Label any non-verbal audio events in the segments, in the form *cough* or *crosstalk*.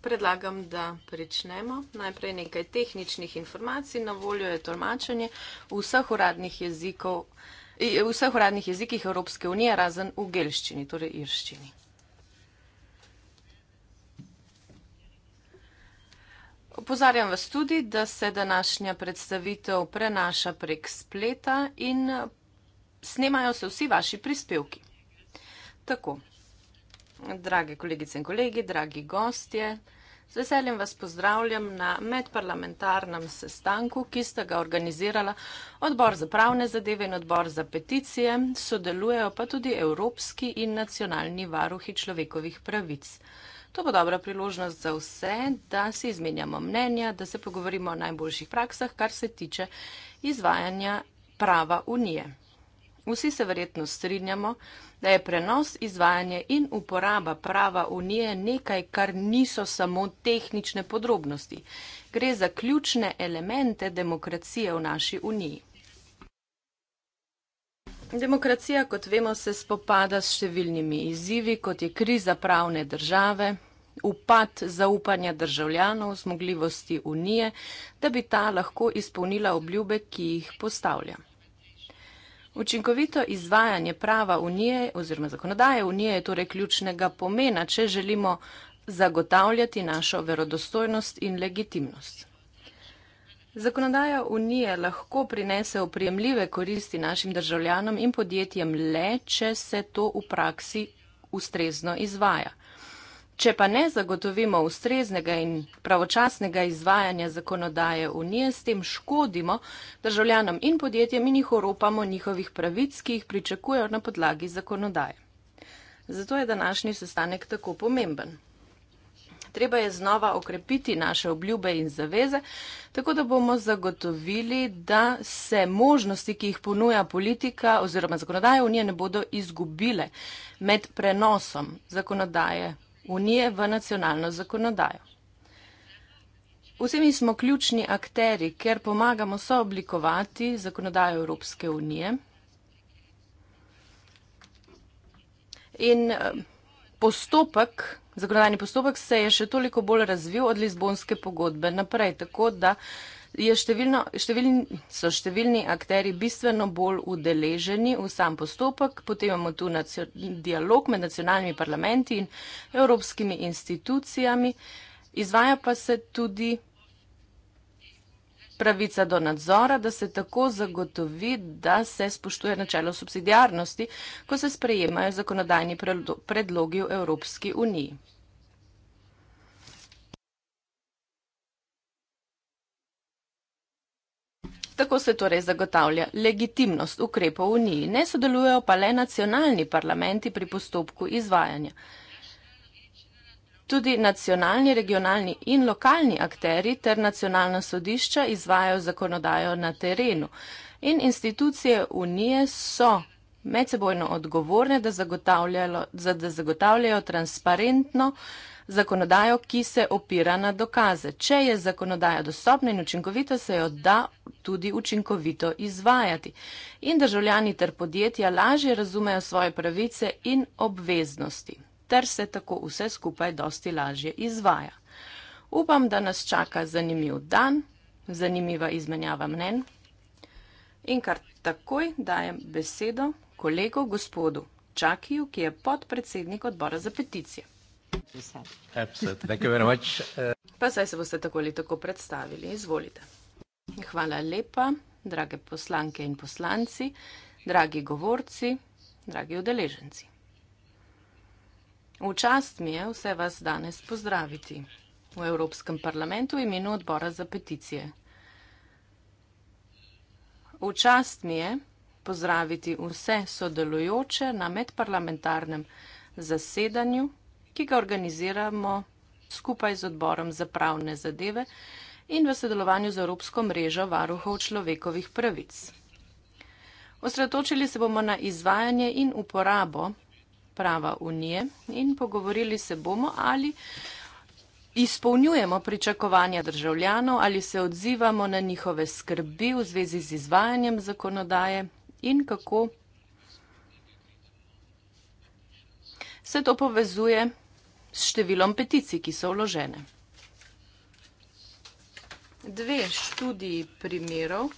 Predlagam, da pričnemo. Najprej nekaj tehničnih informacij. Na voljo je tolmačenje vseh uradnih jezikov, vseh uradnih jezikih Evropske unije, razen v gelščini, torej irščini. Opozarjam vas tudi, da se današnja predstavitev prenaša prek spleta in snemajo se vsi vaši prispevki. Tako, drage kolegice in kolegi, dragi gostje, z veseljem vas pozdravljam na medparlamentarnem sestanku, ki sta ga organizirala odbor za pravne zadeve in odbor za peticije, sodelujejo pa tudi evropski in nacionalni varuhi človekovih pravic. To bo dobra priložnost za vse, da si izmenjamo mnenja, da se pogovorimo o najboljših praksah, kar se tiče izvajanja prava Unije. Vsi se verjetno strinjamo, da je prenos, izvajanje in uporaba prava unije nekaj, kar niso samo tehnične podrobnosti. Gre za ključne elemente demokracije v naši uniji. Demokracija, kot vemo, se spopada s številnimi izzivi, kot je kriza pravne države, upad zaupanja državljanov, zmogljivosti unije, da bi ta lahko izpolnila obljube, ki jih postavlja. Učinkovito izvajanje prava unije oziroma zakonodaje unije je torej ključnega pomena, če želimo zagotavljati našo verodostojnost in legitimnost. Zakonodaja unije lahko prinese oprijemljive koristi našim državljanom in podjetjem le, če se to v praksi ustrezno izvaja. Če pa ne zagotovimo ustreznega in pravočasnega izvajanja zakonodaje unije, s tem škodimo državljanom in podjetjem in jih oropamo njihovih pravic, ki jih pričakujejo na podlagi zakonodaje. Zato je današnji sestanek tako pomemben. Treba je znova okrepiti naše obljube in zaveze, tako da bomo zagotovili, da se možnosti, ki jih ponuja politika oziroma zakonodaja unije, ne bodo izgubile med prenosom zakonodaje unije v nacionalno zakonodajo. Vsi mi smo ključni akteri, ker pomagamo sooblikovati zakonodajo Evropske unije in eh, postopek, zakonodajni postopek se je še toliko bolj razvil od Lizbonske pogodbe naprej, tako da je številno, številni, so številni akteri bistveno bolj udeleženi v sam postopek. Potem imamo tu nacio, dialog med nacionalnimi parlamenti in evropskimi institucijami. Izvaja pa se tudi pravica do nadzora, da se tako zagotovi, da se spoštuje načelo subsidijarnosti, ko se sprejemajo zakonodajni predlogi v Evropski uniji. Tako se torej zagotavlja legitimnost ukrepov Uniji, ne sodelujejo pa le nacionalni parlamenti pri postopku izvajanja. Tudi nacionalni, regionalni in lokalni akteri ter nacionalna sodišča izvajajo zakonodajo na terenu in institucije Unije so medsebojno odgovorne, da zagotavljajo, da zagotavljajo transparentno zakonodajo, ki se opira na dokaze. Če je zakonodaja dostopna in učinkovita, se jo da tudi učinkovito izvajati. In državljani ter podjetja lažje razumejo svoje pravice in obveznosti, ter se tako vse skupaj dosti lažje izvaja. Upam, da nas čaka zanimiv dan, zanimiva izmenjava mnen. In kar takoj dajem besedo kolego gospodu Čakiju, ki je podpredsednik odbora za peticije. Pa saj se boste tako ali tako predstavili. Izvolite. Hvala lepa, drage poslanke in poslanci, dragi govorci, dragi udeleženci. V čast mi je vse vas danes pozdraviti v Evropskem parlamentu v imenu odbora za peticije. V čast mi je pozdraviti vse sodelujoče na medparlamentarnem zasedanju ki ga organiziramo skupaj z odborom za pravne zadeve in v sodelovanju z Evropsko mrežo varuhov človekovih pravic. Osredotočili se bomo na izvajanje in uporabo prava unije in pogovorili se bomo, ali izpolnjujemo pričakovanja državljanov, ali se odzivamo na njihove skrbi v zvezi z izvajanjem zakonodaje in kako se to povezuje s številom peticij, ki so vložene. Dve študiji primerov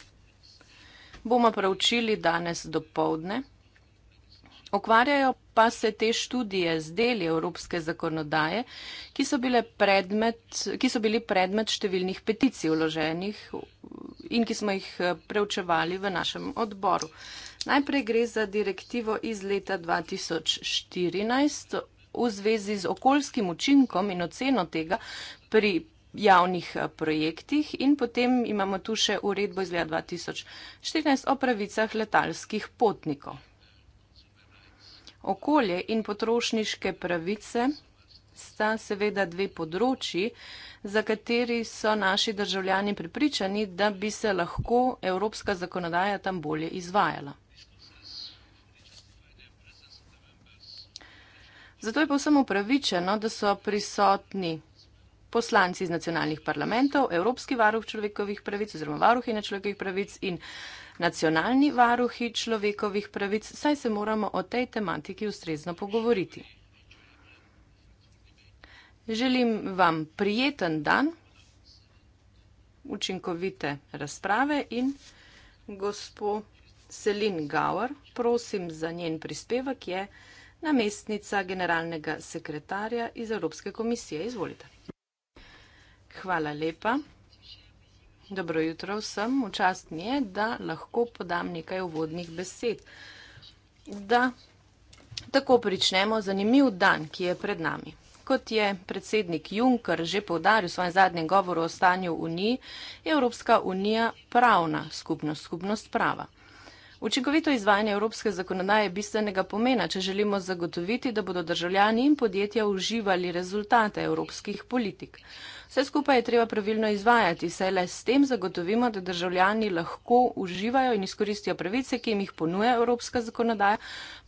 bomo preučili danes do povdne. Okvarjajo pa se te študije z deli evropske zakonodaje, ki so, predmet, ki so bili predmet številnih peticij vloženih in ki smo jih eh, preučevali v našem odboru. Najprej gre za direktivo iz leta 2014 v zvezi z okoljskim učinkom in oceno tega pri javnih eh, projektih in potem imamo tu še uredbo iz leta 2014 o pravicah letalskih potnikov. Okolje in potrošniške pravice sta seveda dve področji, za kateri so naši državljani pripričani, da bi se lahko evropska zakonodaja tam bolje izvajala. Zato je povsem upravičeno, da so prisotni poslanci iz nacionalnih parlamentov, Evropski varuh človekovih pravic oziroma varuhine človekovih pravic in nacionalni varuhi človekovih pravic, saj se moramo o tej tematiki ustrezno pogovoriti. Želim vam prijeten dan, učinkovite razprave in gospod Selin Gauer, prosim za njen prispevek je namestnica generalnega sekretarja iz Evropske komisije. Izvolite. Hvala lepa. Dobro jutro vsem. Včast mi je, da lahko podam nekaj uvodnih besed. Da tako pričnemo zanimiv dan, ki je pred nami. Kot je predsednik Juncker že povdaril v svojem zadnjem govoru o stanju Uniji, je Evropska unija pravna skupnost, skupnost prava. Učinkovito izvajanje evropske zakonodaje je bistvenega pomena, če želimo zagotoviti, da bodo državljani in podjetja uživali rezultate evropskih politik. Vse skupaj je treba pravilno izvajati, saj le s tem zagotovimo, da državljani lahko uživajo in izkoristijo pravice, ki jim jih ponuja evropska zakonodaja,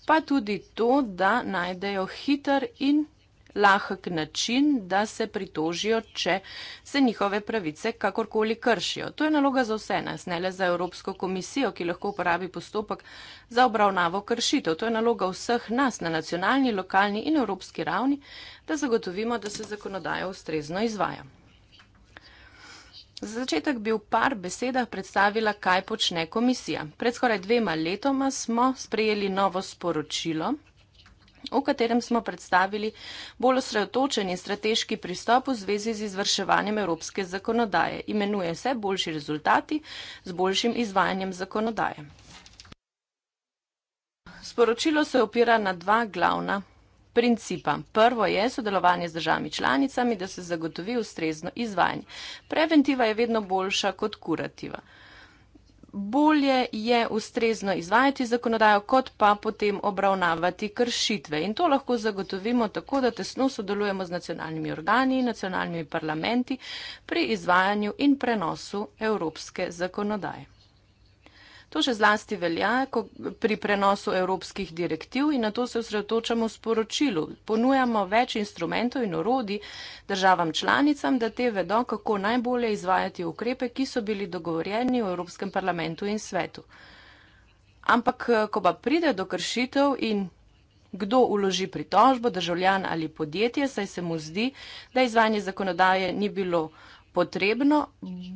pa tudi to, da najdejo hiter in lahek način, da se pritožijo, če se njihove pravice kakorkoli kršijo. To je naloga za vse nas, ne le za Evropsko komisijo, ki lahko uporabi postopek za obravnavo kršitev. To je naloga vseh nas na nacionalni, lokalni in evropski ravni, da zagotovimo, da se zakonodaja ustrezno izvaja. Za začetek bi v par besedah predstavila, kaj počne komisija. Pred skoraj dvema letoma smo sprejeli novo sporočilo, v katerem smo predstavili bolj osredotočen in strateški pristop v zvezi z izvrševanjem evropske zakonodaje. Imenuje se boljši rezultati z boljšim izvajanjem zakonodaje. Sporočilo se opira na dva glavna principa. Prvo je sodelovanje z državami članicami, da se zagotovi ustrezno izvajanje. Preventiva je vedno boljša kot kurativa bolje je ustrezno izvajati zakonodajo, kot pa potem obravnavati kršitve. In to lahko zagotovimo tako, da tesno sodelujemo z nacionalnimi organi in nacionalnimi parlamenti pri izvajanju in prenosu evropske zakonodaje. To še zlasti velja ko, pri prenosu evropskih direktiv in na to se osredotočamo v sporočilu. Ponujamo več instrumentov in orodi državam članicam, da te vedo, kako najbolje izvajati ukrepe, ki so bili dogovorjeni v Evropskem parlamentu in svetu. Ampak, ko pa pride do kršitev in kdo uloži pritožbo, državljan ali podjetje, saj se mu zdi, da izvajanje zakonodaje ni bilo potrebno,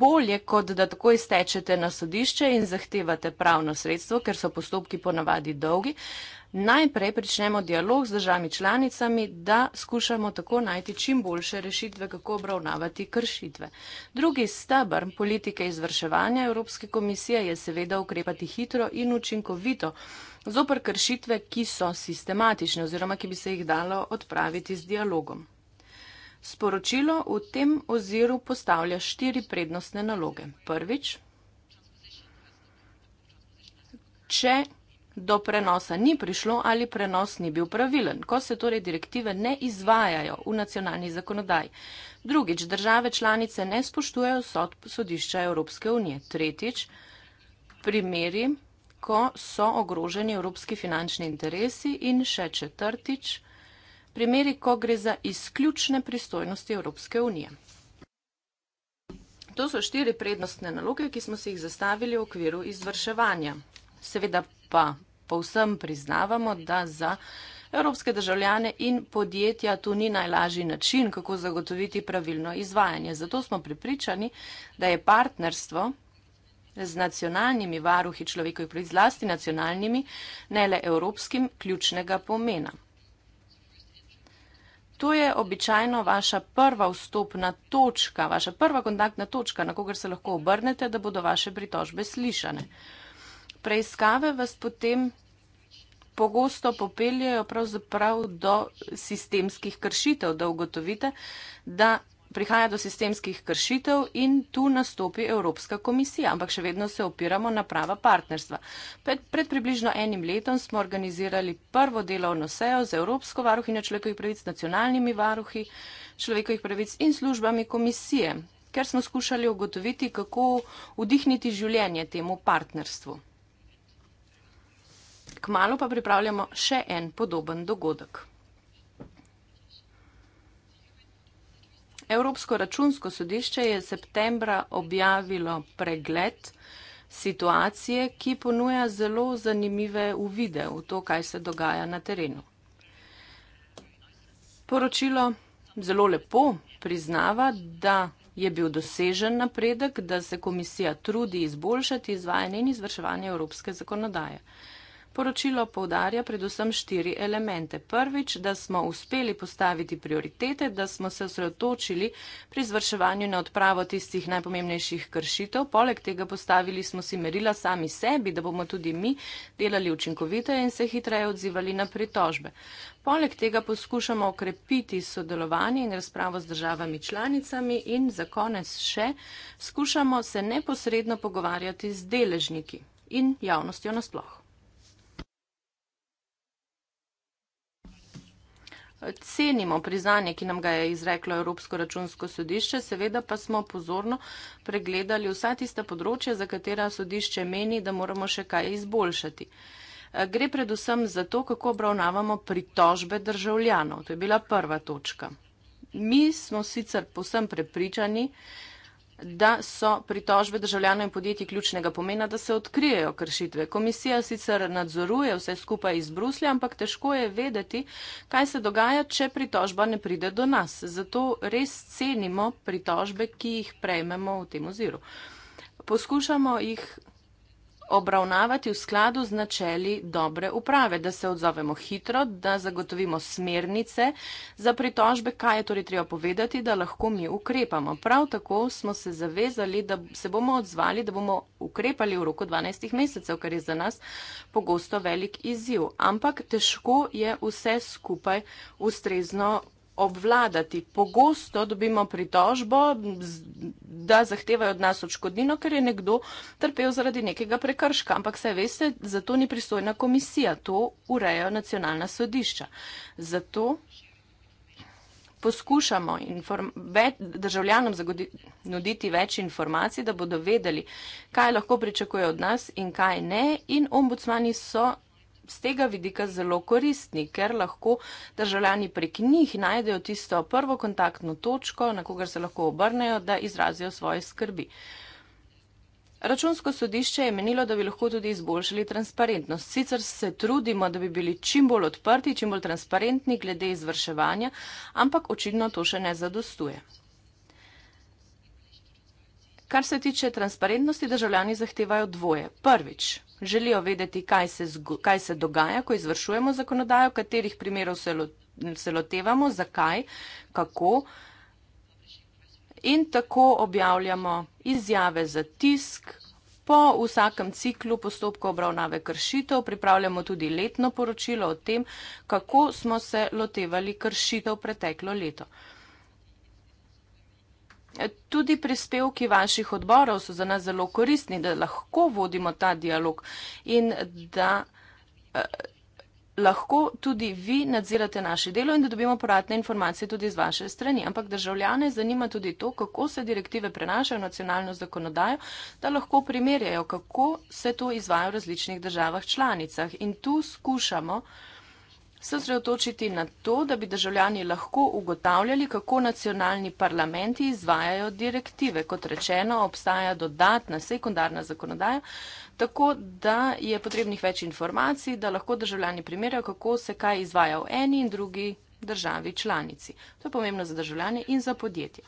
bolje kot da takoj stečete na sodišče in zahtevate pravno sredstvo, ker so postopki ponavadi dolgi. Najprej pričnemo dialog z državami članicami, da skušamo tako najti čim boljše rešitve, kako obravnavati kršitve. Drugi stebr politike izvrševanja Evropske komisije je seveda ukrepati hitro in učinkovito zopr kršitve, ki so sistematične oziroma ki bi se jih dalo odpraviti z dialogom. Sporočilo v tem oziru postavlja štiri prednostne naloge. Prvič, če do prenosa ni prišlo ali prenos ni bil pravilen, ko se torej direktive ne izvajajo v nacionalni zakonodaj. Drugič, države članice ne spoštujejo sodb sodišča Evropske unije. Tretjič, primeri, ko so ogroženi evropski finančni interesi in še četrtič, primeri, ko gre za izključne pristojnosti Evropske unije. To so štiri prednostne naloge, ki smo si jih zastavili v okviru izvrševanja. Seveda pa povsem priznavamo, da za evropske državljane in podjetja tu ni najlažji način, kako zagotoviti pravilno izvajanje. Zato smo pripričani, da je partnerstvo z nacionalnimi varuhi človekovih pravic, zlasti nacionalnimi, ne le evropskim, ključnega pomena to je običajno vaša prva vstopna točka, vaša prva kontaktna točka, na kogar se lahko obrnete, da bodo vaše pritožbe slišane. Preiskave vas potem pogosto popeljajo pravzaprav do sistemskih kršitev, da ugotovite, da prihaja do sistemskih kršitev in tu nastopi Evropska komisija, ampak še vedno se opiramo na prava partnerstva. Pred, pred približno enim letom smo organizirali prvo delovno sejo z Evropsko varuhinjo človekovih pravic, nacionalnimi varuhi človekovih pravic in službami komisije, ker smo skušali ugotoviti, kako vdihniti življenje temu partnerstvu. Kmalo pa pripravljamo še en podoben dogodek. Evropsko računsko sodišče je septembra objavilo pregled situacije, ki ponuja zelo zanimive uvide v to, kaj se dogaja na terenu. Poročilo zelo lepo priznava, da je bil dosežen napredek, da se komisija trudi izboljšati izvajanje in izvrševanje evropske zakonodaje. Poročilo povdarja predvsem štiri elemente. Prvič, da smo uspeli postaviti prioritete, da smo se osredotočili pri izvrševanju na odpravo tistih najpomembnejših kršitev. Poleg tega postavili smo si merila sami sebi, da bomo tudi mi delali učinkovite in se hitreje odzivali na pritožbe. Poleg tega poskušamo okrepiti sodelovanje in razpravo z državami članicami in za konec še skušamo se neposredno pogovarjati z deležniki in javnostjo nasploh. cenimo priznanje, ki nam ga je izreklo Evropsko računsko sodišče, seveda pa smo pozorno pregledali vsa tista področja, za katera sodišče meni, da moramo še kaj izboljšati. Eh, gre predvsem za to, kako obravnavamo pritožbe državljanov. To je bila prva točka. Mi smo sicer posem prepričani, da so pritožbe državljanov in podjetij ključnega pomena, da se odkrijejo kršitve. Komisija sicer nadzoruje vse skupaj iz Bruslja, ampak težko je vedeti, kaj se dogaja, če pritožba ne pride do nas. Zato res cenimo pritožbe, ki jih prejmemo v tem oziru. Poskušamo jih obravnavati v skladu z načeli dobre uprave, da se odzovemo hitro, da zagotovimo smernice za pritožbe, kaj je torej treba povedati, da lahko mi ukrepamo. Prav tako smo se zavezali, da se bomo odzvali, da bomo ukrepali v roku 12 mesecev, kar je za nas pogosto velik izziv. Ampak težko je vse skupaj ustrezno obvladati. Pogosto dobimo pritožbo, da zahtevajo od nas odškodnino, ker je nekdo trpel zaradi nekega prekrška. Ampak se veste, za to ni pristojna komisija, to urejo nacionalna sodišča. Zato poskušamo več, državljanom nuditi več informacij, da bodo vedeli, kaj lahko pričakujejo od nas in kaj ne. In ombudsmani so z tega vidika zelo koristni, ker lahko državljani prek njih najdejo tisto prvo kontaktno točko, na kogar se lahko obrnejo, da izrazijo svoje skrbi. Računsko sodišče je menilo, da bi lahko tudi izboljšali transparentnost. Sicer se trudimo, da bi bili čim bolj odprti, čim bolj transparentni glede izvrševanja, ampak očitno to še ne zadostuje. Kar se tiče transparentnosti, državljani zahtevajo dvoje. Prvič, želijo vedeti, kaj se, kaj se dogaja, ko izvršujemo zakonodajo, katerih primerov se, lo se lotevamo, zakaj, kako. In tako objavljamo izjave za tisk. Po vsakem ciklu postopka obravnave kršitev pripravljamo tudi letno poročilo o tem, kako smo se lotevali kršitev preteklo leto. Tudi prispevki vaših odborov so za nas zelo koristni, da lahko vodimo ta dialog in da eh, lahko tudi vi nadzirate naše delo in da dobimo poradne informacije tudi z vaše strani. Ampak državljane zanima tudi to, kako se direktive prenašajo v nacionalno zakonodajo, da lahko primerjajo, kako se to izvaja v različnih državah članicah. In tu skušamo uh, se osredotočiti na to, da bi državljani lahko ugotavljali, kako nacionalni parlamenti izvajajo direktive. Kot rečeno, obstaja dodatna sekundarna zakonodaja, tako da je potrebnih več informacij, da lahko državljani primerjajo, kako se kaj izvaja v eni in drugi državi članici. To je pomembno za državljane in za podjetje.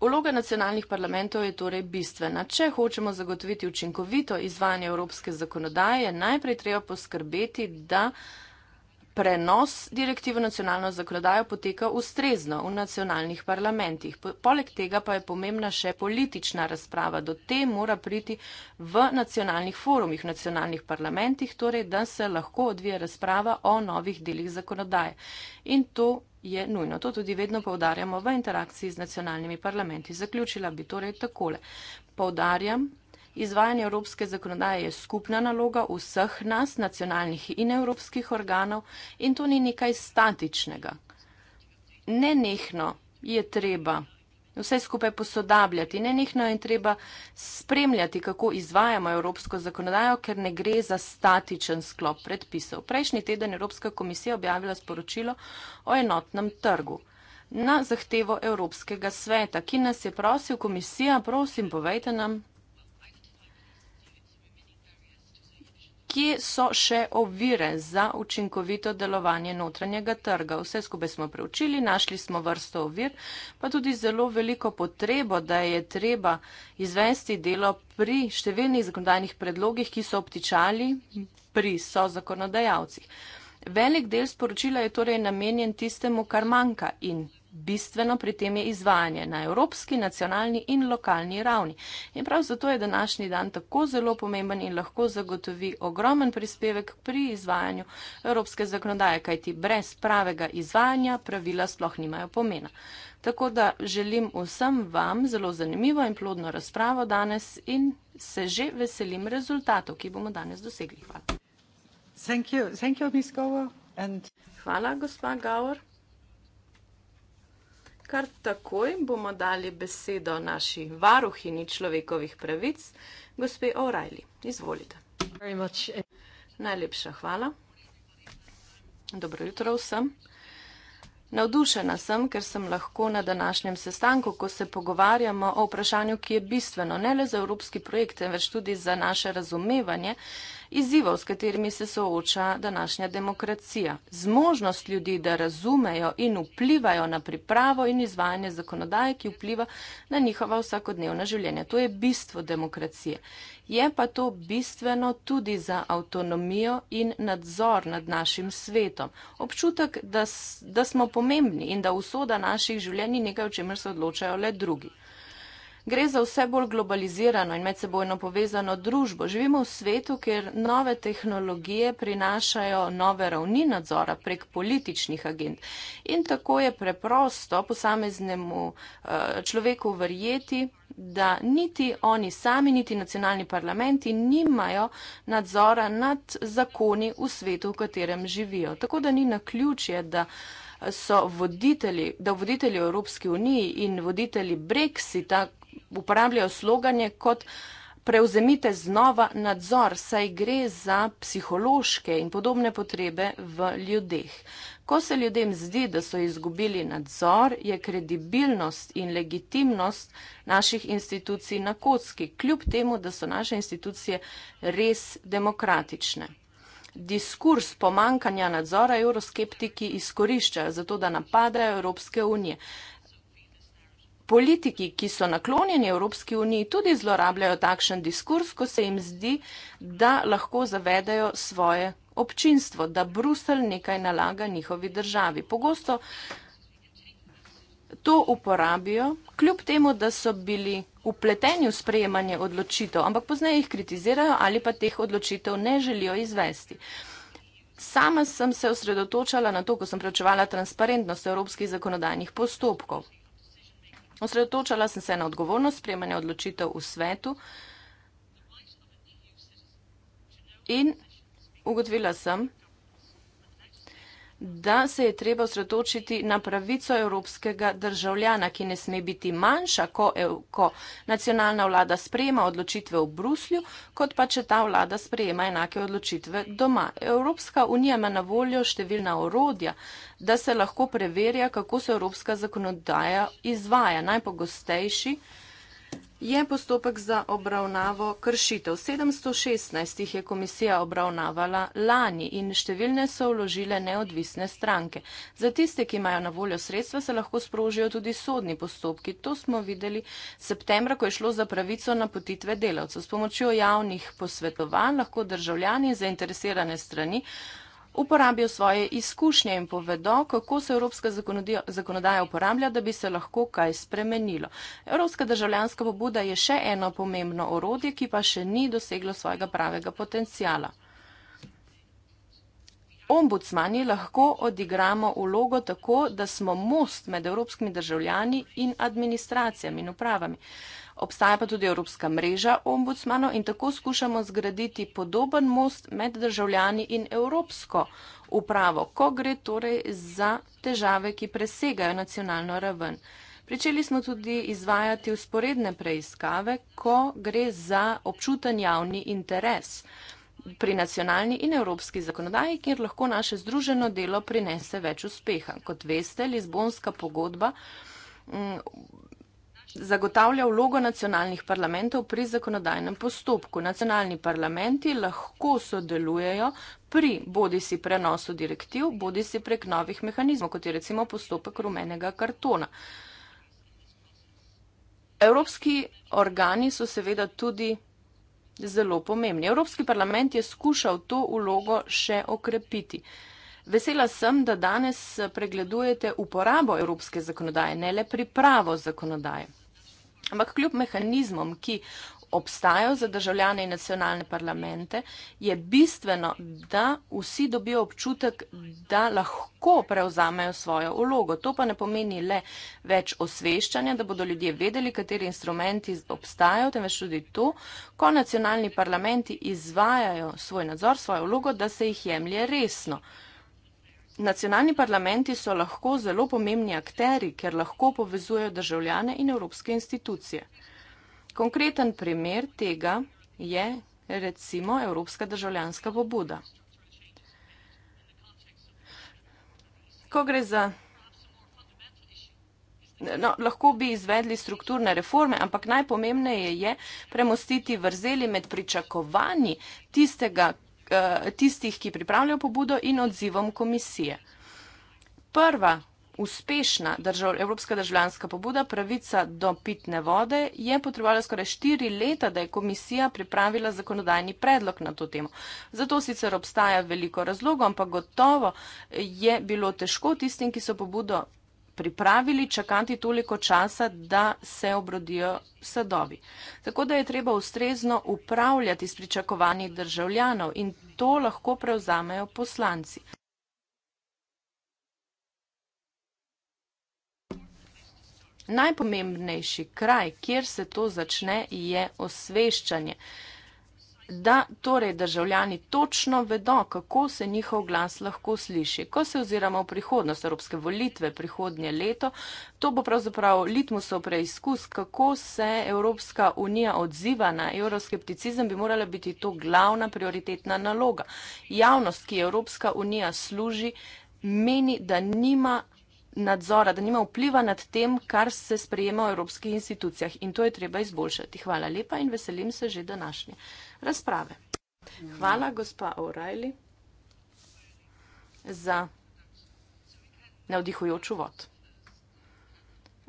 Vloga nacionalnih parlamentov je torej bistvena. Če hočemo zagotoviti učinkovito izvajanje evropske zakonodaje, je najprej treba poskrbeti, da prenos direktive v nacionalno zakonodajo poteka ustrezno v nacionalnih parlamentih. Poleg tega pa je pomembna še politična razprava. Do te mora priti v nacionalnih forumih, v nacionalnih parlamentih, torej da se lahko odvija razprava o novih delih zakonodaje. In to je nujno. To tudi vedno povdarjamo v interakciji z nacionalnimi parlamenti. Zaključila bi torej takole. Povdarjam. Izvajanje evropske zakonodaje je skupna naloga vseh nas, nacionalnih in evropskih organov in to ni nekaj statičnega. Nenehno je treba vse skupaj posodabljati. Nenehno je treba spremljati, kako izvajamo evropsko zakonodajo, ker ne gre za statičen sklop predpisov. Prejšnji teden Evropska komisija objavila sporočilo o enotnem trgu na zahtevo Evropskega sveta, ki nas je prosil, komisija, prosim, povejte nam, kje so še ovire za učinkovito delovanje notranjega trga. Vse skupaj smo preučili, našli smo vrsto ovir, pa tudi zelo veliko potrebo, da je treba izvesti delo pri številnih zakonodajnih predlogih, ki so obtičali pri so zakonodajalcih. Velik del sporočila je torej namenjen tistemu, kar manjka in Bistveno pri tem je izvajanje na evropski, nacionalni in lokalni ravni. In prav zato je današnji dan tako zelo pomemben in lahko zagotovi ogromen prispevek pri izvajanju evropske zakonodaje, kajti brez pravega izvajanja pravila sploh nimajo pomena. Tako da želim vsem vam zelo zanimivo in plodno razpravo danes in se že veselim rezultatov, ki bomo danes dosegli. Hvala. Thank you. Thank you, Hvala, gospa Gaur. Kar takoj bomo dali besedo naši varuhini človekovih pravic, gospe O'Reilly. Izvolite. Najlepša hvala. Dobro jutro vsem. Navdušena sem, ker sem lahko na današnjem sestanku, ko se pogovarjamo o vprašanju, ki je bistveno ne le za evropski projekt, temveč tudi za naše razumevanje izzivov, s katerimi se sooča današnja demokracija. Zmožnost ljudi, da razumejo in vplivajo na pripravo in izvajanje zakonodaje, ki vpliva na njihova vsakodnevna življenja. To je bistvo demokracije. Je pa to bistveno tudi za avtonomijo in nadzor nad našim svetom. Občutek, da, da smo pomembni in da usoda naših življenj je nekaj, o čemer se odločajo le drugi gre za vse bolj globalizirano in medsebojno povezano družbo. Živimo v svetu, kjer nove tehnologije prinašajo nove ravni nadzora prek političnih agent. In tako je preprosto posameznemu eh, človeku verjeti, da niti oni sami, niti nacionalni parlamenti nimajo nadzora nad zakoni v svetu, v katerem živijo. Tako da ni na ključje, da eh, so voditelji, da voditelji Evropske unije in voditelji Brexita, uporabljajo sloganje kot prevzemite znova nadzor, saj gre za psihološke in podobne potrebe v ljudeh. Ko se ljudem zdi, da so izgubili nadzor, je kredibilnost in legitimnost naših institucij na kocki, kljub temu, da so naše institucije res demokratične. Diskurs pomankanja nadzora evroskeptiki izkoriščajo zato, da napadajo Evropske unije politiki, ki so naklonjeni Evropski uniji, tudi zlorabljajo takšen diskurs, ko se jim zdi, da lahko zavedajo svoje občinstvo, da Brusel nekaj nalaga njihovi državi. Pogosto to uporabijo, kljub temu, da so bili upleteni v sprejemanje odločitev, ampak pozneje jih kritizirajo ali pa teh odločitev ne želijo izvesti. Sama sem se osredotočala na to, ko sem preučevala transparentnost evropskih zakonodajnih postopkov. Osredotočala sem se na odgovornost sprejemanja odločitev v svetu in ugotovila sem, da se je treba osredotočiti na pravico evropskega državljana, ki ne sme biti manjša, ko, ko nacionalna vlada sprejema odločitve v Bruslju, kot pa če ta vlada sprejema enake odločitve doma. Evropska unija ima na voljo številna orodja, da se lahko preverja, kako se evropska zakonodaja izvaja. Najpogostejši je postopek za obravnavo kršitev. 716 jih je komisija obravnavala lani in številne so vložile neodvisne stranke. Za tiste, ki imajo na voljo sredstva, se lahko sprožijo tudi sodni postopki. To smo videli septembra, ko je šlo za pravico napotitve delavcev. S pomočjo javnih posvetovanj lahko državljani zainteresirane strani uporabijo svoje izkušnje in povedo, kako se evropska zakonodaja uporablja, da bi se lahko kaj spremenilo. Evropska državljanska pobuda je še eno pomembno orodje, ki pa še ni doseglo svojega pravega potencijala. Ombudsmani lahko odigramo vlogo tako, da smo most med evropskimi državljani in administracijami in upravami. Obstaja pa tudi Evropska mreža ombudsmanov in tako skušamo zgraditi podoben most med državljani in Evropsko upravo, ko gre torej za težave, ki presegajo nacionalno raven. Pričeli smo tudi izvajati usporedne preiskave, ko gre za občuten javni interes pri nacionalni in evropski zakonodaji, kjer lahko naše združeno delo prinese več uspeha. Kot veste, Lizbonska pogodba mm, zagotavlja vlogo nacionalnih parlamentov pri zakonodajnem postopku. Nacionalni parlamenti lahko sodelujejo pri bodi si prenosu direktiv, bodi si prek novih mehanizmov, kot je recimo postopek rumenega kartona. Evropski organi so seveda tudi zelo pomembni. Evropski parlament je skušal to vlogo še okrepiti. Vesela sem, da danes pregledujete uporabo evropske zakonodaje, ne le pripravo zakonodaje. Ampak kljub mehanizmom, ki obstajajo za državljane in nacionalne parlamente, je bistveno, da vsi dobijo občutek, da lahko prevzamejo svojo ulogo. To pa ne pomeni le več osveščanja, da bodo ljudje vedeli, kateri instrumenti obstajajo, temveč tudi to, ko nacionalni parlamenti izvajajo svoj nadzor, svojo ulogo, da se jih jemlje resno. Nacionalni parlamenti so lahko zelo pomembni akteri, ker lahko povezujejo državljane in evropske institucije. Konkreten primer tega je recimo Evropska državljanska pobuda. Ko gre za. No, lahko bi izvedli strukturne reforme, ampak najpomembneje je premostiti vrzeli med pričakovanji tistega, Eh, tistih, ki pripravljajo pobudo in odzivom komisije. Prva uspešna držav, evropska državljanska pobuda pravica do pitne vode je potrebovala skoraj štiri leta, da je komisija pripravila zakonodajni predlog na to temo. Zato sicer obstaja veliko razlogov, ampak gotovo je bilo težko tistim, ki so pobudo pripravili čakati toliko časa, da se obrodijo sadovi. Tako da je treba ustrezno upravljati s pričakovanji državljanov in to lahko prevzamejo poslanci. Najpomembnejši kraj, kjer se to začne, je osveščanje da torej državljani točno vedo, kako se njihov glas lahko sliši. Ko se oziramo v prihodnost evropske volitve, prihodnje leto, to bo pravzaprav litmusov preizkus, kako se Evropska unija odziva na euroskepticizem, bi morala biti to glavna prioritetna naloga. Javnost, ki Evropska unija služi, meni, da nima nadzora, da nima vpliva nad tem, kar se sprejema v evropskih institucijah in to je treba izboljšati. Hvala lepa in veselim se že današnje razprave. Hvala, gospa O'Reilly, za navdihujoč uvod.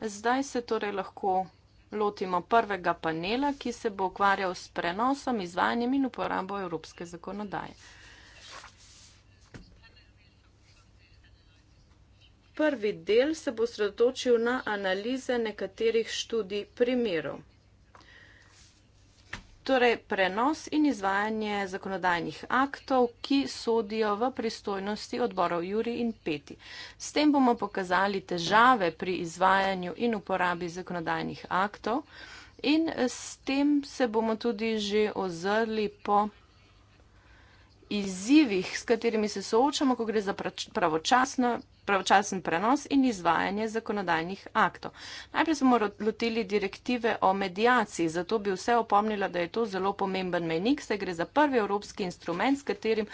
Zdaj se torej lahko lotimo prvega panela, ki se bo ukvarjal s prenosom, izvajanjem in uporabo evropske zakonodaje. Prvi del se bo sredotočil na analize nekaterih študij primerov torej prenos in izvajanje zakonodajnih aktov, ki sodijo v pristojnosti odborov Juri in Peti. S tem bomo pokazali težave pri izvajanju in uporabi zakonodajnih aktov in s tem se bomo tudi že ozrli po izzivih, s katerimi se soočamo, ko gre za pravočasno pravočasen prenos in izvajanje zakonodajnih aktov. Najprej smo lotili direktive o medijaciji, zato bi vse opomnila, da je to zelo pomemben menik. Se gre za prvi evropski instrument, s katerim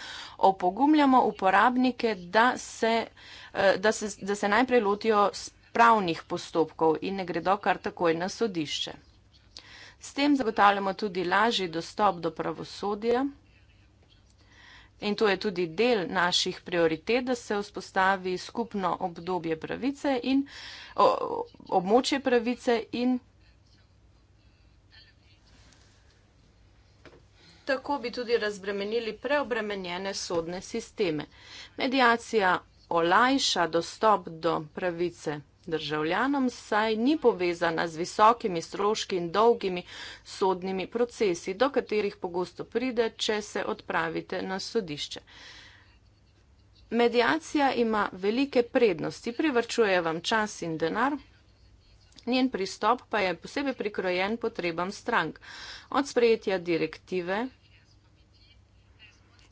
opogumljamo uporabnike, da se, eh, da se, da se najprej lotijo pravnih postopkov in ne gredo kar takoj na sodišče. S tem zagotavljamo tudi lažji dostop do pravosodja. In to je tudi del naših prioritet, da se vzpostavi skupno obdobje pravice in o, območje pravice in. Tako bi tudi razbremenili preobremenjene sodne sisteme. Medijacija olajša dostop do pravice državljanom, saj ni povezana z visokimi stroški in dolgimi sodnimi procesi, do katerih pogosto pride, če se odpravite na sodišče. Medijacija ima velike prednosti, privrčuje vam čas in denar, njen pristop pa je posebej prikrojen potrebam strank. Od sprejetja direktive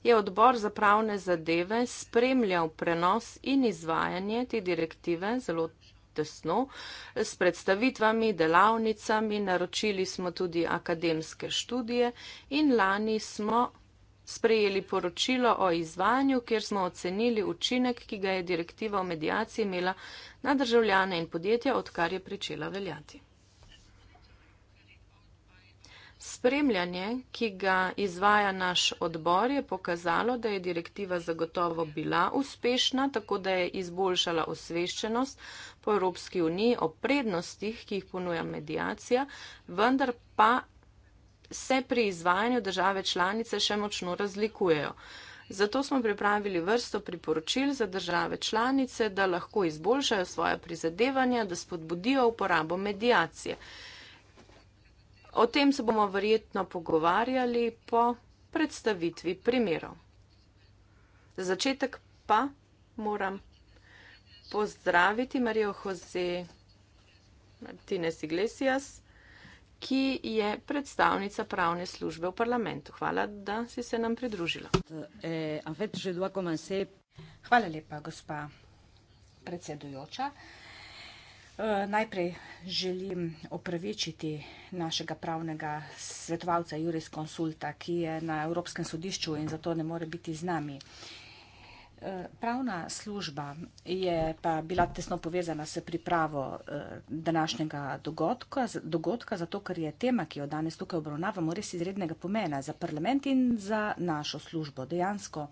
je odbor za pravne zadeve spremljal prenos in izvajanje te direktive, zelo tesno s predstavitvami, delavnicami, naročili smo tudi akademske študije in lani smo sprejeli poročilo o izvanju, kjer smo ocenili učinek, ki ga je direktiva o medijaciji imela na državljane in podjetja, odkar je pričela veljati. Spremljanje, ki ga izvaja naš odbor, je pokazalo, da je direktiva zagotovo bila uspešna, tako da je izboljšala osveščenost po Evropski uniji o prednostih, ki jih ponuja medijacija, vendar pa se pri izvajanju države članice še močno razlikujejo. Zato smo pripravili vrsto priporočil za države članice, da lahko izboljšajo svoje prizadevanja, da spodbudijo uporabo medijacije. O tem se bomo verjetno pogovarjali po predstavitvi primerov. Za začetek pa moram pozdraviti Marijo Jose Martinez Iglesias, ki je predstavnica pravne službe v parlamentu. Hvala, da si se nam pridružila. Eh, Hvala lepa, gospa predsedujoča. Eh, najprej želim opravičiti našega pravnega svetovalca Juris Konsulta, ki je na Evropskem sodišču in zato ne more biti z nami. Eh, pravna služba je pa bila tesno povezana s pripravo eh, današnjega dogodka, dogodka, zato ker je tema, ki jo danes tukaj obravnavamo, res izrednega pomena za parlament in za našo službo. Dejansko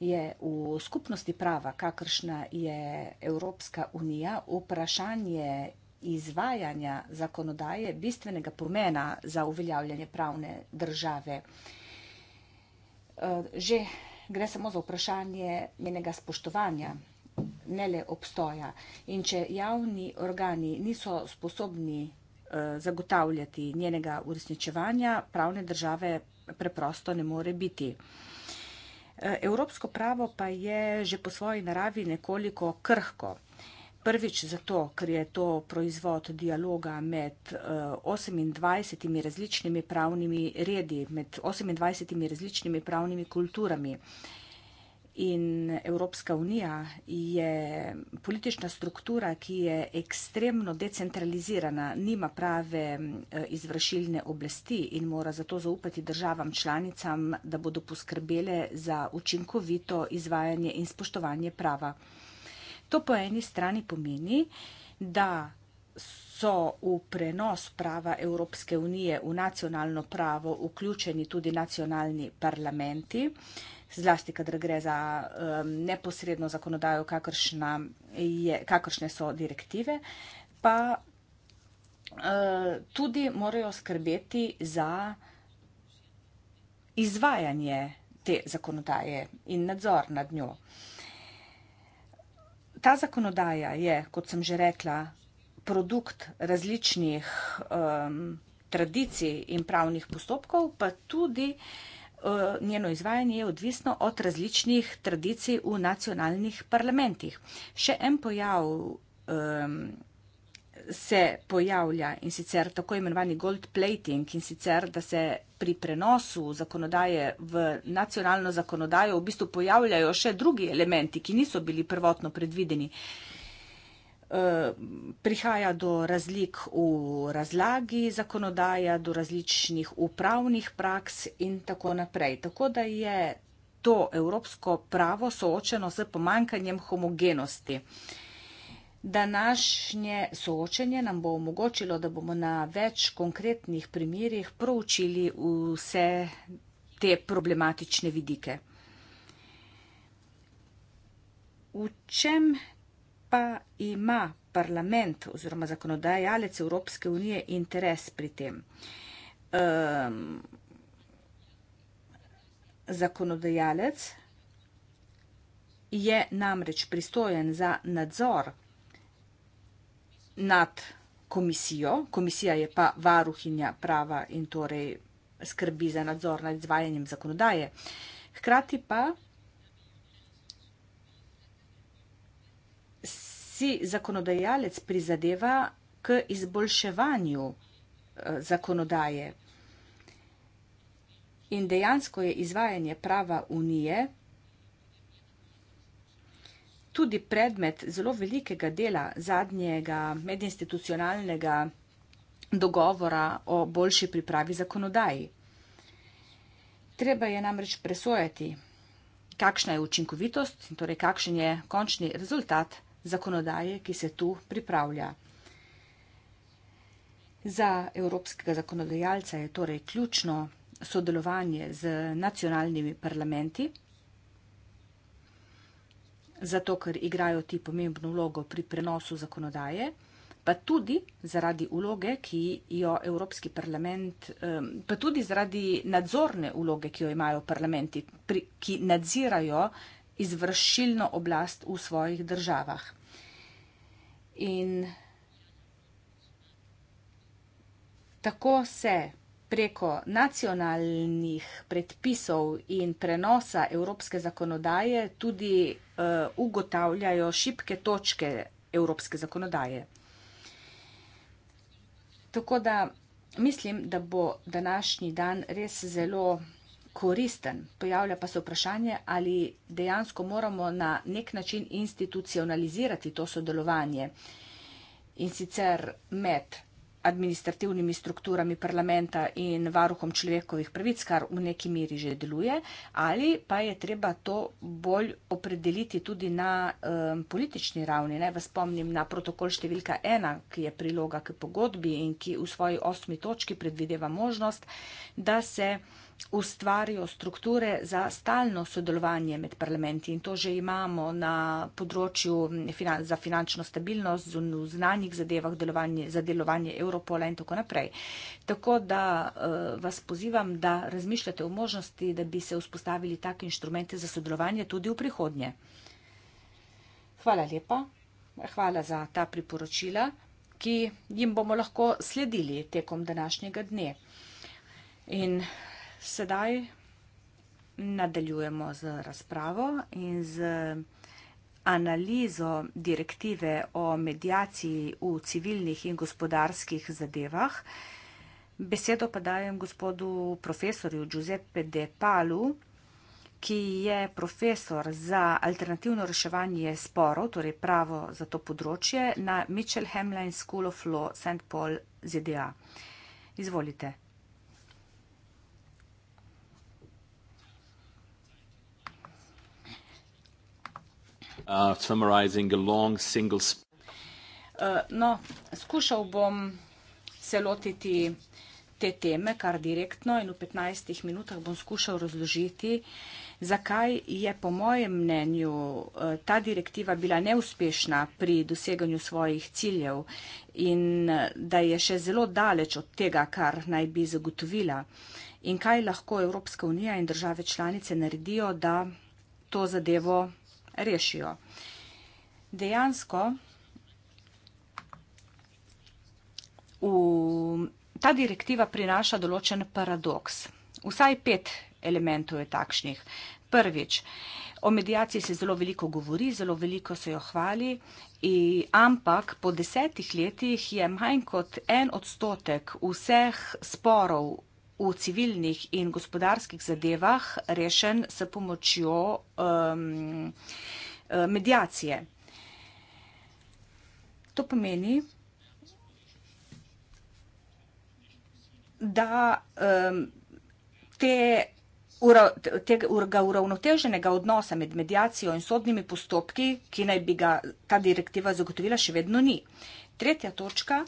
je v skupnosti prava, kakršna je Evropska unija, vprašanje izvajanja zakonodaje bistvenega pomena za uveljavljanje pravne države. Eh, že gre samo za vprašanje njenega spoštovanja, ne le obstoja. In če javni organi niso sposobni eh, zagotavljati njenega uresničevanja, pravne države preprosto ne more biti. Eh, evropsko pravo pa je že po svoji naravi nekoliko krhko. Prvič zato, ker je to proizvod dialoga med 28 eh, različnimi pravnimi redi, med 28 različnimi pravnimi kulturami. In Evropska unija je politična struktura, ki je ekstremno decentralizirana, nima prave eh, izvršilne oblasti in mora zato zaupati državam članicam, da bodo poskrbele za učinkovito izvajanje in spoštovanje prava. To po eni strani pomeni, da so v prenos prava Evropske unije v nacionalno pravo vključeni tudi nacionalni parlamenti zlasti, kadar gre za um, neposredno zakonodajo, je, kakršne so direktive, pa uh, tudi morajo skrbeti za izvajanje te zakonodaje in nadzor nad njo. Ta zakonodaja je, kot sem že rekla, produkt različnih um, tradicij in pravnih postopkov, pa tudi uh, Eh, njeno izvajanje je odvisno od različnih tradicij v nacionalnih parlamentih. Še en pojav um, se pojavlja in sicer tako imenovani gold plating in sicer, da se pri prenosu zakonodaje v nacionalno zakonodajo v bistvu pojavljajo še drugi elementi, ki niso bili prvotno predvideni. Uh, prihaja do razlik v razlagi zakonodaja, do različnih upravnih praks in tako naprej. Tako da je to evropsko pravo soočeno z pomankanjem homogenosti. Današnje soočenje nam bo omogočilo, da bomo na več konkretnih primerjih proučili vse te problematične vidike. V čem pa ima parlament oziroma zakonodajalec Evropske unije interes pri tem. Um, zakonodajalec je namreč pristojen za nadzor nad komisijo, komisija je pa varuhinja prava in torej skrbi za nadzor nad izvajanjem zakonodaje. Hkrati pa si zakonodajalec prizadeva k izboljševanju eh, zakonodaje. In dejansko je izvajanje prava unije tudi predmet zelo velikega dela zadnjega medinstitucionalnega dogovora o boljši pripravi zakonodaji. Treba je namreč presojati, kakšna je učinkovitost in torej kakšen je končni rezultat zakonodaje, ki se tu pripravlja. Za evropskega zakonodajalca je torej ključno sodelovanje z nacionalnimi parlamenti, zato ker igrajo ti pomembno vlogo pri prenosu zakonodaje, pa tudi zaradi uloge, ki jo Evropski parlament, pa tudi zaradi nadzorne uloge, ki jo imajo parlamenti, ki nadzirajo izvršilno oblast v svojih državah. In tako se preko nacionalnih predpisov in prenosa evropske zakonodaje tudi uh, ugotavljajo šibke točke evropske zakonodaje. Tako da mislim, da bo današnji dan res zelo koristen. Pojavlja pa se vprašanje, ali dejansko moramo na nek način institucionalizirati to sodelovanje in sicer med administrativnimi strukturami parlamenta in varuhom človekovih pravic, kar v neki meri že deluje, ali pa je treba to bolj opredeliti tudi na um, politični ravni. Naj vas spomnim na protokol številka ena, ki je priloga k pogodbi in ki v svoji osmi točki predvideva možnost, da se ustvarijo strukture za stalno sodelovanje med parlamenti in to že imamo na področju finan za finančno stabilnost, v znanjih zadevah delovanje, za delovanje Europola in tako naprej. Tako da uh, vas pozivam, da razmišljate o možnosti, da bi se vzpostavili take inštrumente za sodelovanje tudi v prihodnje. Hvala lepa. Hvala za ta priporočila, ki jim bomo lahko sledili tekom današnjega dne. In sedaj nadaljujemo z razpravo in z analizo direktive o medijaciji v civilnih in gospodarskih zadevah. Besedo pa dajem gospodu profesorju Giuseppe De Palu, ki je profesor za alternativno reševanje sporov, torej pravo za to področje, na Mitchell Hamline School of Law, St. Paul, ZDA. Izvolite. uh, summarizing a long single uh, no, skušal bom se lotiti te teme kar direktno in v 15 minutah bom skušal razložiti, zakaj je po mojem mnenju uh, ta direktiva bila neuspešna pri doseganju svojih ciljev in uh, da je še zelo daleč od tega, kar naj bi zagotovila in kaj lahko Evropska unija in države članice naredijo, da to zadevo rešijo. Dejansko v, ta direktiva prinaša določen paradoks. Vsaj pet elementov je takšnih. Prvič, o medijaciji se zelo veliko govori, zelo veliko se jo hvali, in, ampak po desetih letih je manj kot en odstotek vseh sporov v civilnih in gospodarskih zadevah rešen s pomočjo um, eh, medijacije. To pomeni, da um, te tega ura, uravnoteženega odnosa med medijacijo in sodnimi postopki, ki naj bi ga ta direktiva zagotovila, še vedno ni. Tretja točka.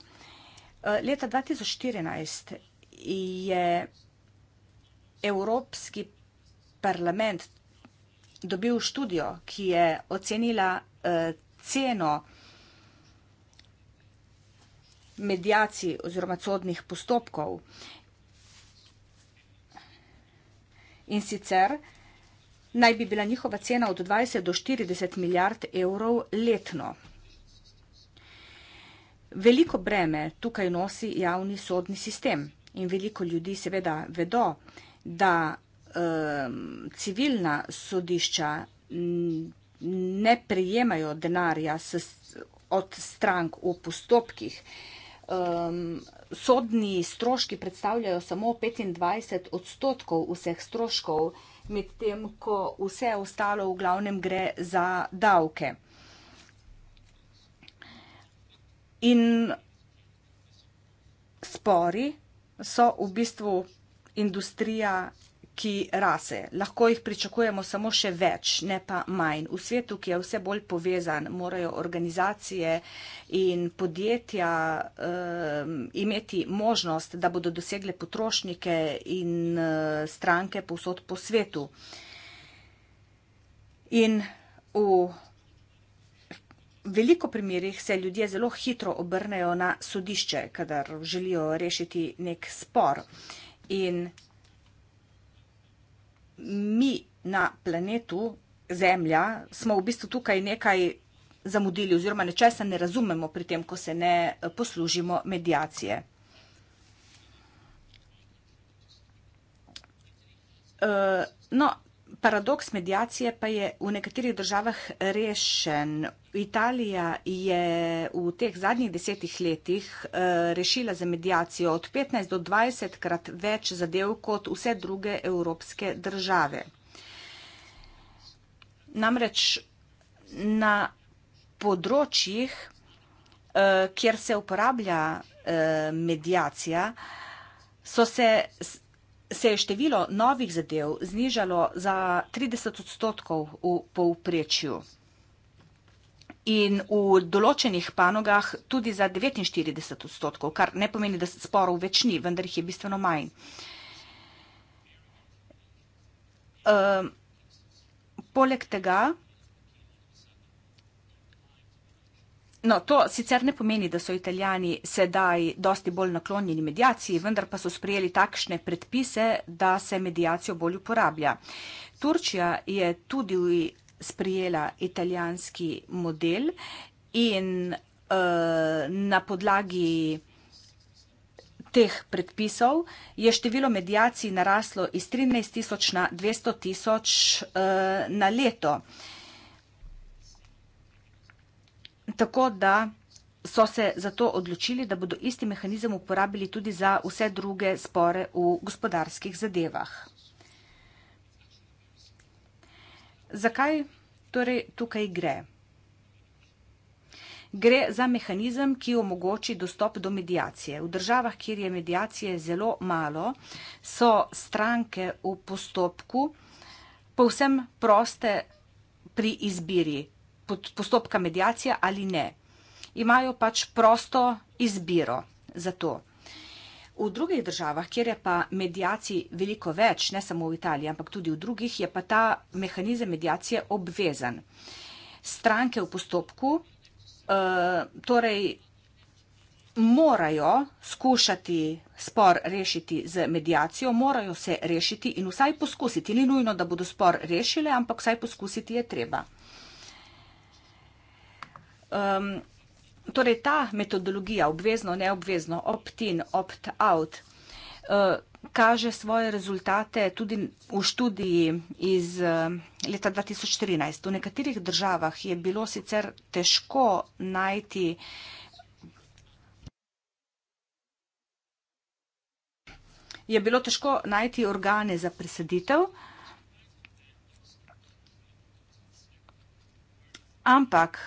Eh, leta 2014 je Evropski parlament dobil študijo, ki je ocenila eh, ceno medijacij oziroma sodnih postopkov. In sicer naj bi bila njihova cena od 20 do 40 milijard evrov letno. Veliko breme tukaj nosi javni sodni sistem in veliko ljudi seveda vedo, da um, civilna sodišča ne prijemajo denarja s, od strank v postopkih. Um, sodni stroški predstavljajo samo 25 odstotkov vseh stroškov, medtem ko vse ostalo v glavnem gre za davke. In spori so v bistvu industrija, ki rase. Lahko jih pričakujemo samo še več, ne pa manj. V svetu, ki je vse bolj povezan, morajo organizacije in podjetja um, imeti možnost, da bodo dosegle potrošnike in uh, stranke povsod po svetu. In v veliko primerih se ljudje zelo hitro obrnejo na sodišče, kadar želijo rešiti nek spor. In mi na planetu, Zemlja, smo v bistvu tukaj nekaj zamudili oziroma nečesa ne razumemo pri tem, ko se ne poslužimo medijacije. Eh, no, Paradoks medijacije pa je v nekaterih državah rešen. Italija je v teh zadnjih desetih letih eh, rešila za medijacijo od 15 do 20 krat več zadev kot vse druge evropske države. Namreč na področjih, eh, kjer se uporablja eh, medijacija, so se se je število novih zadev znižalo za 30 odstotkov v povprečju in v določenih panogah tudi za 49 odstotkov, kar ne pomeni, da se sporov več ni, vendar jih je bistveno manj. Ehm, poleg tega No, to sicer ne pomeni, da so italijani sedaj dosti bolj naklonjeni medijaciji, vendar pa so sprejeli takšne predpise, da se medijacijo bolj uporablja. Turčija je tudi sprijela italijanski model in uh, na podlagi teh predpisov je število medijacij naraslo iz 13 tisoč na 200 tisoč uh, na leto. Uh, tako da so se zato odločili, da bodo isti mehanizem uporabili tudi za vse druge spore v gospodarskih zadevah. Zakaj torej tukaj gre? Gre za mehanizem, ki omogoči dostop do medijacije. V državah, kjer je medijacije zelo malo, so stranke v postopku povsem proste pri izbiri postopka medijacije ali ne. Imajo pač prosto izbiro za to. V drugih državah, kjer je pa medijacij veliko več, ne samo v Italiji, ampak tudi v drugih, je pa ta mehanizem medijacije obvezen. Stranke v postopku uh, torej morajo skušati spor rešiti z medijacijo, morajo se rešiti in vsaj poskusiti. Ni nujno, da bodo spor rešile, ampak vsaj poskusiti je treba. Um, torej, ta metodologija, obvezno, neobvezno, opt-in, opt-out, uh, kaže svoje rezultate tudi v študiji iz uh, leta 2014. V nekaterih državah je bilo sicer težko najti. Je bilo težko najti organe za preseditev, ampak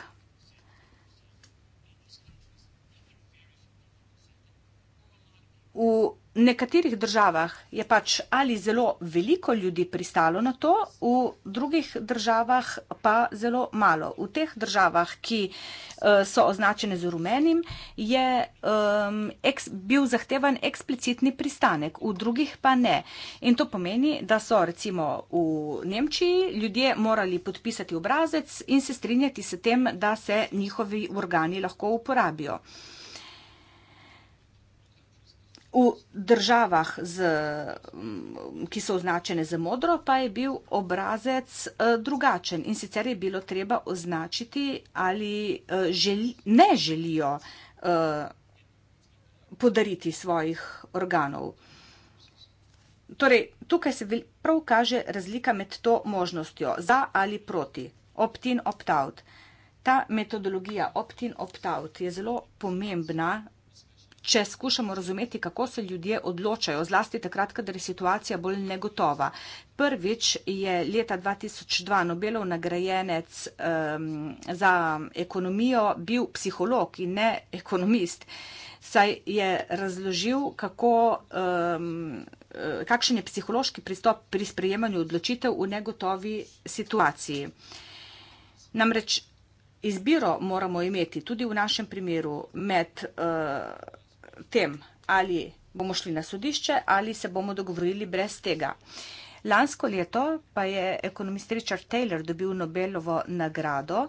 V nekaterih državah je pač ali zelo veliko ljudi pristalo na to, v drugih državah pa zelo malo. V teh državah, ki eh, so označene z rumenim, je um, eks, bil zahtevan eksplicitni pristanek, v drugih pa ne. In to pomeni, da so recimo v Nemčiji ljudje morali podpisati obrazec in se strinjati s tem, da se njihovi organi lahko uporabijo. V državah, z, ki so označene z modro, pa je bil obrazec e, drugačen in sicer je bilo treba označiti, ali e, želi, ne želijo e, podariti svojih organov. Torej, tukaj se prav kaže razlika med to možnostjo za ali proti, opt-in, opt-out. Ta metodologija opt-in, opt-out je zelo pomembna če skušamo razumeti, kako se ljudje odločajo, zlasti takrat, kadar je situacija bolj negotova. Prvič je leta 2002 Nobelov nagrajenec um, za ekonomijo bil psiholog in ne ekonomist, saj je razložil, kako, um, kakšen je psihološki pristop pri sprejemanju odločitev v negotovi situaciji. Namreč izbiro moramo imeti tudi v našem primeru med. Uh, tem, ali bomo šli na sodišče ali se bomo dogovorili brez tega. Lansko leto pa je ekonomist Richard Taylor dobil Nobelovo nagrado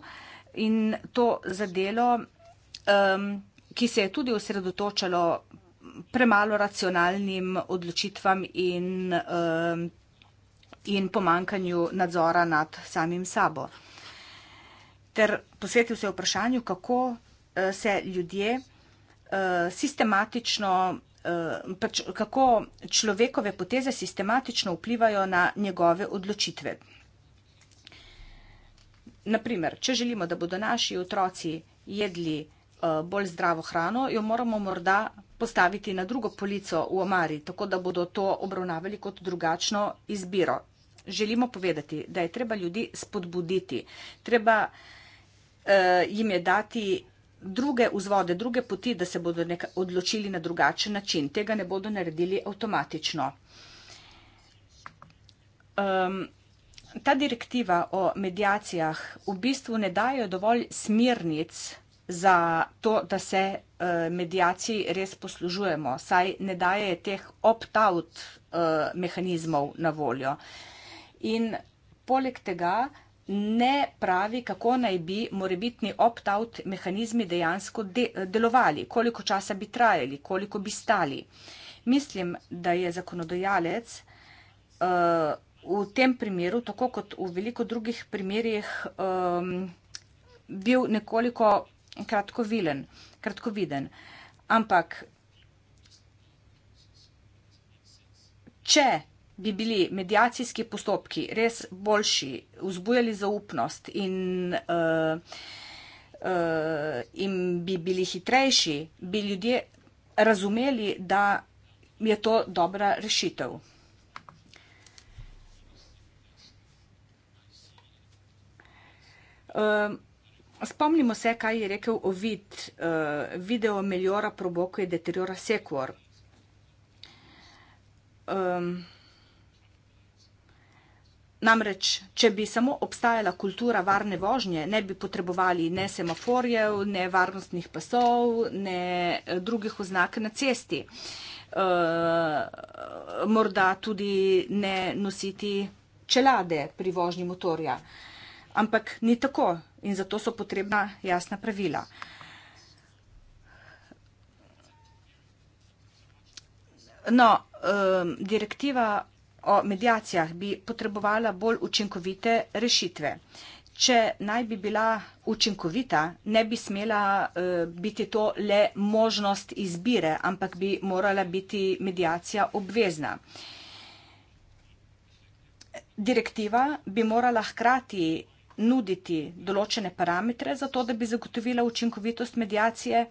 in to za delo, um, ki se je tudi osredotočalo premalo racionalnim odločitvam in, um, in pomankanju nadzora nad samim sabo. Ter posvetil se vprašanju, kako eh, se ljudje uh, sistematično, uh, kako človekove poteze sistematično vplivajo na njegove odločitve. Naprimer, če želimo, da bodo naši otroci jedli uh, bolj zdravo hrano, jo moramo morda postaviti na drugo polico v omari, tako da bodo to obravnavali kot drugačno izbiro. Želimo povedati, da je treba ljudi spodbuditi, treba uh, jim je dati druge vzvode, druge poti, da se bodo nek- odločili na drugačen način. Tega ne bodo naredili avtomatično. Um, ta direktiva o medijacijah v bistvu ne daje dovolj smernic za to, da se uh, eh, medijaciji res poslužujemo, saj ne daje teh opt-out uh, mehanizmov na voljo. In poleg tega ne pravi, kako naj bi morebitni opt-out mehanizmi dejansko de delovali, koliko časa bi trajali, koliko bi stali. Mislim, da je zakonodajalec uh, v tem primeru, tako kot v veliko drugih primerjih, um, bil nekoliko kratkovilen, kratkoviden. Ampak, če bi bili medijacijski postopki res boljši, vzbujali zaupnost in, uh, uh, in bi bili hitrejši, bi ljudje razumeli, da je to dobra rešitev. Uh, spomnimo se, kaj je rekel Ovid, uh, video meliora proboko je deteriora sekor. Um, ehm, Namreč, če bi samo obstajala kultura varne vožnje, ne bi potrebovali ne semaforjev, ne varnostnih pasov, ne eh, drugih oznak na cesti. E, morda tudi ne nositi čelade pri vožnji motorja. Ampak ni tako in zato so potrebna jasna pravila. No, e, direktiva o medijacijah bi potrebovala bolj učinkovite rešitve. Če naj bi bila učinkovita, ne bi smela eh, biti to le možnost izbire, ampak bi morala biti medijacija obvezna. Direktiva bi morala hkrati nuditi določene parametre za to, da bi zagotovila učinkovitost medijacije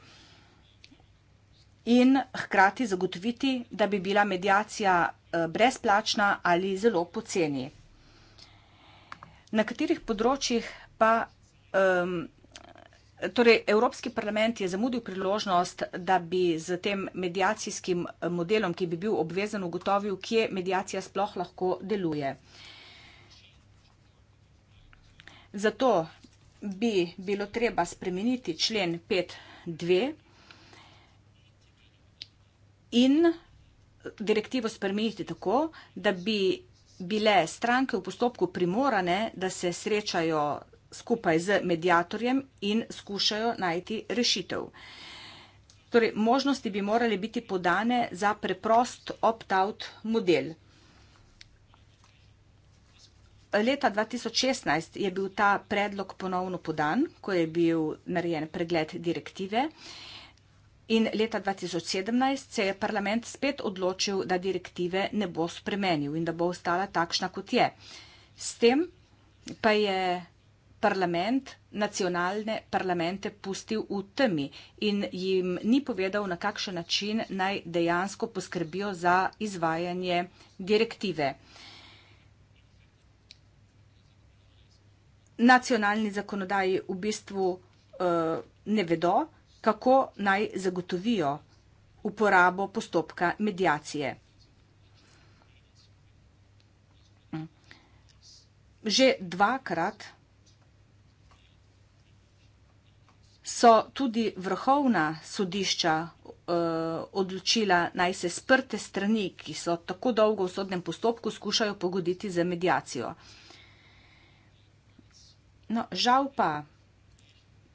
in hkrati zagotoviti, da bi bila medijacija eh, brezplačna ali zelo poceni. Na katerih področjih pa. Um, torej, Evropski parlament je zamudil priložnost, da bi z tem medijacijskim eh, modelom, ki bi bil obvezen, ugotovil, kje medijacija sploh lahko deluje. Zato bi bilo treba spremeniti člen 5.2 in direktivo spremeniti tako, da bi bile stranke v postopku primorane, da se srečajo skupaj z medijatorjem in skušajo najti rešitev. Torej, možnosti bi morali biti podane za preprost opt-out model. Leta 2016 je bil ta predlog ponovno podan, ko je bil narejen pregled direktive in leta 2017 se je parlament spet odločil, da direktive ne bo spremenil in da bo ostala takšna, kot je. S tem pa je parlament nacionalne parlamente pustil v temi in jim ni povedal, na kakšen način naj dejansko poskrbijo za izvajanje direktive. Nacionalni zakonodaji v bistvu uh, ne vedo, kako naj zagotovijo uporabo postopka medijacije. Že dvakrat so tudi vrhovna sodišča uh, odločila, naj se sprte strani, ki so tako dolgo v sodnem postopku, skušajo pogoditi za medijacijo. No, žal pa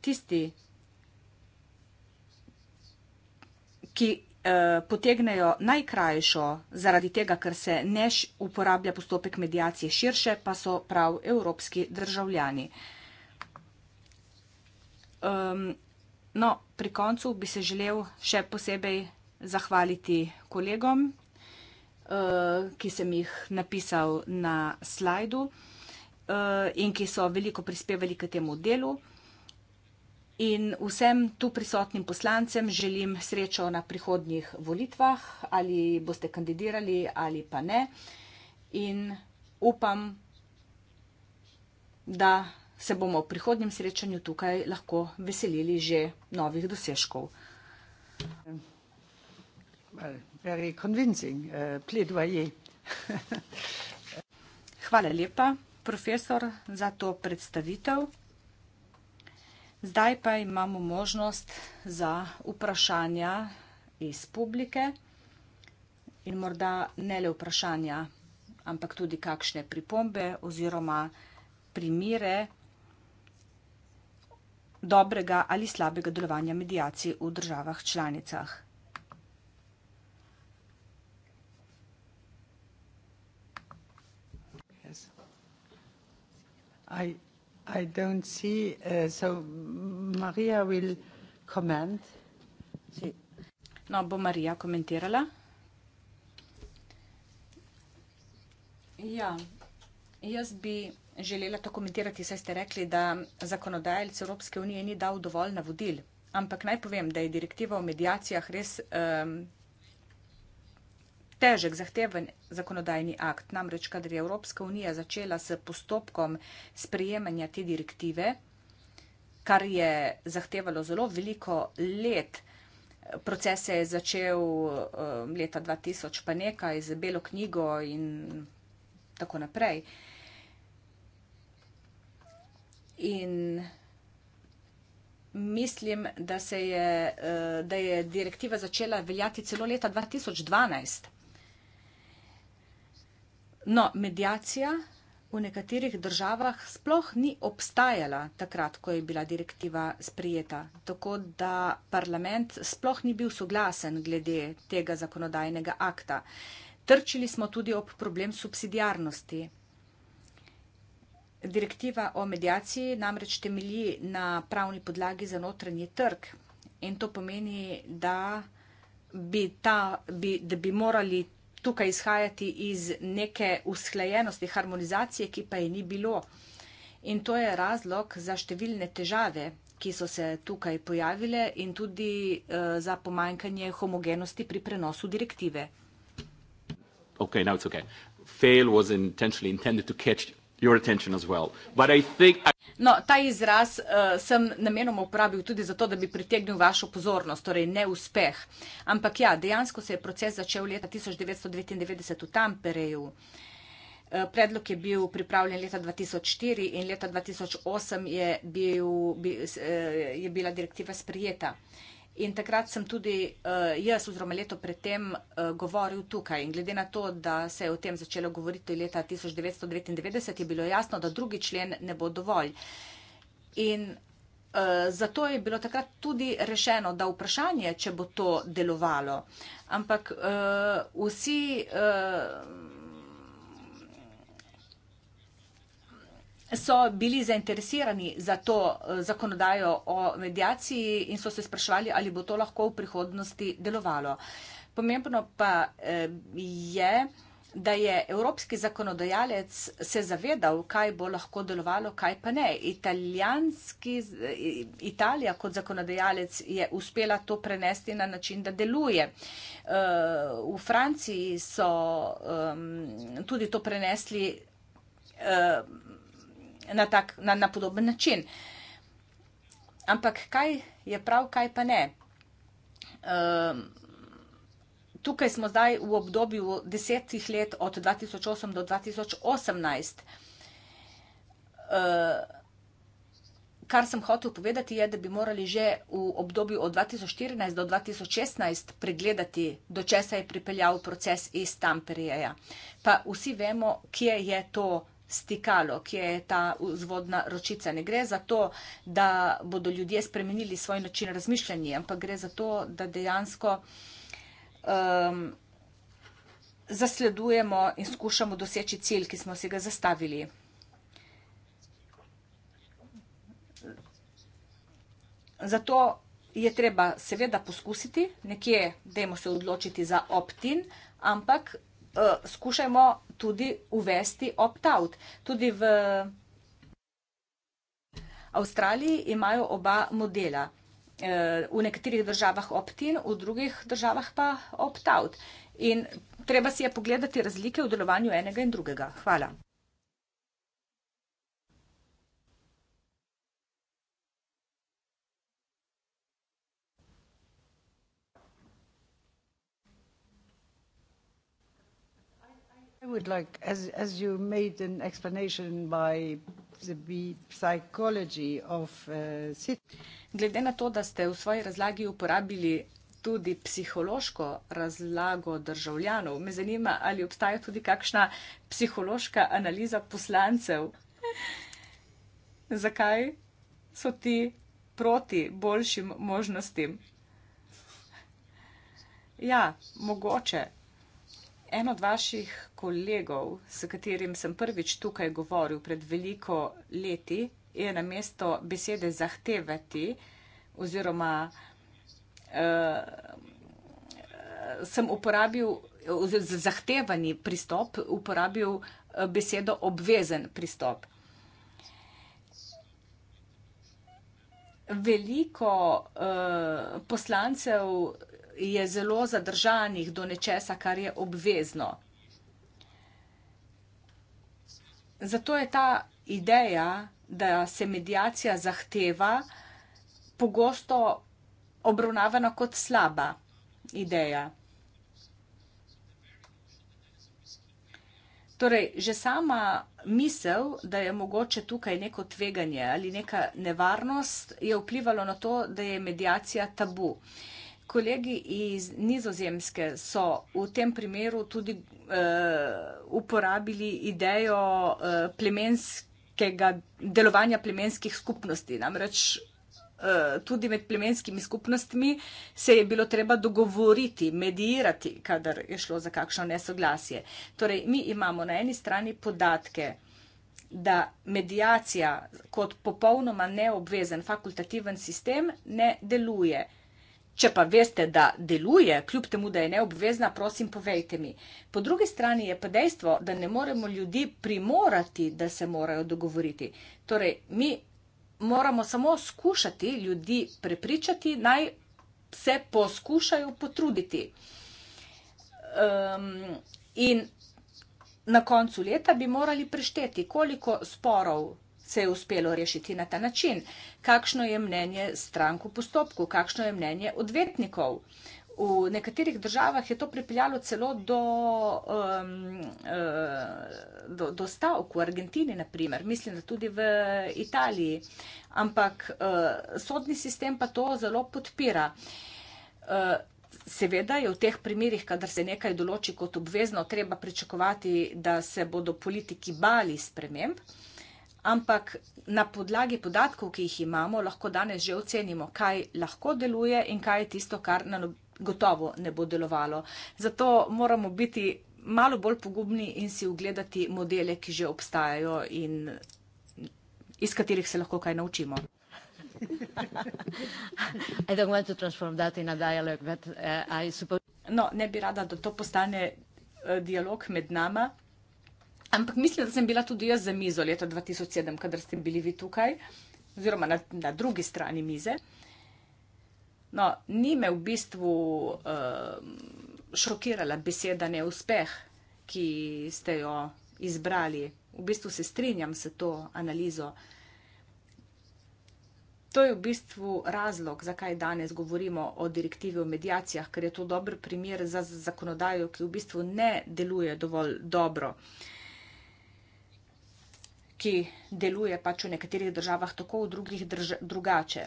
tisti, ki eh, potegnejo najkrajšo, zaradi tega, ker se neš uporablja postopek medijacije širše, pa so prav evropski državljani. Um, no, pri koncu bi se želel še posebej zahvaliti kolegom, uh, ki sem jih napisal na slajdu uh, in ki so veliko prispevali k temu delu. In vsem tu prisotnim poslancem želim srečo na prihodnjih volitvah, ali boste kandidirali ali pa ne. In upam, da se bomo v prihodnjem srečanju tukaj lahko veselili že novih dosežkov. Uh, *laughs* Hvala lepa, profesor, za to predstavitev. Zdaj pa imamo možnost za vprašanja iz publike in morda ne le vprašanja, ampak tudi kakšne pripombe oziroma primire dobrega ali slabega delovanja medijacij v državah članicah. Yes. I I don't see. Uh, so Maria will comment. Si. No, bo Maria komentirala. Ja, jaz bi želela to komentirati, saj ste rekli, da zakonodajalec Evropske unije ni dal dovolj navodil. Ampak naj povem, da je direktiva o medijacijah res um, Težek, zahteven zakonodajni akt, namreč kadar je Evropska unija začela s postopkom sprejemanja te direktive, kar je zahtevalo zelo veliko let, proces se je začel um, leta 2000 pa nekaj z Belo knjigo in tako naprej. In mislim, da, se je, uh, da je direktiva začela veljati celo leta 2012. No, medijacija v nekaterih državah sploh ni obstajala takrat, ko je bila direktiva sprijeta, tako da parlament sploh ni bil soglasen glede tega zakonodajnega akta. Trčili smo tudi ob problem subsidijarnosti. Direktiva o medijaciji namreč temelji na pravni podlagi za notranji trg in to pomeni, da bi, ta, bi, da bi morali tukaj izhajati iz neke usklajenosti, harmonizacije, ki pa je ni bilo. In to je razlog za številne težave, ki so se tukaj pojavile in tudi uh, za pomanjkanje homogenosti pri prenosu direktive. Okay, now it's okay. Fail was intentionally intended to catch you your attention as well. But I think I No, ta izraz uh, sem namenoma uporabil tudi zato, da bi pritegnil vašo pozornost, torej ne uspeh. Ampak ja, dejansko se je proces začel leta 1999 v Tampereju. Eh, predlog je bil pripravljen leta 2004 in leta 2008 je, bil, eh, je bila direktiva sprijeta. In takrat sem tudi uh, jaz, oziroma leto predtem, uh, eh, govoril tukaj. In glede na to, da se je o tem začelo govoriti leta 1999, je bilo jasno, da drugi člen ne bo dovolj. In uh, zato je bilo takrat tudi rešeno, da vprašanje, če bo to delovalo. Ampak uh, vsi. Uh, so bili zainteresirani za to eh, zakonodajo o medijaciji in so se sprašvali, ali bo to lahko v prihodnosti delovalo. Pomembno pa eh, je, da je evropski zakonodajalec se zavedal, kaj bo lahko delovalo, kaj pa ne. Italijanski, eh, Italija kot zakonodajalec je uspela to prenesti na način, da deluje. V Franciji so ehm, tudi to prenesli na, tak, na, na podoben način. Ampak kaj je prav, kaj pa ne? Um, tukaj smo zdaj v obdobju desetih let od 2008 do 2018. Uh, ehm, kar sem hotel povedati je, da bi morali že v obdobju od 2014 do 2016 pregledati, do česa je pripeljal proces iz Tamperijeja. Pa vsi vemo, kje je to stikalo, ki je ta vzvodna ročica. Ne gre za to, da bodo ljudje spremenili svoj način razmišljanja, ampak gre za to, da dejansko um, zasledujemo in skušamo doseči cilj, ki smo si ga zastavili. Zato je treba seveda poskusiti nekje, dajmo se odločiti za opt-in, ampak uh, skušajmo tudi uvesti opt-out. Tudi v Avstraliji imajo oba modela. Eh, v nekaterih državah opt-in, v drugih državah pa opt-out. In treba si je pogledati razlike v delovanju enega in drugega. Hvala. I would like, as, as you made an explanation by the psychology of uh, cities. Glede na to, da ste v svoji razlagi uporabili tudi psihološko razlago državljanov, me zanima, ali obstaja tudi kakšna psihološka analiza poslancev. *laughs* Zakaj so ti proti boljšim možnostim? Ja, mogoče. En od vaših kolegov, s katerim sem prvič tukaj govoril pred veliko leti, je na mesto besede zahtevati oziroma uh, sem uporabil oziroma zahtevani pristop, uporabil eh, besedo obvezen pristop. Veliko uh, poslancev je zelo zadržanih do nečesa, kar je obvezno. Zato je ta ideja, da se medijacija zahteva, pogosto obravnavana kot slaba ideja. Torej, že sama misel, da je mogoče tukaj neko tveganje ali neka nevarnost, je vplivalo na to, da je medijacija tabu. Uh, Kolegi iz Nizozemske so v tem primeru tudi uh, uporabili idejo uh, plemenskega delovanja plemenskih skupnosti. Namreč uh, tudi med plemenskimi skupnostmi se je bilo treba dogovoriti, medijirati, kadar je šlo za kakšno nesoglasje. Torej, mi imamo na eni strani podatke da medijacija kot popolnoma neobvezen fakultativen sistem ne deluje. Če pa veste, da deluje, kljub temu, da je neobvezna, prosim, povejte mi. Po drugi strani je pa dejstvo, da ne moremo ljudi primorati, da se morajo dogovoriti. Torej, mi moramo samo skušati ljudi prepričati, naj se poskušajo potruditi. Um, in na koncu leta bi morali prešteti, koliko sporov se je uspelo rešiti na ta način? Kakšno je mnenje strank v postopku? Kakšno je mnenje odvetnikov? V nekaterih državah je to pripeljalo celo do, um, uh, do, do stavk, v Argentini, naprimer, mislim, da tudi v Italiji. Ampak uh, sodni sistem pa to zelo podpira. Uh, seveda je v teh primerjih, kadar se nekaj določi kot obvezno, treba pričakovati, da se bodo politiki bali sprememb. Uh, ampak na podlagi podatkov, ki jih imamo, lahko danes že ocenimo, kaj lahko deluje in kaj je tisto, kar na gotovo ne bo delovalo. Zato moramo biti malo bolj pogubni in si ogledati modele, ki že obstajajo in iz katerih se lahko kaj naučimo. *laughs* dialogue, but, uh, suppose... No, ne bi rada, da to postane uh, dialog med nama. Ampak mislim, da sem bila tudi jaz za mizo leta 2007, kadar ste bili vi tukaj, oziroma na, na drugi strani mize. No, ni me v bistvu uh, šokirala beseda neuspeh, ki ste jo izbrali. V bistvu se strinjam s to analizo. To je v bistvu razlog, zakaj danes govorimo o direktivi o medijacijah, ker je to dober primer za zakonodajo, ki v bistvu ne deluje dovolj dobro. Uh, ki deluje pač v nekaterih državah tako, v drugih drž drugače.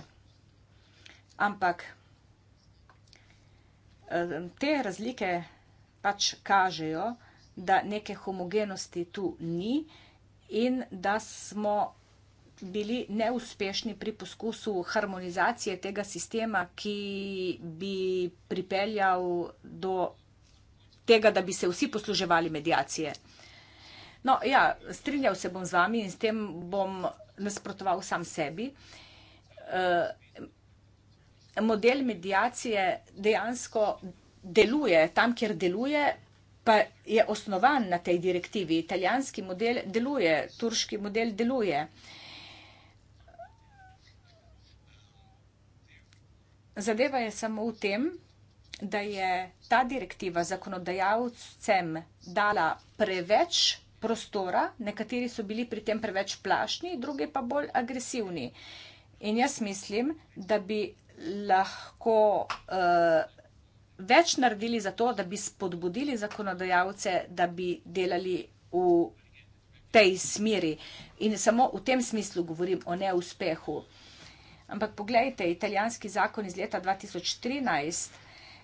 Ampak eh, te razlike pač kažejo, da neke homogenosti tu ni in da smo bili neuspešni pri poskusu harmonizacije tega sistema, ki bi pripeljal do tega, da bi se vsi posluževali medijacije. No, ja, strinjal se bom z vami in s tem bom nasprotoval sam sebi. Eh, model medijacije dejansko deluje tam, kjer deluje, pa je osnovan na tej direktivi. Italijanski model deluje, turški model deluje. Zadeva je samo v tem, da je ta direktiva zakonodajalcem dala preveč vsega, prostora, nekateri so bili pri tem preveč plašni, drugi pa bolj agresivni. In jaz mislim, da bi lahko uh, več naredili za to, da bi spodbudili zakonodajalce, da bi delali v tej smeri. In samo v tem smislu govorim o neuspehu. Ampak pogledajte, italijanski zakon iz leta 2013.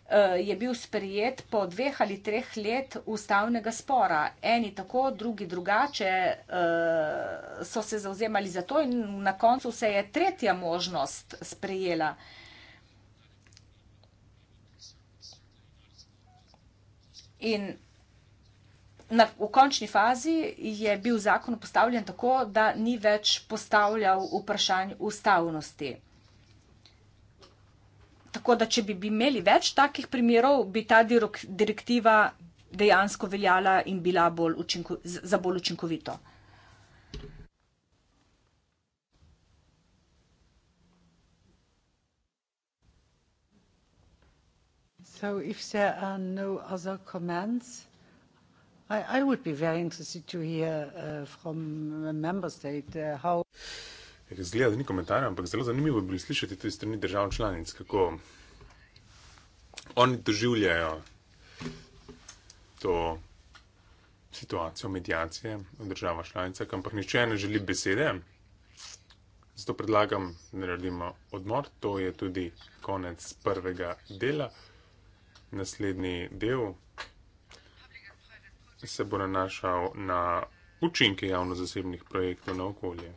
Eh, je bil sprejet po dveh ali treh let ustavnega spora. Eni tako, drugi drugače eh, so se zauzemali za to in na koncu se je tretja možnost sprejela. In na, v končni fazi je bil zakon postavljen tako, da ni več postavljal vprašanj ustavnosti. Tako da, če bi imeli več takih primerov, bi ta direktiva dejansko veljala in bila bolj učinko, za bolj učinkovito. So if there are no other comments, I, I would be very interested to hear uh, from a member state uh, how. Zgleda, da ni komentarja, ampak zelo zanimivo bi bilo slišati tudi strani držav članic, kako oni doživljajo to situacijo medijacije v država članicah, ampak nišče ne želi besede. Zato predlagam, da naredimo odmor. To je tudi konec prvega dela. Naslednji del se bo nanašal na učinke javno-zasebnih projektov na okolje.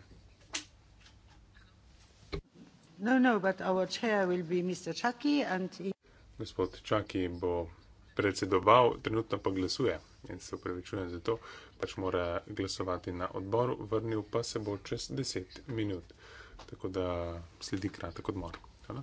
No, no, Gospod Čaki bo predsedoval, trenutno pa glasuje in se upravičuje za to, pač mora glasovati na odboru, vrnil pa se bo čez deset minut. Tako da sledi kratek odmor. Hvala.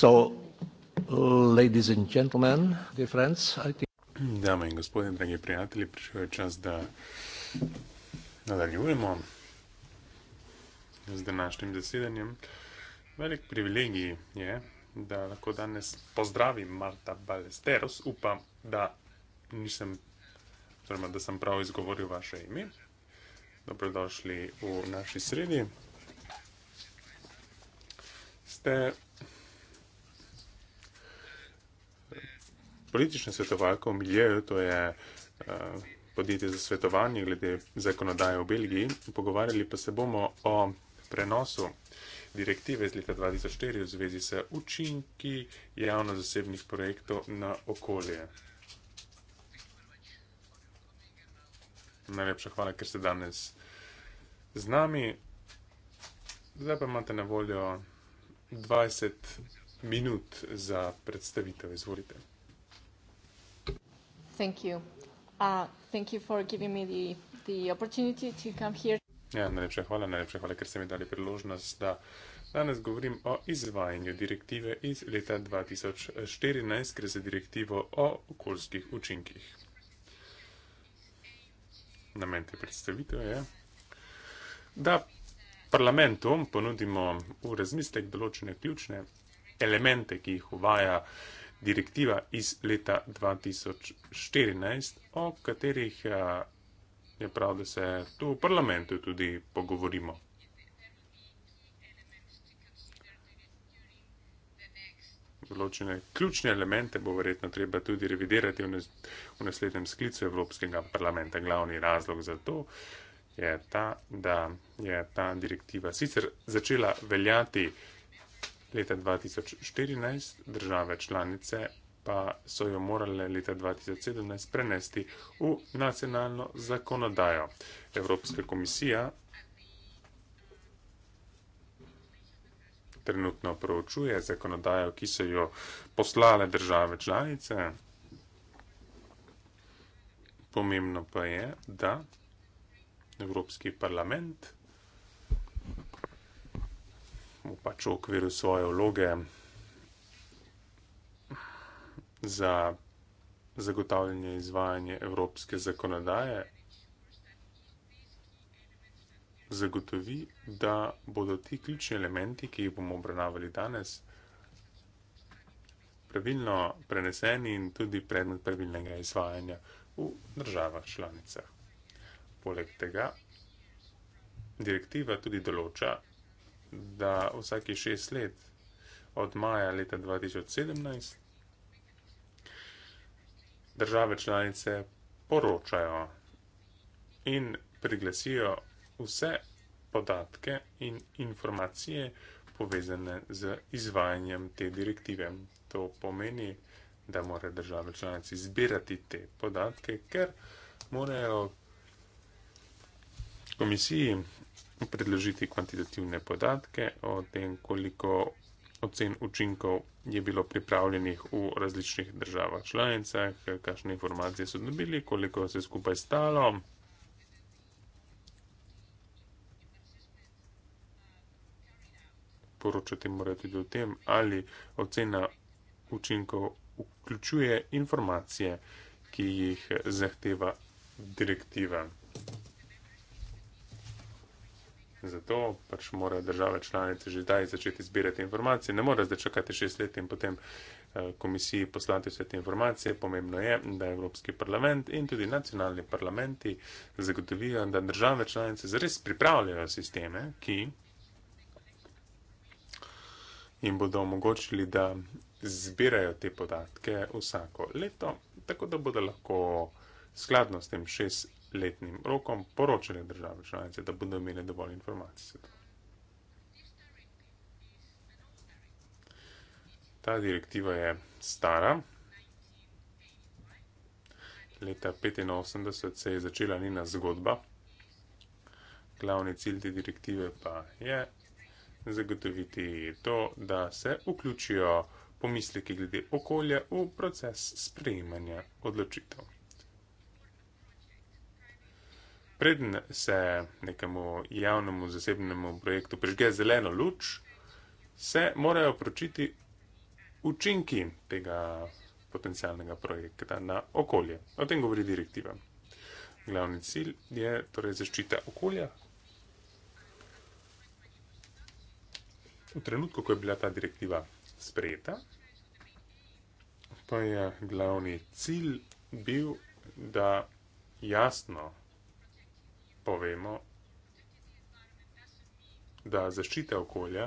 So, uh, ladies and gentlemen, dear friends, I think... Dame in gospodje, dragi prijatelji, prišel je čas, da nadaljujemo z današnjim zasedanjem. Velik privilegij je, da lahko danes pozdravim Marta Balesteros. Upam, da nisem, oziroma, da sem prav izgovoril vaše ime. Dobrodošli v naši sredi. Ste politične svetovalke v Miljeju, to je eh, podjetje za svetovanje glede zakonodaje v Belgiji. Pogovarjali pa se bomo o prenosu direktive iz leta 2004 v zvezi s učinki javno-zasebnih projektov na okolje. Najlepša hvala, ker ste danes z nami. Zdaj pa imate na voljo 20 minut za predstavitev. Izvolite. Thank you. Uh, thank you for giving me the, the opportunity to come here. Ja, najlepša hvala, najlepša hvala, ker ste mi dali priložnost, da danes govorim o izvajanju direktive iz leta 2014, gre za direktivo o okoljskih učinkih. Namen te predstavitve je, da parlamentu ponudimo v razmislek določene ključne elemente, ki jih uvaja direktiva iz leta 2014, o katerih eh, je prav, da se tu v parlamentu tudi pogovorimo. Določene ključne elemente bo verjetno treba tudi revidirati v, nas, v naslednjem sklicu Evropskega parlamenta. Glavni razlog za to je ta, da je ta direktiva sicer začela veljati leta 2014, države članice pa so jo morale leta 2017 prenesti v nacionalno zakonodajo. Evropska komisija trenutno proučuje zakonodajo, ki so jo poslale države članice. Pomembno pa je, da Evropski parlament pač v okviru svoje vloge za zagotavljanje izvajanje evropske zakonodaje, zagotovi, da bodo ti ključni elementi, ki jih bomo obravnavali danes, pravilno preneseni in tudi predmet pravilnega izvajanja v državah članicah. Poleg tega direktiva tudi določa, da vsake šest let od maja leta 2017 države članice poročajo in priglasijo vse podatke in informacije povezane z izvajanjem te direktive. To pomeni, da morajo države članice zbirati te podatke, ker morajo komisiji predložiti kvantitativne podatke o tem, koliko ocen učinkov je bilo pripravljenih v različnih državah članicah, kakšne informacije so dobili, koliko se skupaj stalo. Poročati morajo tudi o tem, ali ocena učinkov vključuje informacije, ki jih zahteva direktiva. Zato pač morajo države članice že zdaj začeti zbirati informacije. Ne morajo zdaj čakati šest let in potem eh, komisiji poslati vse te informacije. Pomembno je, da Evropski parlament in tudi nacionalni parlamenti zagotovijo, da države članice zares pripravljajo sisteme, ki jim bodo omogočili, da zbirajo te podatke vsako leto, tako da bodo lahko skladno s tem šest letnim rokom poročale države članice, da bodo imeli dovolj informacij. Ta direktiva je stara. Leta 1985 se je začela njena zgodba. Glavni cilj te direktive pa je zagotoviti to, da se vključijo pomisleki glede okolja v proces sprejemanja odločitev preden se nekemu javnemu zasebnemu projektu prižge zeleno luč, se morajo pročiti učinki tega potencialnega projekta na okolje. O tem govori direktiva. Glavni cilj je torej zaščita okolja. V trenutku, ko je bila ta direktiva sprejeta, pa je glavni cilj bil, da jasno povemo, da zaščita okolja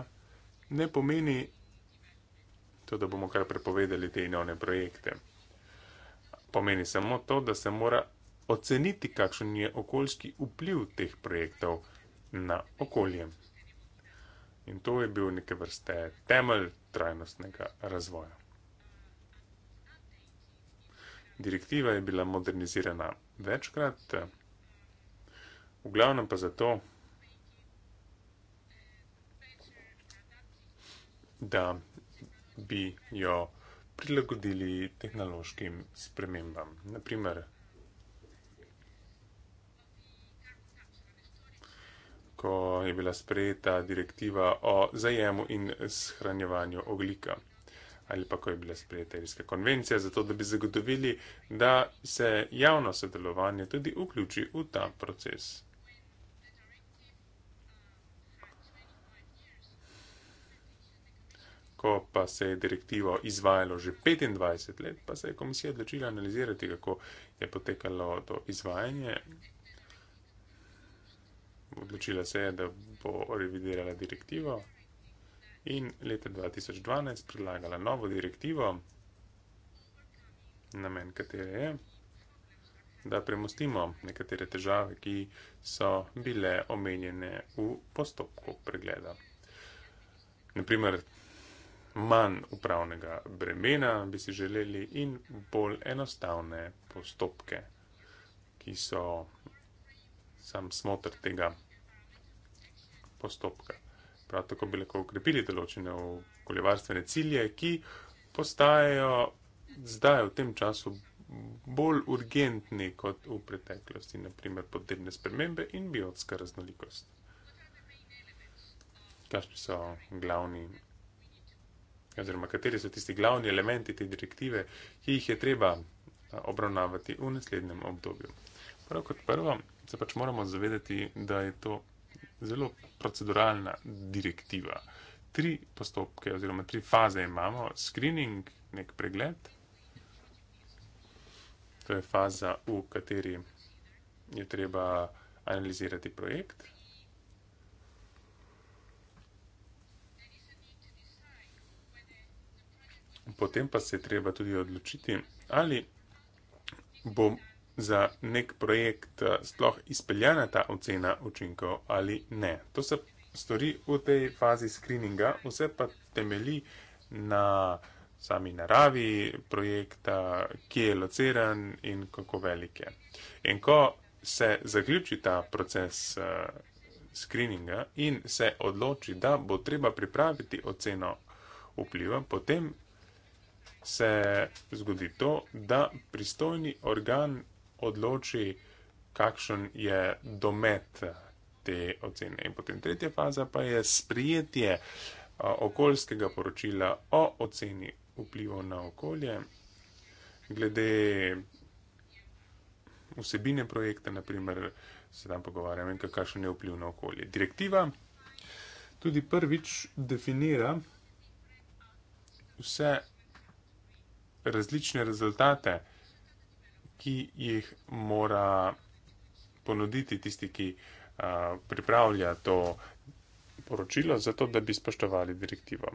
ne pomeni to, da bomo kar prepovedali te in one projekte. Pomeni samo to, da se mora oceniti, kakšen je okoljski vpliv teh projektov na okolje. In to je bil neke vrste temelj trajnostnega razvoja. Direktiva je bila modernizirana večkrat, V glavnem pa zato, da bi jo prilagodili tehnološkim spremembam. Naprimer, ko je bila sprejeta direktiva o zajemu in shranjevanju oglika ali pa ko je bila sprejeta Irska konvencija, zato da bi zagotovili, da se javno sodelovanje tudi vključi v ta proces. ko pa se je direktivo izvajalo že 25 let, pa se je komisija odločila analizirati, kako je potekalo to izvajanje. Odločila se je, da bo revidirala direktivo in leta 2012 predlagala novo direktivo, namen katere je, da premostimo nekatere težave, ki so bile omenjene v postopku pregleda. Naprimer, manj upravnega bremena, bi si želeli in bolj enostavne postopke, ki so sam smotr tega postopka. Prav tako bi lahko ukrepili določene okoljevarstvene cilje, ki postajajo zdaj v tem času bolj urgentni kot v preteklosti, naprimer podnebne spremembe in biotska raznolikost. Kakšni so glavni oziroma kateri so tisti glavni elementi te direktive, ki jih je treba obravnavati v naslednjem obdobju. Prav kot prvo, se pač moramo zavedati, da je to zelo proceduralna direktiva. Tri postopke oziroma tri faze imamo, screening, nek pregled, to je faza, v kateri je treba analizirati projekt, potem pa se je treba tudi odločiti, ali bo za nek projekt eh, sploh izpeljana ta ocena učinkov ali ne. To se stori v tej fazi screeninga, vse pa temeli na sami naravi projekta, kje je lociran in kako velik je. In ko se zaključi ta proces uh, screeninga in se odloči, da bo treba pripraviti oceno vpliva, potem se zgodi to, da pristojni organ odloči, kakšen je domet te ocene. In potem tretja faza pa je sprijetje okoljskega poročila o oceni vplivov na okolje, glede vsebine projekta, naprimer, se tam pogovarjam, kakšen je vpliv na okolje. Direktiva tudi prvič definira vse različne rezultate, ki jih mora ponuditi tisti, ki pripravlja to poročilo, zato da bi spoštovali direktivo.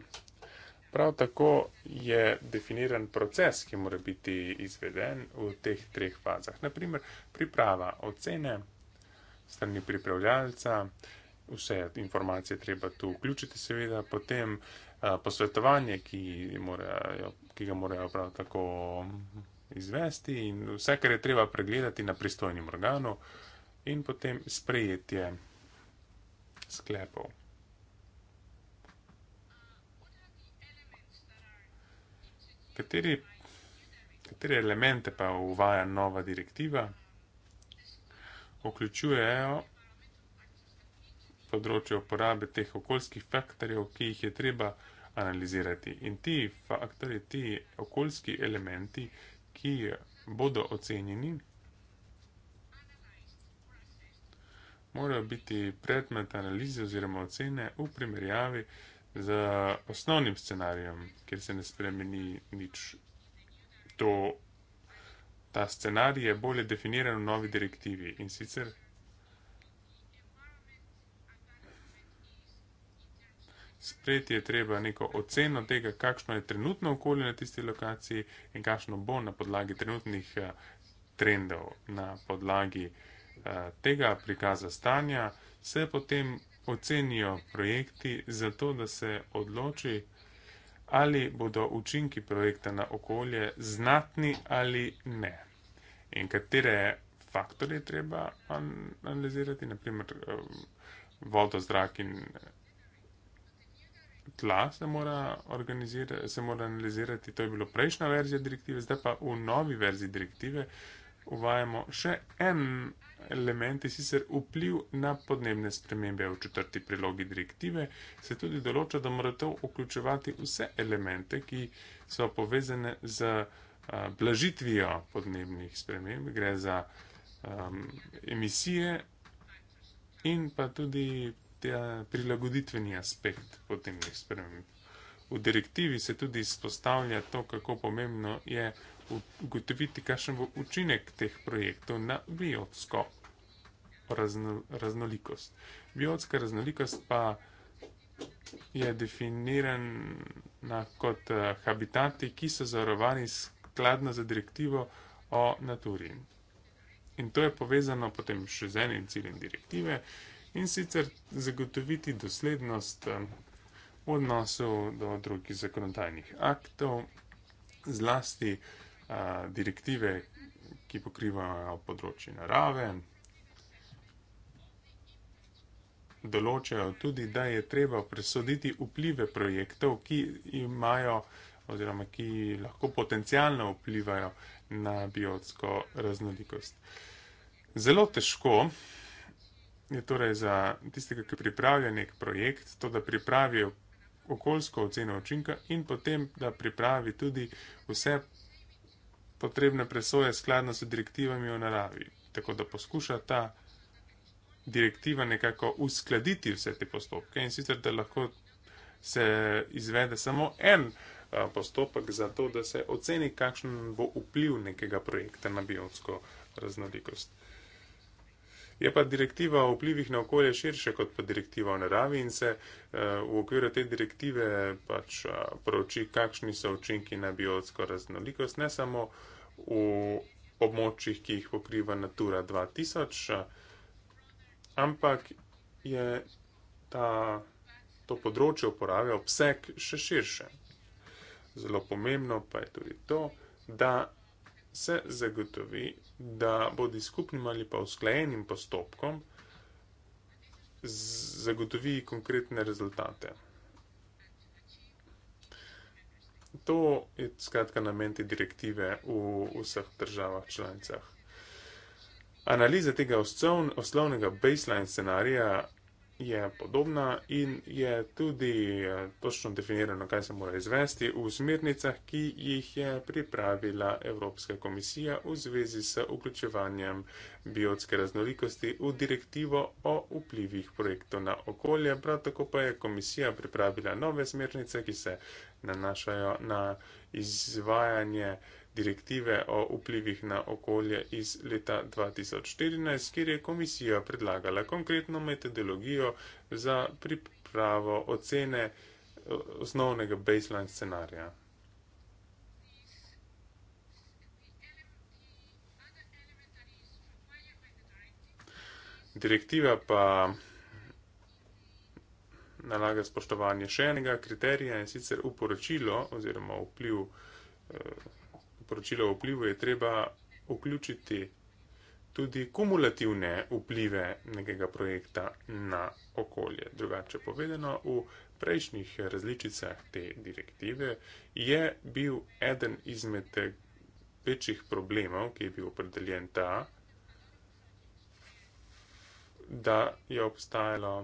Prav tako je definiran proces, ki mora biti izveden v teh treh fazah. Naprimer, priprava ocene strani pripravljalca, vse informacije treba tu vključiti, seveda, potem uh, Eh, posvetovanje, ki, morajo, ki ga morajo prav tako izvesti in vse, kar je treba pregledati na pristojnem organu in potem sprejetje sklepov. Kateri, kateri elemente pa uvaja nova direktiva? Vključujejo področje uporabe teh okoljskih faktorjev, ki jih je treba analizirati. In ti faktori, ti okoljski elementi, ki bodo ocenjeni, morajo biti predmet analize oziroma ocene v primerjavi z osnovnim scenarijem, kjer se ne spremeni nič. To, ta scenarij je bolje definiran v novi direktivi in sicer Sprejeti je treba neko oceno tega, kakšno je trenutno okolje na tisti lokaciji in kakšno bo na podlagi trenutnih eh, trendov, na podlagi eh, tega prikaza stanja, se potem ocenijo projekti za to, da se odloči, ali bodo učinki projekta na okolje znatni ali ne. In katere faktore je treba analizirati, naprimer eh, vodo, zrak in tla se mora, se mora analizirati, to je bilo prejšnja verzija direktive, zdaj pa v novi verziji direktive uvajamo še en element, ki sicer vpliv na podnebne spremembe v četrti prilogi direktive, se tudi določa, da mora to vključevati vse elemente, ki so povezane z eh, blažitvijo podnebnih sprememb, gre za um, emisije in pa tudi ta prilagoditveni aspekt podnebnih sprememb. V direktivi se tudi izpostavlja to, kako pomembno je ugotoviti, kakšen bo učinek teh projektov na biotsko razno, raznolikost. Biotska raznolikost pa je definirana kot eh, habitati, ki so zarovani skladno za direktivo o naturi. In to je povezano potem še z enim ciljem direktive, uh, in sicer zagotoviti doslednost v eh, odnosu do drugih zakonodajnih aktov, zlasti eh, direktive, ki pokrivajo področje narave. Določajo tudi, da je treba presoditi vplive projektov, ki imajo oziroma ki lahko potencialno vplivajo na biotsko raznolikost. Zelo težko je torej za tistega, ki pripravlja nek projekt, to, da pripravi okoljsko oceno učinka in potem, da pripravi tudi vse potrebne presoje skladno s direktivami o naravi. Tako da poskuša ta direktiva nekako uskladiti vse te postopke in sicer, da lahko se izvede samo en postopek za to, da se oceni, kakšen bo vpliv nekega projekta na biotsko raznolikost. Je pa direktiva o vplivih na okolje širše kot pa direktiva o naravi in se eh, v okviru te direktive pač eh, proči, kakšni so učinki na biotsko raznolikost, ne samo v območjih, ki jih pokriva Natura 2000, eh, ampak je ta, to področje uporabe obseg še širše. Zelo pomembno pa je tudi to, da se zagotovi, da bodi skupnim ali pa usklajenim postopkom zagotovi konkretne rezultate. To je skratka namen te direktive v vseh državah članicah. Analiza tega oslovnega baseline scenarija je podobna in je tudi eh, točno definirano, kaj se mora izvesti v smernicah, ki jih je pripravila Evropska komisija v zvezi s vključevanjem biotske raznolikosti v direktivo o vplivih projektov na okolje. Prav tako pa je komisija pripravila nove smernice, ki se nanašajo na izvajanje direktive o vplivih na okolje iz leta 2014, kjer je komisija predlagala konkretno metodologijo za pripravo ocene eh, osnovnega baseline scenarija. Direktiva pa nalaga spoštovanje še enega kriterija in sicer v poročilo oziroma vpliv eh, sporočila o vplivu, je treba vključiti tudi kumulativne vplive nekega projekta na okolje. Drugače povedano, v prejšnjih različicah te direktive je bil eden izmed večjih problemov, ki je bil opredeljen ta, da je obstajalo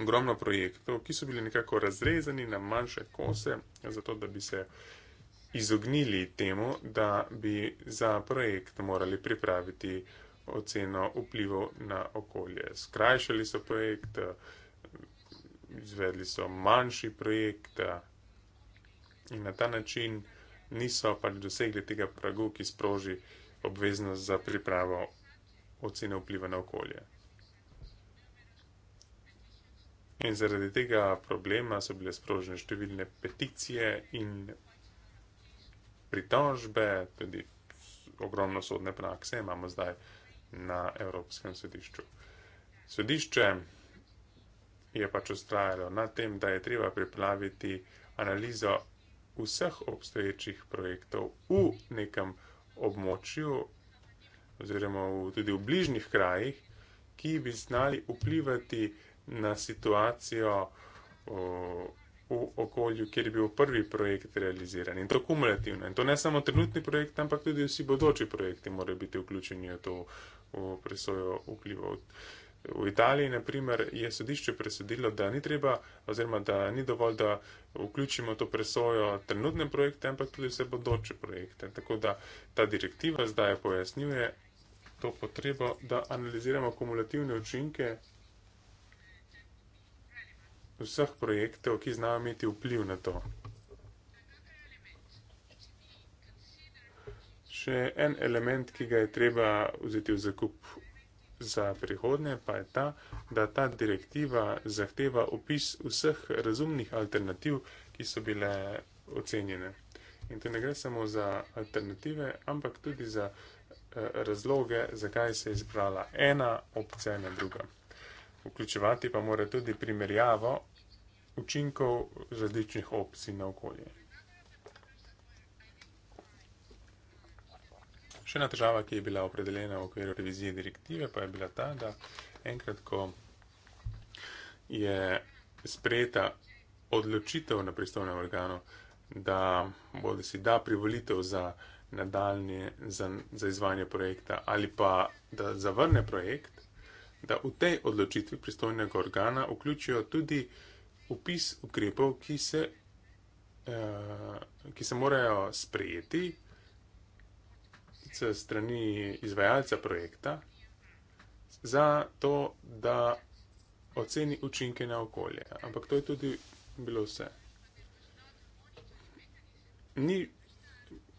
ogromno projektov, ki so bili nekako razrezani na manjše kose, zato da bi se izognili temu, da bi za projekt morali pripraviti oceno vplivov na okolje. Skrajšali so projekt, izvedli so manjši projekt in na ta način niso pač dosegli tega pragu, ki sproži obveznost za pripravo ocene vpliva na okolje. In zaradi tega problema so bile sprožene številne peticije in pritožbe, tudi ogromno sodne prakse imamo zdaj na Evropskem sodišču. Sodišče je pač ustrajalo na tem, da je treba pripraviti analizo vseh obstoječih projektov v nekem območju oziroma v, tudi v bližnjih krajih, ki bi znali vplivati na situacijo o, v okolju, kjer je bil prvi projekt realiziran in to kumulativno. In to ne samo trenutni projekt, ampak tudi vsi bodoči projekti morajo biti vključeni v to v presojo vplivov. V Italiji, na primer, je sodišče presodilo, da ni treba oziroma da ni dovolj, da vključimo to presojo trenutne projekte, ampak tudi vse bodoče projekte. Tako da ta direktiva zdaj pojasnjuje to potrebo, da analiziramo kumulativne učinke vseh projektov, ki znajo imeti vpliv na to. Še en element, ki ga je treba vzeti v zakup za prihodnje, pa je ta, da ta direktiva zahteva opis vseh razumnih alternativ, ki so bile ocenjene. In to ne gre samo za alternative, ampak tudi za eh, razloge, zakaj se je izbrala ena opcija na druga vključevati pa mora tudi primerjavo učinkov različnih opcij na okolje. Še ena težava, ki je bila opredeljena v okviru revizije direktive, pa je bila ta, da enkrat, ko je sprejeta odločitev na pristovnem organu, da bodo si da privolitev za nadaljne, za, za izvajanje projekta ali pa da zavrne projekt, da v tej odločitvi pristojnega organa vključijo tudi upis ukrepov, ki se, eh, ki se morajo sprejeti strani izvajalca projekta za to, da oceni učinke na okolje. Ampak to je tudi bilo vse. Ni,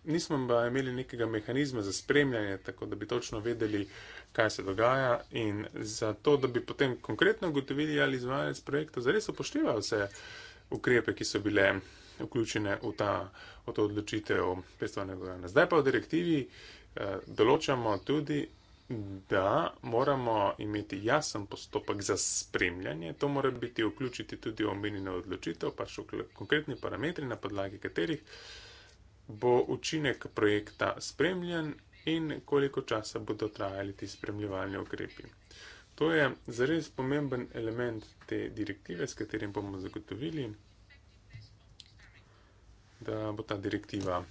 nismo pa imeli nekega mehanizma za spremljanje, tako da bi točno vedeli, uh, kaj se dogaja in zato, da bi potem konkretno ugotovili, ali izvajalec projekta zares upošteva vse ukrepe, ki so bile vključene v, ta, v to odločitev pestovnega organa. Zdaj pa v direktivi eh, določamo tudi, da moramo imeti jasen postopek za spremljanje. To mora biti vključiti tudi omenjeno odločitev, pa še konkretni parametri, na podlagi katerih bo učinek projekta spremljen in koliko časa bodo trajali ti spremljevalni okrepi. To je zares pomemben element te direktive, s katerim bomo zagotovili, da bo ta direktiva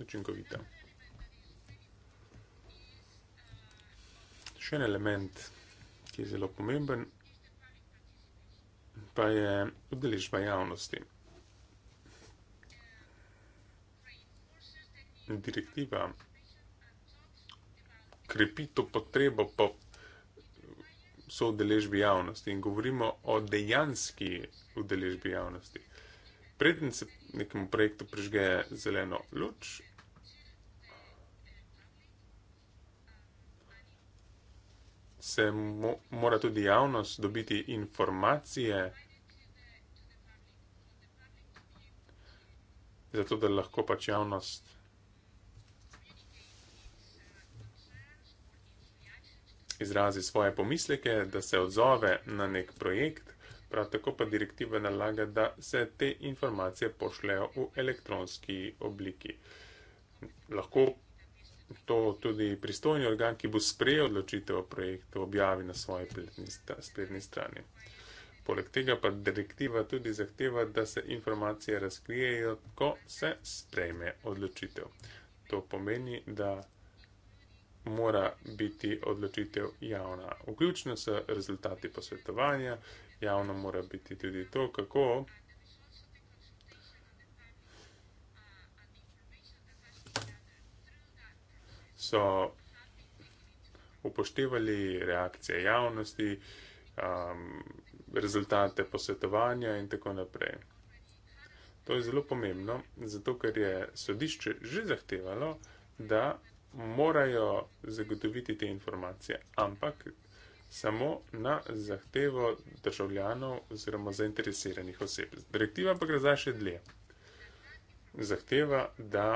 učinkovita. Še en element, ki je zelo pomemben, pa je udeležba javnosti. Direktiva krepi to potrebo po soodeležbi javnosti in govorimo o dejanski udeležbi javnosti. Preden se nekemu projektu prižge zeleno luč, se mo mora tudi javnost dobiti informacije, zato da lahko pač javnost izrazi svoje pomisleke, da se odzove na nek projekt, prav tako pa direktiva nalaga, da se te informacije pošljajo v elektronski obliki. Lahko to tudi pristojni organ, ki bo sprejel odločitev o projektu, objavi na svoji spletni strani. Poleg tega pa direktiva tudi zahteva, da se informacije razkrijejo, ko se sprejme odločitev. To pomeni, da mora biti odločitev javna, vključno s rezultati posvetovanja, javno mora biti tudi to, kako so upoštevali reakcije javnosti, um, rezultate posvetovanja in tako naprej. To je zelo pomembno, zato ker je sodišče že zahtevalo, da morajo zagotoviti te informacije, ampak samo na zahtevo državljanov oziroma zainteresiranih oseb. Direktiva pa gre za še dlje. Zahteva, da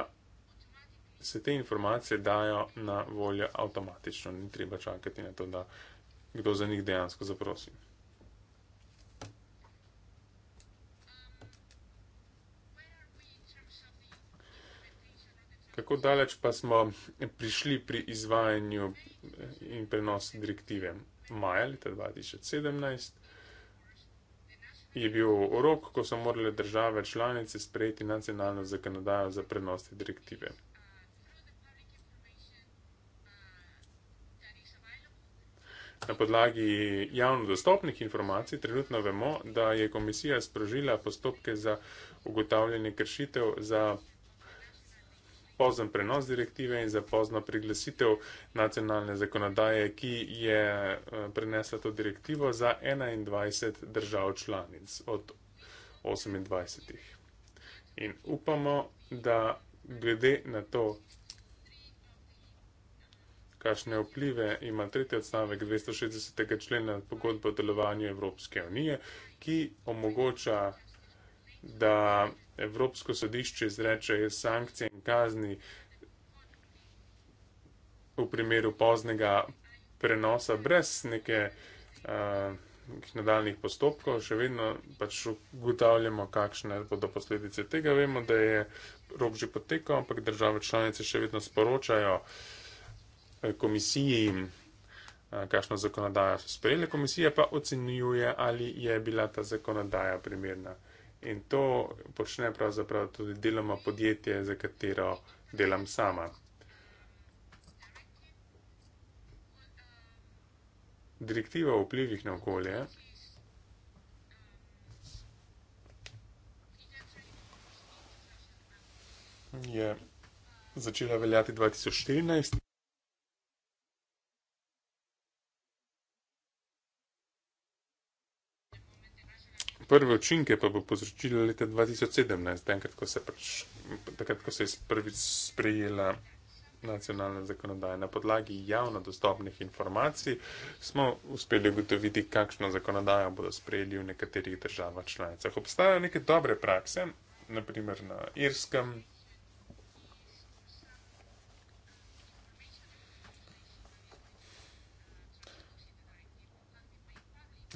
se te informacije dajo na voljo avtomatično, ni treba čakati na to, da kdo za njih dejansko zaprosi. Kako daleč pa smo prišli pri izvajanju eh, in prenosu direktive? Maja leta 2017 je bil rok, ko so morale države članice sprejeti nacionalno zakonodajo za prenos direktive. Na podlagi javno dostopnih informacij trenutno vemo, da je komisija sprožila postopke za ugotavljanje kršitev za pozen prenos direktive in za pozno priglasitev nacionalne zakonodaje, ki je eh, prenesla to direktivo za 21 držav članic od 28. In upamo, da glede na to, kakšne vplive ima tretji odstavek 260. člena pogodbe o delovanju Evropske unije, ki omogoča, da Evropsko sodišče izreče sankcije in kazni v primeru poznega prenosa brez neke uh, eh, nadaljnih postopkov, še vedno pač ugotavljamo, kakšne bodo posledice tega. Vemo, da je rok že potekal, ampak države članice še vedno sporočajo eh, komisiji, eh, kakšno zakonodajo so sprejeli. Komisija pa ocenjuje, ali je bila ta zakonodaja primerna in to počne pravzaprav tudi deloma podjetje, za katero delam sama. Direktiva o vplivih na okolje. je začela veljati 2014. prve učinke pa bo povzročila leta 2017, takrat, ko se, pač, takrat, ko se je prvič sprejela nacionalna zakonodaja. Na podlagi javno dostopnih informacij smo uspeli ugotoviti, kakšno zakonodajo bodo sprejeli v nekaterih državah članicah. Obstajajo neke dobre prakse, naprimer na Irskem,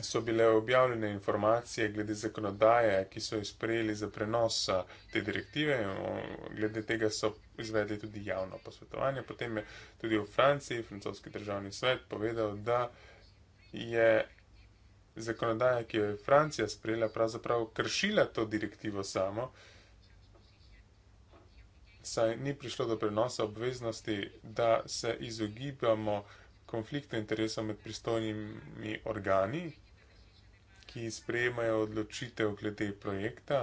so bile objavljene informacije glede zakonodaje, ki so jo sprejeli za prenos te direktive. Glede tega so izvedli tudi javno posvetovanje. Potem je tudi v Franciji francoski državni svet povedal, da je zakonodaja, ki jo je Francija sprejela, pravzaprav kršila to direktivo samo, saj ni prišlo do prenosa obveznosti, da se izogibamo konfliktu interesov med pristojnimi organi, ki sprejemajo odločitev glede projekta.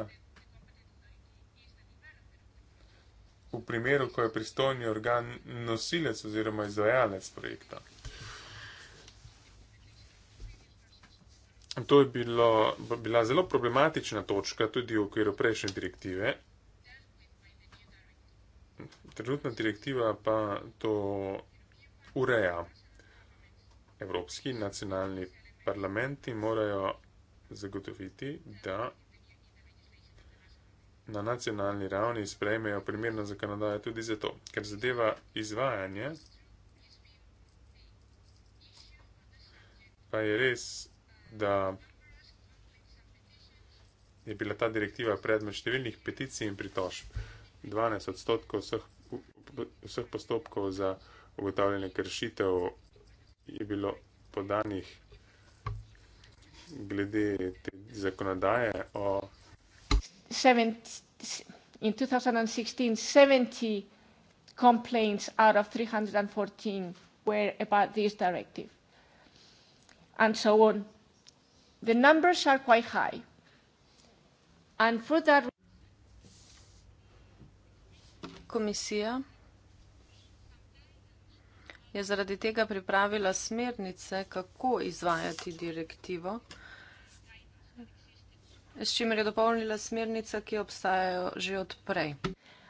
V primeru, ko je pristojni organ nosilec oziroma izvajalec projekta. To je bilo, bila zelo problematična točka tudi v okviru prejšnje direktive. Trenutna direktiva pa to ureja. Evropski nacionalni parlamenti morajo zagotoviti, da na nacionalni ravni sprejmejo primerno zakonodajo tudi zato, ker zadeva izvajanje, pa je res, da je bila ta direktiva predmet številnih peticij in pritožb. 12 odstotkov vseh, vseh postopkov za ugotavljanje kršitev je bilo podanih glede te zakonodaje o. 70, in 2016, 70% complaints out of 314 were about this directive. And so on. The numbers are quite high. And for that. Komisija je zaradi tega pripravila smernice, kako izvajati direktivo, s čimer je dopolnila smernice, ki obstajajo že odprej.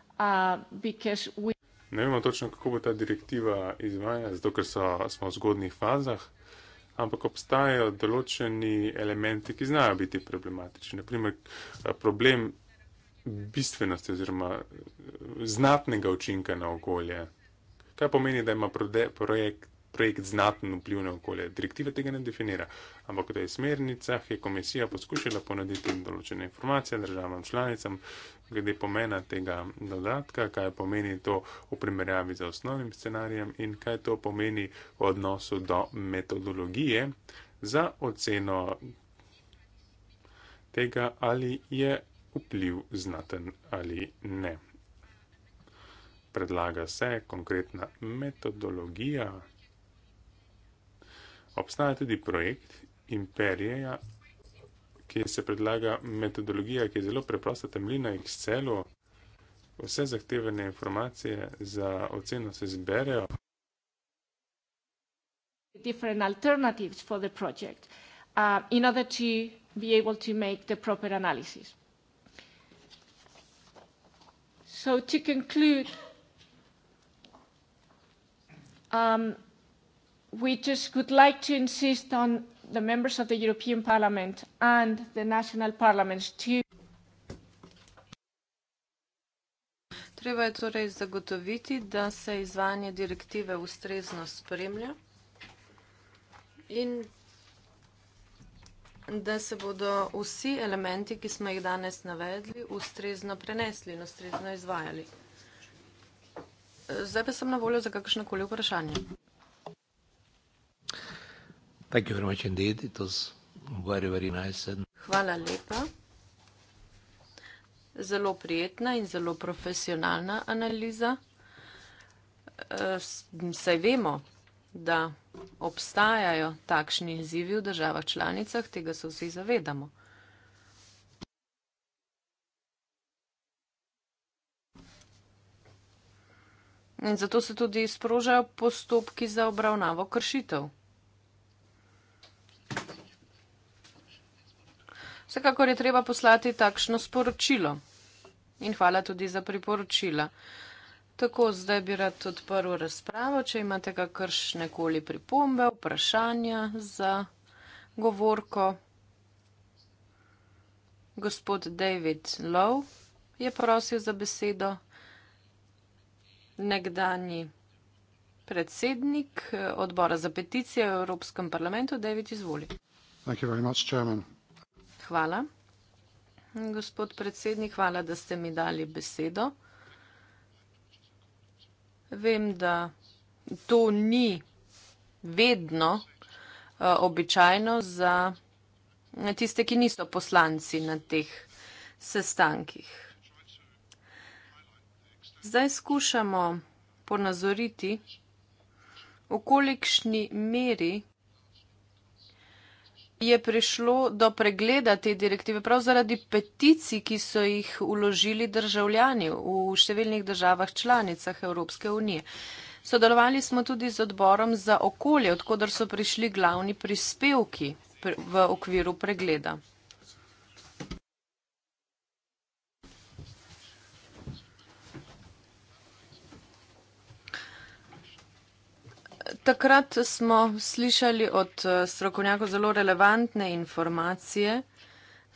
Uh, we... Ne vemo točno, kako bo ta direktiva izvajana, zato ker so, smo v zgodnih fazah. Ampak obstajajo določeni elementi, ki znajo biti problematični. Naprimer, problem bistvenosti oziroma e, znatnega učinka na okolje. Kaj pomeni, da ima projekt, projekt znaten vpliv na okolje? Direktiva tega ne definira, ampak v tej smernicah je komisija poskušala ponuditi določene informacije državam članicam glede pomena tega dodatka, kaj pomeni to v primerjavi z osnovnim scenarijem in kaj to pomeni v odnosu do metodologije za oceno tega, ali je vpliv znaten ali ne predlaga se konkretna metodologija. Obstaja tudi projekt Imperija, ki se predlaga metodologija, ki je zelo preprosta, temelji na Excelu. Vse zahtevene informacije za oceno se zberejo. Different alternatives for the project uh, in order to be able to make the proper analysis. So, to conclude, Um, we just would like to insist on the members of the European Parliament and the national parliaments to. Treba je torej zagotoviti, da se izvajanje direktive ustrezno spremlja in da se bodo vsi elementi, ki smo jih danes navedli, ustrezno prenesli in ustrezno izvajali. Zdaj pa sem na voljo za kakšno koli vprašanje. Hvala lepa. Zelo prijetna in zelo profesionalna analiza. Eh, saj vemo, da obstajajo takšni izzivi v državah članicah, tega se vsi zavedamo. In zato se tudi sprožajo postopki za obravnavo kršitev. Vsekakor je treba poslati takšno sporočilo. In hvala tudi za priporočila. Tako, zdaj bi rad odprl razpravo, če imate kakršne koli pripombe, vprašanja za govorko. Gospod David Lowe je prosil za besedo nekdani predsednik eh, odbora za peticije v Evropskem parlamentu, David, izvoli. Hvala. Gospod predsednik, hvala, da ste mi dali besedo. Vem, da to ni vedno eh, običajno za tiste, ki niso poslanci na teh sestankih. Zdaj skušamo ponazoriti, v kolikšni meri je prišlo do pregleda te direktive, prav zaradi peticij, ki so jih uložili državljani v številnih državah članicah Evropske unije. Sodelovali smo tudi z odborom za okolje, odkudar so prišli glavni prispevki v okviru pregleda. Takrat smo slišali od eh, strokovnjakov zelo relevantne informacije,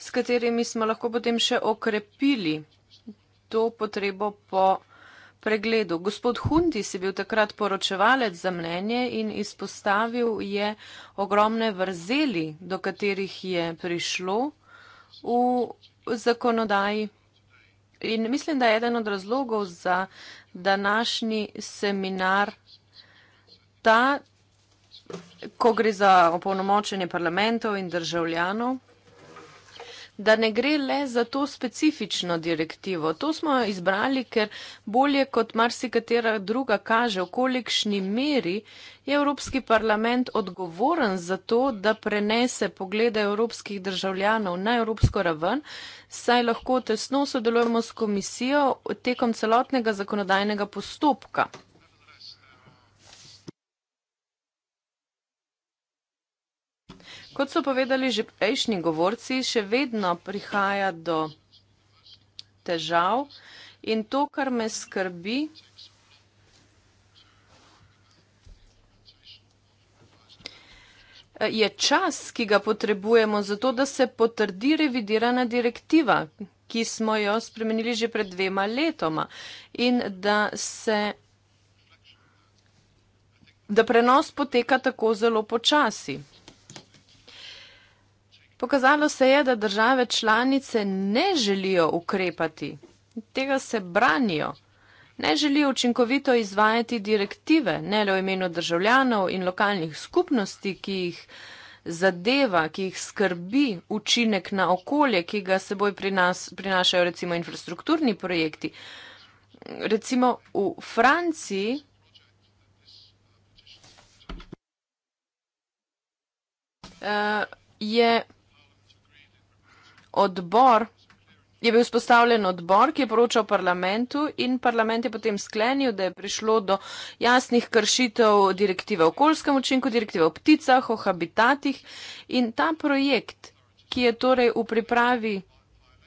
s katerimi smo lahko potem še okrepili to potrebo po pregledu. Gospod Hundi si bil takrat poročevalec za mnenje in izpostavil je ogromne vrzeli, do katerih je prišlo v zakonodaji. In mislim, da je eden od razlogov za današnji seminar ta, ko gre za opolnomočenje parlamentov in državljanov, da ne gre le za to specifično direktivo. To smo izbrali, ker bolje kot marsikatera druga kaže, v kolikšni meri je Evropski parlament odgovoren za to, da prenese poglede evropskih državljanov na evropsko raven, saj lahko tesno sodelujemo s komisijo tekom celotnega zakonodajnega postopka. Kot so povedali že prejšnji govorci, še vedno prihaja do težav in to, kar me skrbi, je čas, ki ga potrebujemo za to, da se potrdi revidirana direktiva, ki smo jo spremenili že pred dvema letoma in da se da prenos poteka tako zelo počasi. Pokazalo se je, da države članice ne želijo ukrepati, tega se branijo. Ne želijo učinkovito izvajati direktive, ne le v imenu državljanov in lokalnih skupnosti, ki jih zadeva, ki jih skrbi učinek na okolje, ki ga seboj prinas, prinašajo recimo infrastrukturni projekti. Recimo v Franciji. Uh, je odbor, je bil spostavljen odbor, ki je poročal parlamentu in parlament je potem sklenil, da je prišlo do jasnih kršitev direktive o okoljskem učinku, direktive o pticah, o habitatih in ta projekt, ki je torej v pripravi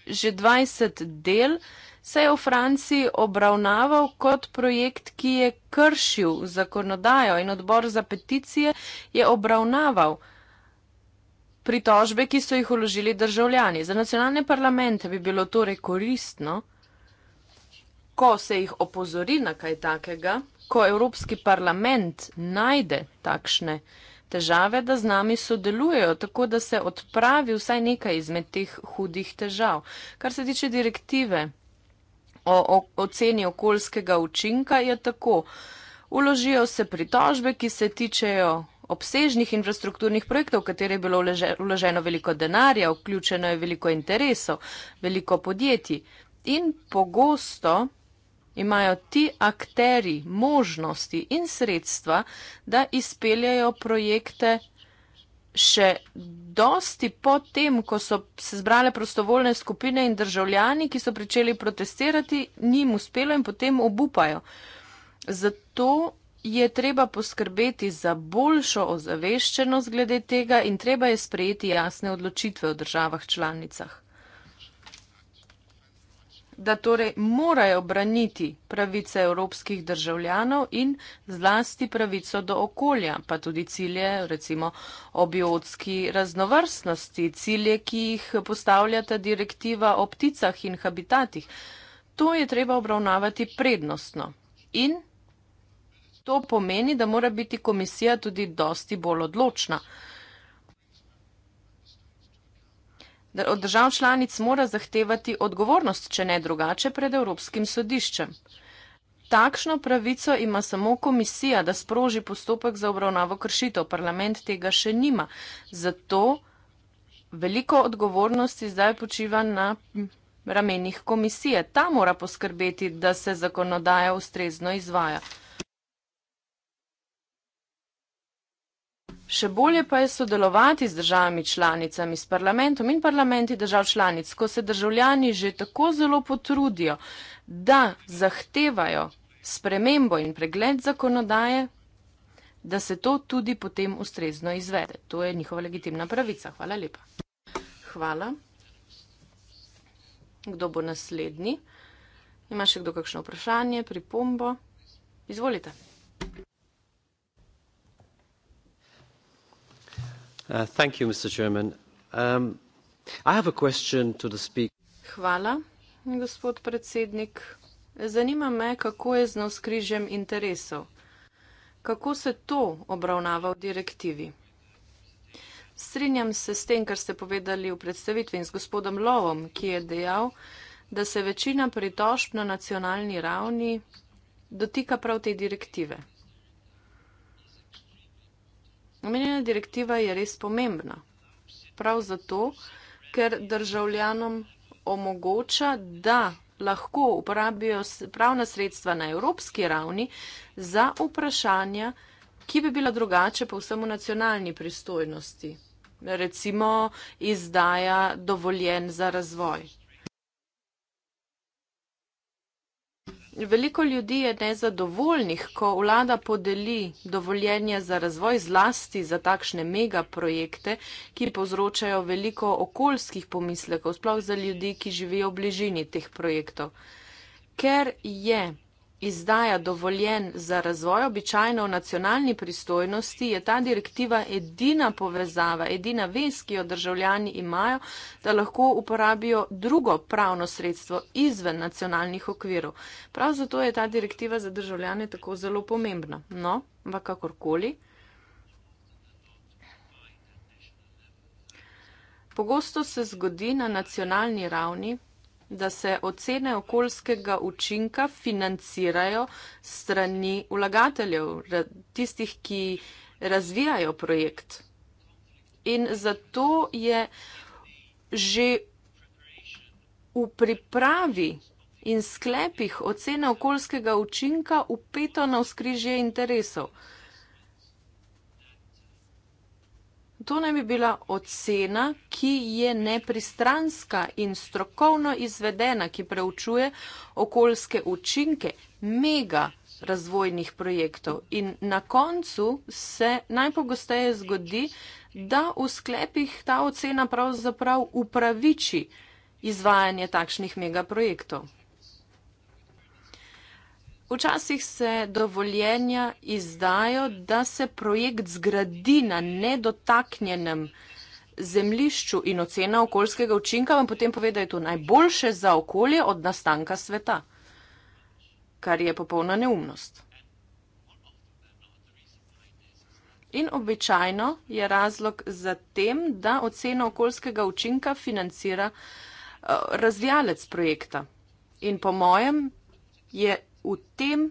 že 20 del, se je v Franciji obravnaval kot projekt, ki je kršil zakonodajo in odbor za peticije je obravnaval pritožbe, ki so jih uložili državljani. Za nacionalne parlamente bi bilo torej koristno, ko se jih opozori na kaj takega, ko Evropski parlament najde takšne težave, da z nami sodelujejo, tako da se odpravi vsaj nekaj izmed teh hudih težav. Kar se tiče direktive o, o oceni okoljskega učinka, je tako. Uložijo se pritožbe, ki se tičejo obsežnih infrastrukturnih projektov, v katere je bilo vloženo veliko denarja, vključeno je veliko interesov, veliko podjetij in pogosto imajo ti akteri možnosti in sredstva, da izpeljajo projekte še dosti po tem, ko so se zbrale prostovoljne skupine in državljani, ki so pričeli protestirati, njim uspelo in potem obupajo. Zato je treba poskrbeti za boljšo ozaveščenost glede tega in treba je sprejeti jasne odločitve v državah članicah. Da torej morajo braniti pravice evropskih državljanov in zlasti pravico do okolja, pa tudi cilje, recimo obiotski raznovrstnosti, cilje, ki jih postavljata direktiva o pticah in habitatih. To je treba obravnavati prednostno in To pomeni, da mora biti komisija tudi dosti bolj odločna. Od držav članic mora zahtevati odgovornost, če ne drugače, pred Evropskim sodiščem. Takšno pravico ima samo komisija, da sproži postopek za obravnavo kršitev. Parlament tega še nima. Zato veliko odgovornosti zdaj počiva na ramenih komisije. Ta mora poskrbeti, da se zakonodaja ustrezno izvaja. Še bolje pa je sodelovati z državami članicami, s parlamentom in parlamenti držav članic, ko se državljani že tako zelo potrudijo, da zahtevajo spremembo in pregled zakonodaje, da se to tudi potem ustrezno izvede. To je njihova legitimna pravica. Hvala lepa. Hvala. Kdo bo naslednji? Ima še kdo kakšno vprašanje, pripombo? Izvolite. Uh, thank you, Mr. Chairman. Um, I have a question to the speaker. Hvala, gospod predsednik. Zanima me, kako je z navskrižem interesov. Kako se to obravnava v direktivi? Strinjam se s tem, kar ste povedali v predstavitvi in s gospodom Lovom, ki je dejal, da se večina pritožb na nacionalni ravni dotika prav te direktive. Omenjena direktiva je res pomembna. Prav zato, ker državljanom omogoča, da lahko uporabijo pravna sredstva na evropski ravni za vprašanja, ki bi bila drugače pa vsemu nacionalni pristojnosti. Recimo izdaja dovoljen za razvoj. Veliko ljudi je nezadovoljnih, ko vlada podeli dovoljenje za razvoj zlasti za takšne megaprojekte, ki povzročajo veliko okoljskih pomislekov, sploh za ljudi, ki živijo v bližini teh projektov. Ker je izdaja dovoljen za razvoj običajno v nacionalni pristojnosti, je ta direktiva edina povezava, edina vez, ki jo državljani imajo, da lahko uporabijo drugo pravno sredstvo izven nacionalnih okvirov. Prav zato je ta direktiva za državljane tako zelo pomembna. No, v kakorkoli. Pogosto se zgodi na nacionalni ravni, da se ocene okoljskega učinka financirajo strani vlagateljev, tistih, ki razvijajo projekt. In zato je že v pripravi in sklepih ocene okoljskega učinka upeto na skrižje interesov. To naj bi bila ocena, ki je nepristranska in strokovno izvedena, ki preučuje okoljske učinke mega razvojnih projektov. In na koncu se najpogosteje zgodi, da v sklepih ta ocena pravzaprav upraviči izvajanje takšnih megaprojektov. Včasih se dovoljenja izdajo, da se projekt zgradi na nedotaknjenem zemljišču in ocena okoljskega učinka vam potem pove, da je to najboljše za okolje od nastanka sveta, kar je popolna neumnost. In običajno je razlog za tem, da oceno okoljskega učinka financira uh, razvijalec projekta. In po mojem je v tem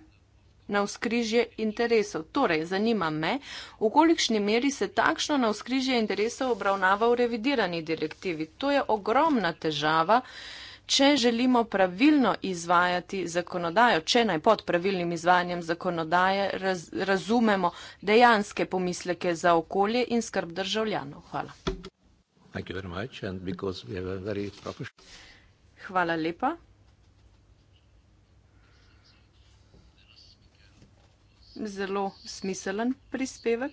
navskrižje interesov. Torej, zanima me, v kolikšni meri se takšno navskrižje interesov obravnava v revidirani direktivi. To je ogromna težava, če želimo pravilno izvajati zakonodajo, če naj pod pravilnim izvajanjem zakonodaje raz, razumemo dejanske pomisleke za okolje in skrb državljanov. Hvala. Hvala lepa. zelo smiselen prispevek.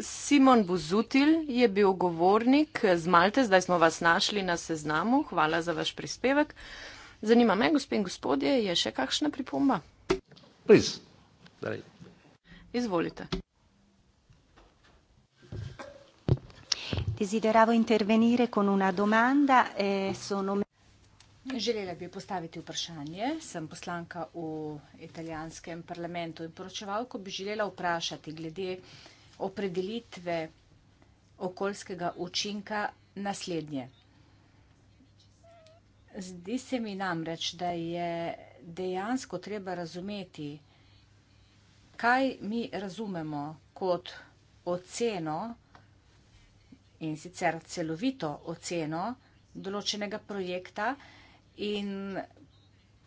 Simon Buzutil je bil govornik z Malte, zdaj smo vas našli na seznamu. Hvala za vaš prispevek. Zanima me, gospe in gospodje, je še kakšna pripomba? Izvolite. Desideravo intervenire con una domanda, eh, sono. Želela bi postaviti vprašanje. Sem poslanka v italijanskem parlamentu in poročevalko bi želela vprašati glede opredelitve okoljskega učinka naslednje. Zdi se mi namreč, da je dejansko treba razumeti, kaj mi razumemo kot oceno in sicer celovito oceno določenega projekta, in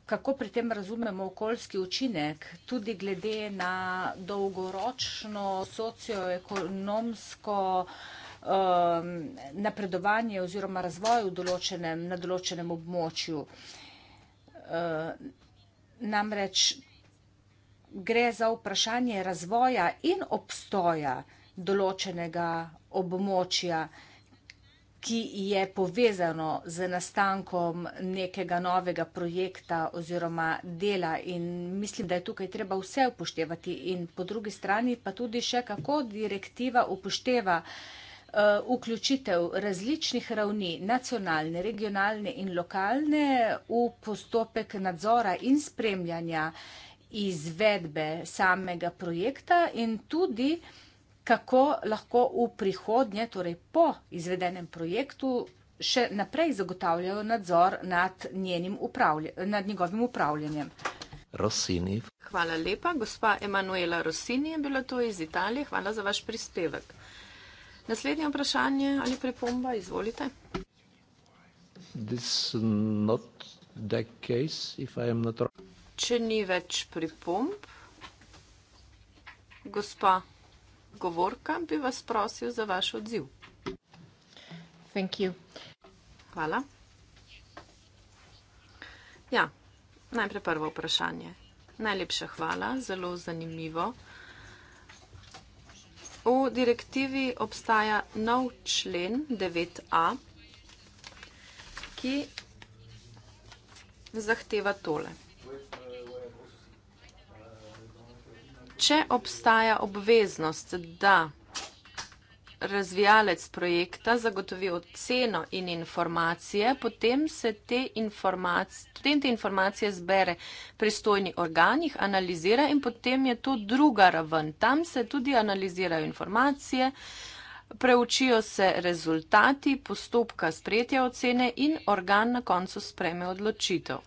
kako pri tem razumemo okoljski učinek, tudi glede na dolgoročno socioekonomsko um, napredovanje oziroma razvoj v določenem, na določenem območju. Uh, namreč gre za vprašanje razvoja in obstoja določenega območja. Uh, ki je povezano z nastankom nekega novega projekta oziroma dela in mislim, da je tukaj treba vse upoštevati in po drugi strani pa tudi še kako direktiva upošteva eh, vključitev različnih ravni, nacionalne, regionalne in lokalne, v postopek nadzora in spremljanja izvedbe samega projekta in tudi kako lahko v prihodnje, torej po izvedenem projektu, še naprej zagotavljajo nadzor nad, upravlje, nad njegovim upravljanjem. Rosini. Hvala lepa, gospa Emanuela Rosini je bila to iz Italije. Hvala za vaš prispevek. Naslednje vprašanje ali pripomba, izvolite. Case, Če ni več pripomb, gospa govorka, bi vas prosil za vaš odziv. Thank you. Hvala. Ja, najprej prvo vprašanje. Najlepša hvala, zelo zanimivo. V direktivi obstaja nov člen 9a, ki zahteva tole. če obstaja obveznost, da razvijalec projekta zagotovi oceno in informacije, potem se te informacije, potem te informacije zbere pristojni organ, jih analizira in potem je to druga raven. Tam se tudi analizirajo informacije, preučijo se rezultati postopka sprejetja ocene in organ na koncu spreme odločitev.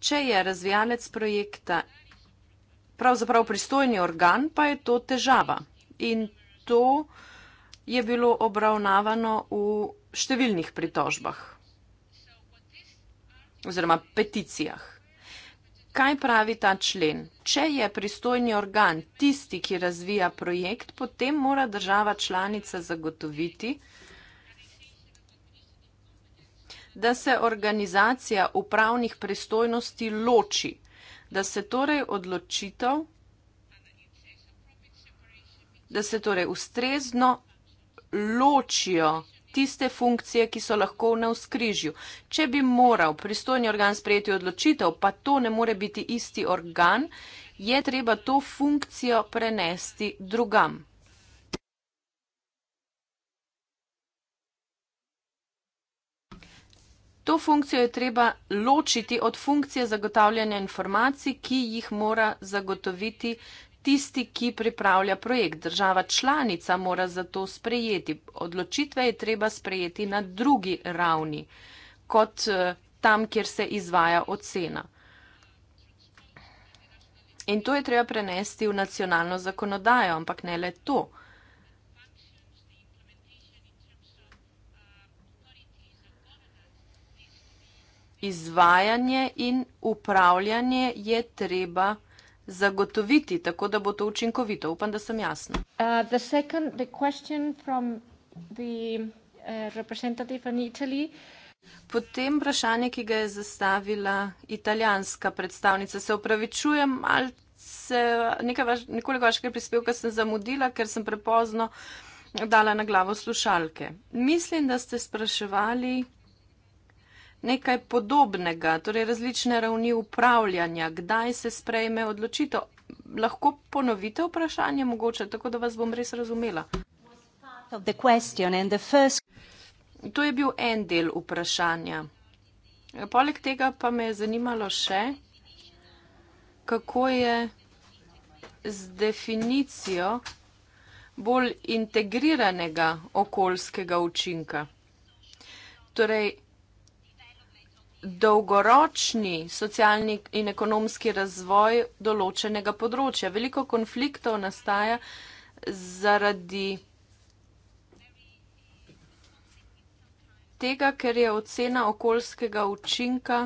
Če je razvijalec projekta pravzaprav pristojni organ, pa je to težava. In to je bilo obravnavano v številnih pritožbah oziroma peticijah. Kaj pravi ta člen? Če je pristojni organ tisti, ki razvija projekt, potem mora država članica zagotoviti, da se organizacija upravnih pristojnosti loči da se torej odločitev, da se torej ustrezno ločijo tiste funkcije, ki so lahko v navskrižju. Če bi moral pristojni organ sprejeti odločitev, pa to ne more biti isti organ, je treba to funkcijo prenesti drugam. To funkcijo je treba ločiti od funkcije zagotavljanja informacij, ki jih mora zagotoviti tisti, ki pripravlja projekt. Država članica mora za to sprejeti. Odločitve je treba sprejeti na drugi ravni, kot eh, tam, kjer se izvaja ocena. In to je treba prenesti v nacionalno zakonodajo, ampak ne le to. izvajanje in upravljanje je treba zagotoviti, tako da bo to učinkovito. Upam, da sem jasna. Uh, uh Potem vprašanje, ki ga je zastavila italijanska predstavnica. Se upravičujem, malce, nekaj vaš, nekoliko vašega prispevka sem zamudila, ker sem prepozno dala na glavo slušalke. Mislim, da ste spraševali nekaj podobnega, torej različne ravni upravljanja, kdaj se sprejme odločitev. Lahko ponovite vprašanje, mogoče, tako da vas bom res razumela. First... To je bil en del vprašanja. Poleg tega pa me je zanimalo še, kako je z definicijo bolj integriranega okoljskega učinka. Torej, dolgoročni socialni in ekonomski razvoj določenega področja. Veliko konfliktov nastaja zaradi tega, ker je ocena okoljskega učinka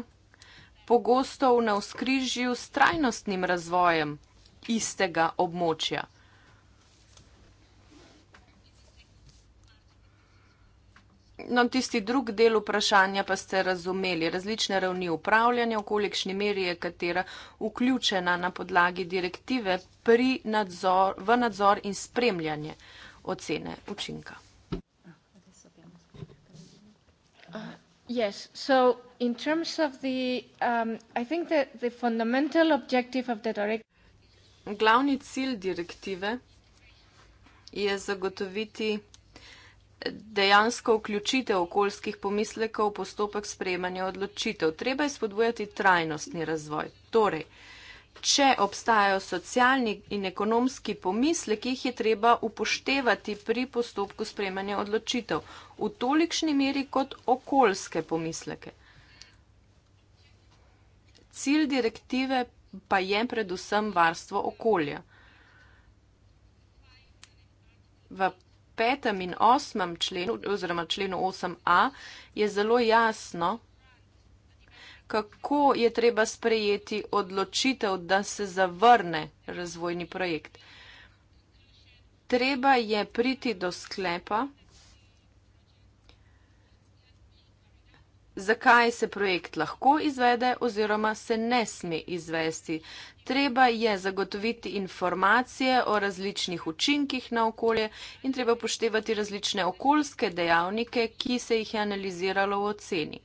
pogosto v navskrižju s trajnostnim razvojem istega območja. No, tisti drug del vprašanja pa ste razumeli. Različne ravni upravljanja, v kolikšni meri je katera vključena na podlagi direktive nadzor, v nadzor in spremljanje ocene učinka. Uh, yes, so in terms of the, um, I think that the fundamental objective of the directive. Glavni cilj direktive je zagotoviti dejansko vključitev okoljskih pomislekov v postopek sprejemanja odločitev. Treba je spodbujati trajnostni razvoj. Torej, če obstajajo socialni in ekonomski pomisleki, jih je treba upoštevati pri postopku sprejemanja odločitev v tolikšni meri kot okoljske pomisleke. Cilj direktive pa je predvsem varstvo okolja. V 5. in 8. členu oziroma členu 8a je zelo jasno, kako je treba sprejeti odločitev, da se zavrne razvojni projekt. Treba je priti do sklepa, zakaj se projekt lahko izvede oziroma se ne sme izvesti. Treba je zagotoviti informacije o različnih učinkih na okolje in treba poštevati različne okoljske dejavnike, ki se jih je analiziralo v oceni.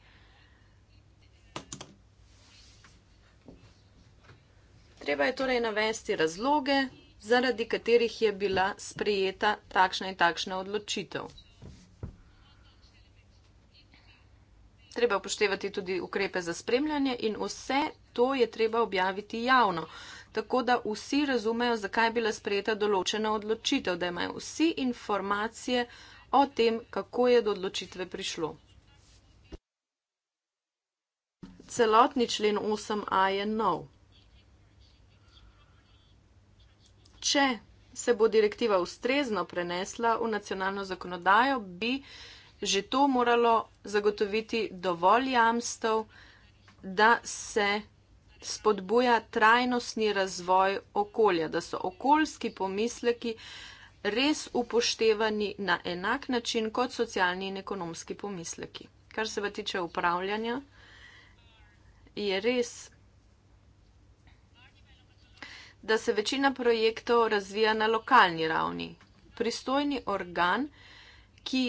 Treba je torej navesti razloge, zaradi katerih je bila sprejeta takšna in takšna odločitev. treba upoštevati tudi ukrepe za spremljanje in vse to je treba objaviti javno. Tako da vsi razumejo, zakaj je bila sprejeta določena odločitev, da imajo vsi informacije o tem, kako je do odločitve prišlo. Celotni člen 8a je nov. Če se bo direktiva ustrezno prenesla v nacionalno zakonodajo, bi že to moralo zagotoviti dovolj jamstev, da se spodbuja trajnostni razvoj okolja, da so okoljski pomisleki res upoštevani na enak način kot socialni in ekonomski pomisleki. Kar se pa tiče upravljanja, je res, da se večina projektov razvija na lokalni ravni. Pristojni organ, ki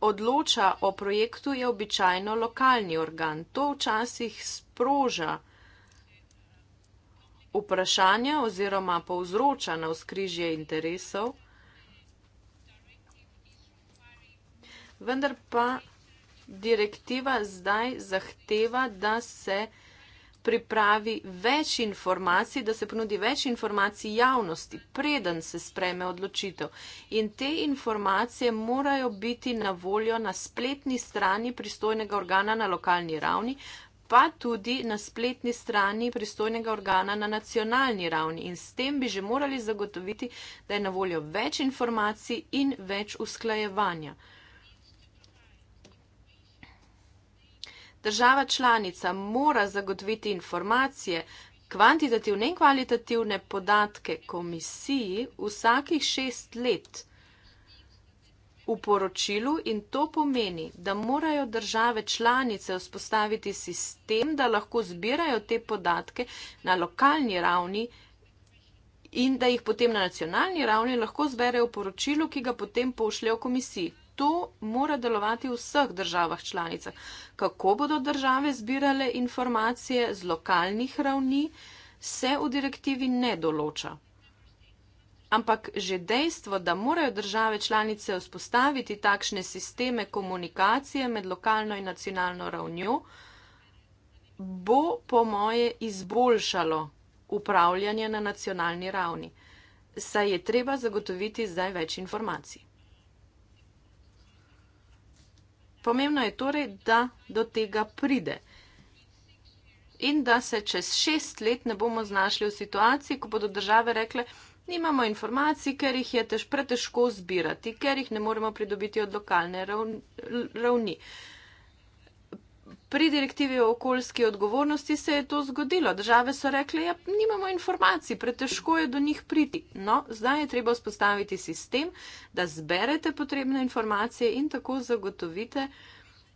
odloča o projektu, je običajno lokalni organ. To včasih sproža vprašanja oziroma povzroča na vzkrižje interesov. Vendar pa direktiva zdaj zahteva, da se pripravi več informacij, da se ponudi več informacij javnosti, preden se spreme odločitev. In te informacije morajo biti na voljo na spletni strani pristojnega organa na lokalni ravni, pa tudi na spletni strani pristojnega organa na nacionalni ravni. In s tem bi že morali zagotoviti, da je na voljo več informacij in več usklajevanja. Država članica mora zagotoviti informacije, kvantitativne in kvalitativne podatke komisiji vsakih šest let v poročilu in to pomeni, da morajo države članice vzpostaviti sistem, da lahko zbirajo te podatke na lokalni ravni in da jih potem na nacionalni ravni lahko zberejo v poročilu, ki ga potem pošljejo komisiji to mora delovati v vseh državah članicah. Kako bodo države zbirale informacije z lokalnih ravni, se v direktivi ne določa. Ampak že dejstvo, da morajo države članice vzpostaviti takšne sisteme komunikacije med lokalno in nacionalno ravnjo, bo po moje izboljšalo upravljanje na nacionalni ravni. Saj je treba zagotoviti zdaj več informacij. Pomembno je torej, da do tega pride. In da se čez šest let ne bomo znašli v situaciji, ko bodo države rekle, nimamo informacij, ker jih je tež, pretežko zbirati, ker jih ne moremo pridobiti od lokalne ravni. ravni pri direktivi o okoljski odgovornosti se je to zgodilo. Države so rekle, ja, nimamo informacij, pretežko je do njih priti. No, zdaj je treba vzpostaviti sistem, da zberete potrebne informacije in tako zagotovite,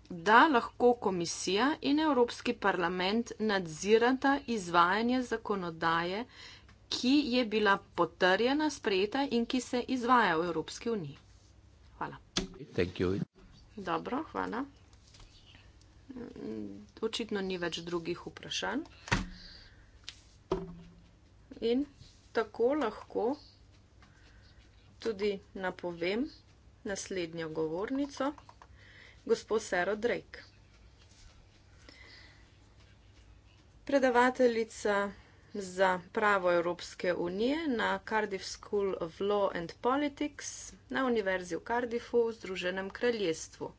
da lahko komisija in Evropski parlament nadzirata izvajanje zakonodaje, ki je bila potrjena, sprejeta in ki se izvaja v Evropski uniji. Hvala. Dobro, hvala očitno ni več drugih vprašanj. In tako lahko tudi napovem naslednjo govornico, gospod Sero Drake. Predavateljica za pravo Evropske unije na Cardiff School of Law and Politics na Univerzi v Cardiffu v Združenem kraljestvu.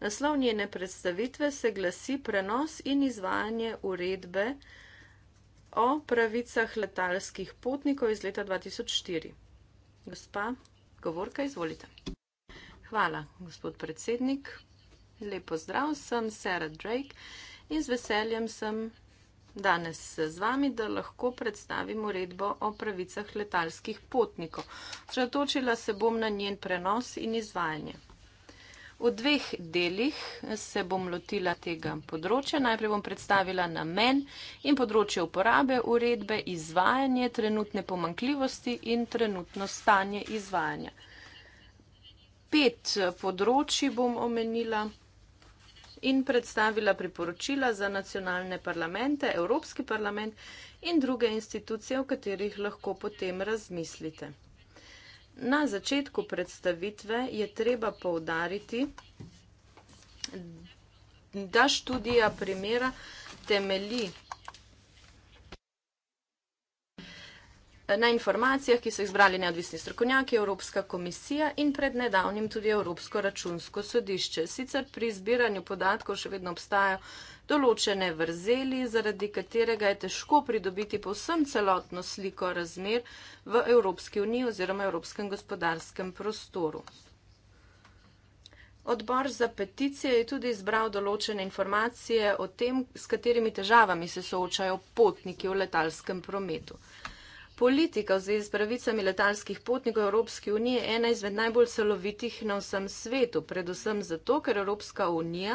Naslov njene predstavitve se glasi Prenos in izvajanje uredbe o pravicah letalskih potnikov iz leta 2004. Gospa Govorka, izvolite. Hvala, gospod predsednik. Lepo zdrav, sem Sarah Drake in z veseljem sem danes z vami, da lahko predstavim uredbo o pravicah letalskih potnikov. Zratočila se bom na njen prenos in izvajanje. V dveh delih se bom lotila tega področja. Najprej bom predstavila namen in področje uporabe uredbe, izvajanje, trenutne pomankljivosti in trenutno stanje izvajanja. Pet področji bom omenila in predstavila priporočila za nacionalne parlamente, Evropski parlament in druge institucije, v katerih lahko potem razmislite. Na začetku predstavitve je treba poudariti, da študija primera temelji na informacijah, ki so jih zbrali neodvisni strokovnjaki, Evropska komisija in pred nedavnim tudi Evropsko računsko sodišče. Sicer pri zbiranju podatkov še vedno obstajajo določene vrzeli, zaradi katerega je težko pridobiti povsem celotno sliko razmer v Evropski uniji oziroma Evropskem gospodarskem prostoru. Odbor za peticije je tudi izbral določene informacije o tem, s katerimi težavami se soočajo potniki v letalskem prometu. Politika v zvezi s pravicami letalskih potnikov Evropske unije je ena izmed najbolj celovitih na vsem svetu, predvsem zato, ker Evropska unija